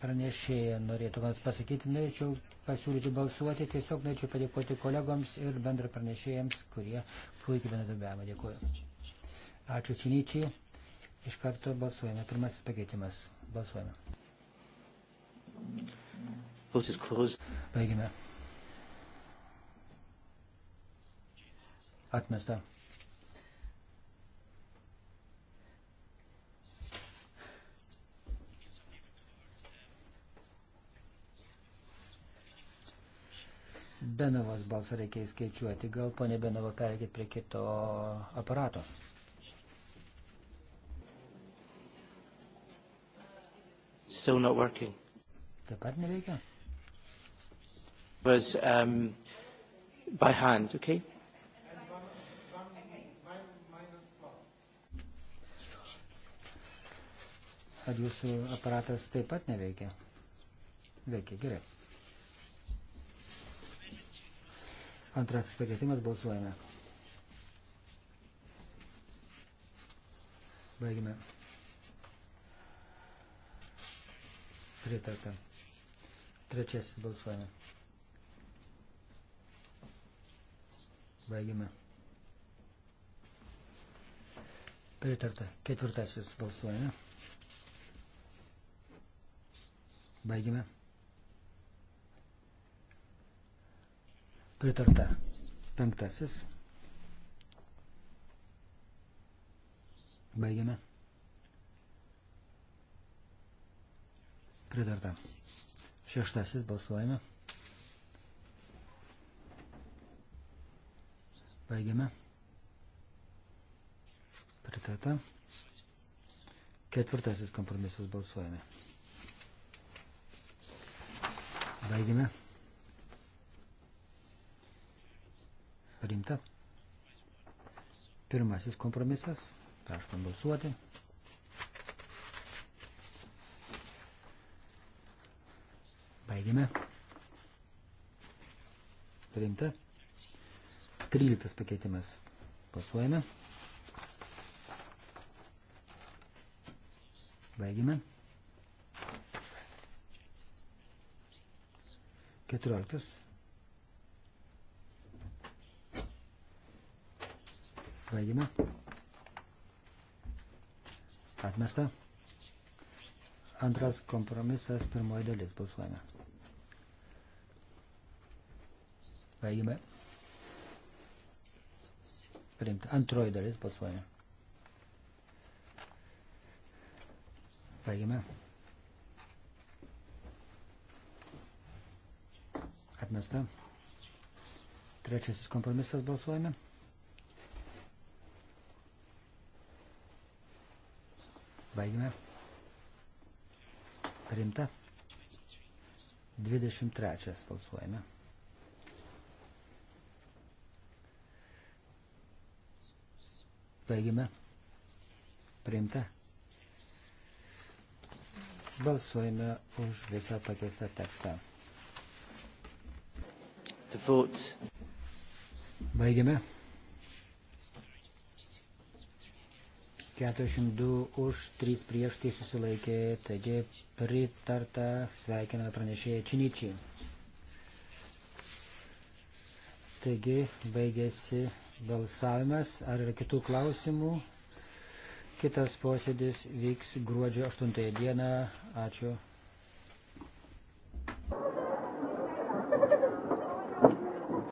pranešėja norėtų ką nors pasakyti, norėčiau pasiūlyti balsuoti, tiesiog norėčiau padėkoti kolegoms ir bendra pranešėjams, kurie puikiai bendradarbiavo. Dėkuoju. Ačiū Činyčiai. Iš karto balsuojame. Pirmasis pakeitimas. Balsuojame. Baigime. Atmesta. Benovas balsą reikia įskaičiuoti. Gal ponė Benova perėkit prie kito aparato. Still not working. Taip pat neveikia. Was um, by hand, okay? Ar jūsų aparatas taip pat neveikia? Veikia, gerai. Antrasis pakeitimas balsuojame. Baigime. Pritarta. Trečiasis balsuojame. Baigime. Pritarta. Ketvirtasis balsuojame. Baigime. Pritarta. Penktasis. Baigiame. Pritarta. Šeštasis balsuojame. Baigiame. Pritarta. Ketvirtasis kompromisas balsuojame. Baigiame. Priimta. Pirmasis kompromisas. Prašom balsuoti. Baigime. Priimta. Tryliktas pakeitimas. Balsuojame. Baigime. 14 Baigime. Atmesta. Antras kompromisas, pirmoji dalis. Balsuojame. Baigime. Priimta. Antroji dalis. Balsuojame. Baigime. Atmesta. Trečiasis kompromisas balsuojame. Baigime. Rimta. 23 balsuojame. Baigime. Priimta. Balsuojame už visą pakeistą tekstą. Baigime. 42 už, 3 prieš, tai susilaikė, taigi pritarta, sveikiname pranešėją Činičiai. Taigi baigėsi balsavimas, ar yra kitų klausimų? Kitas posėdis vyks gruodžio 8 dieną. Ačiū.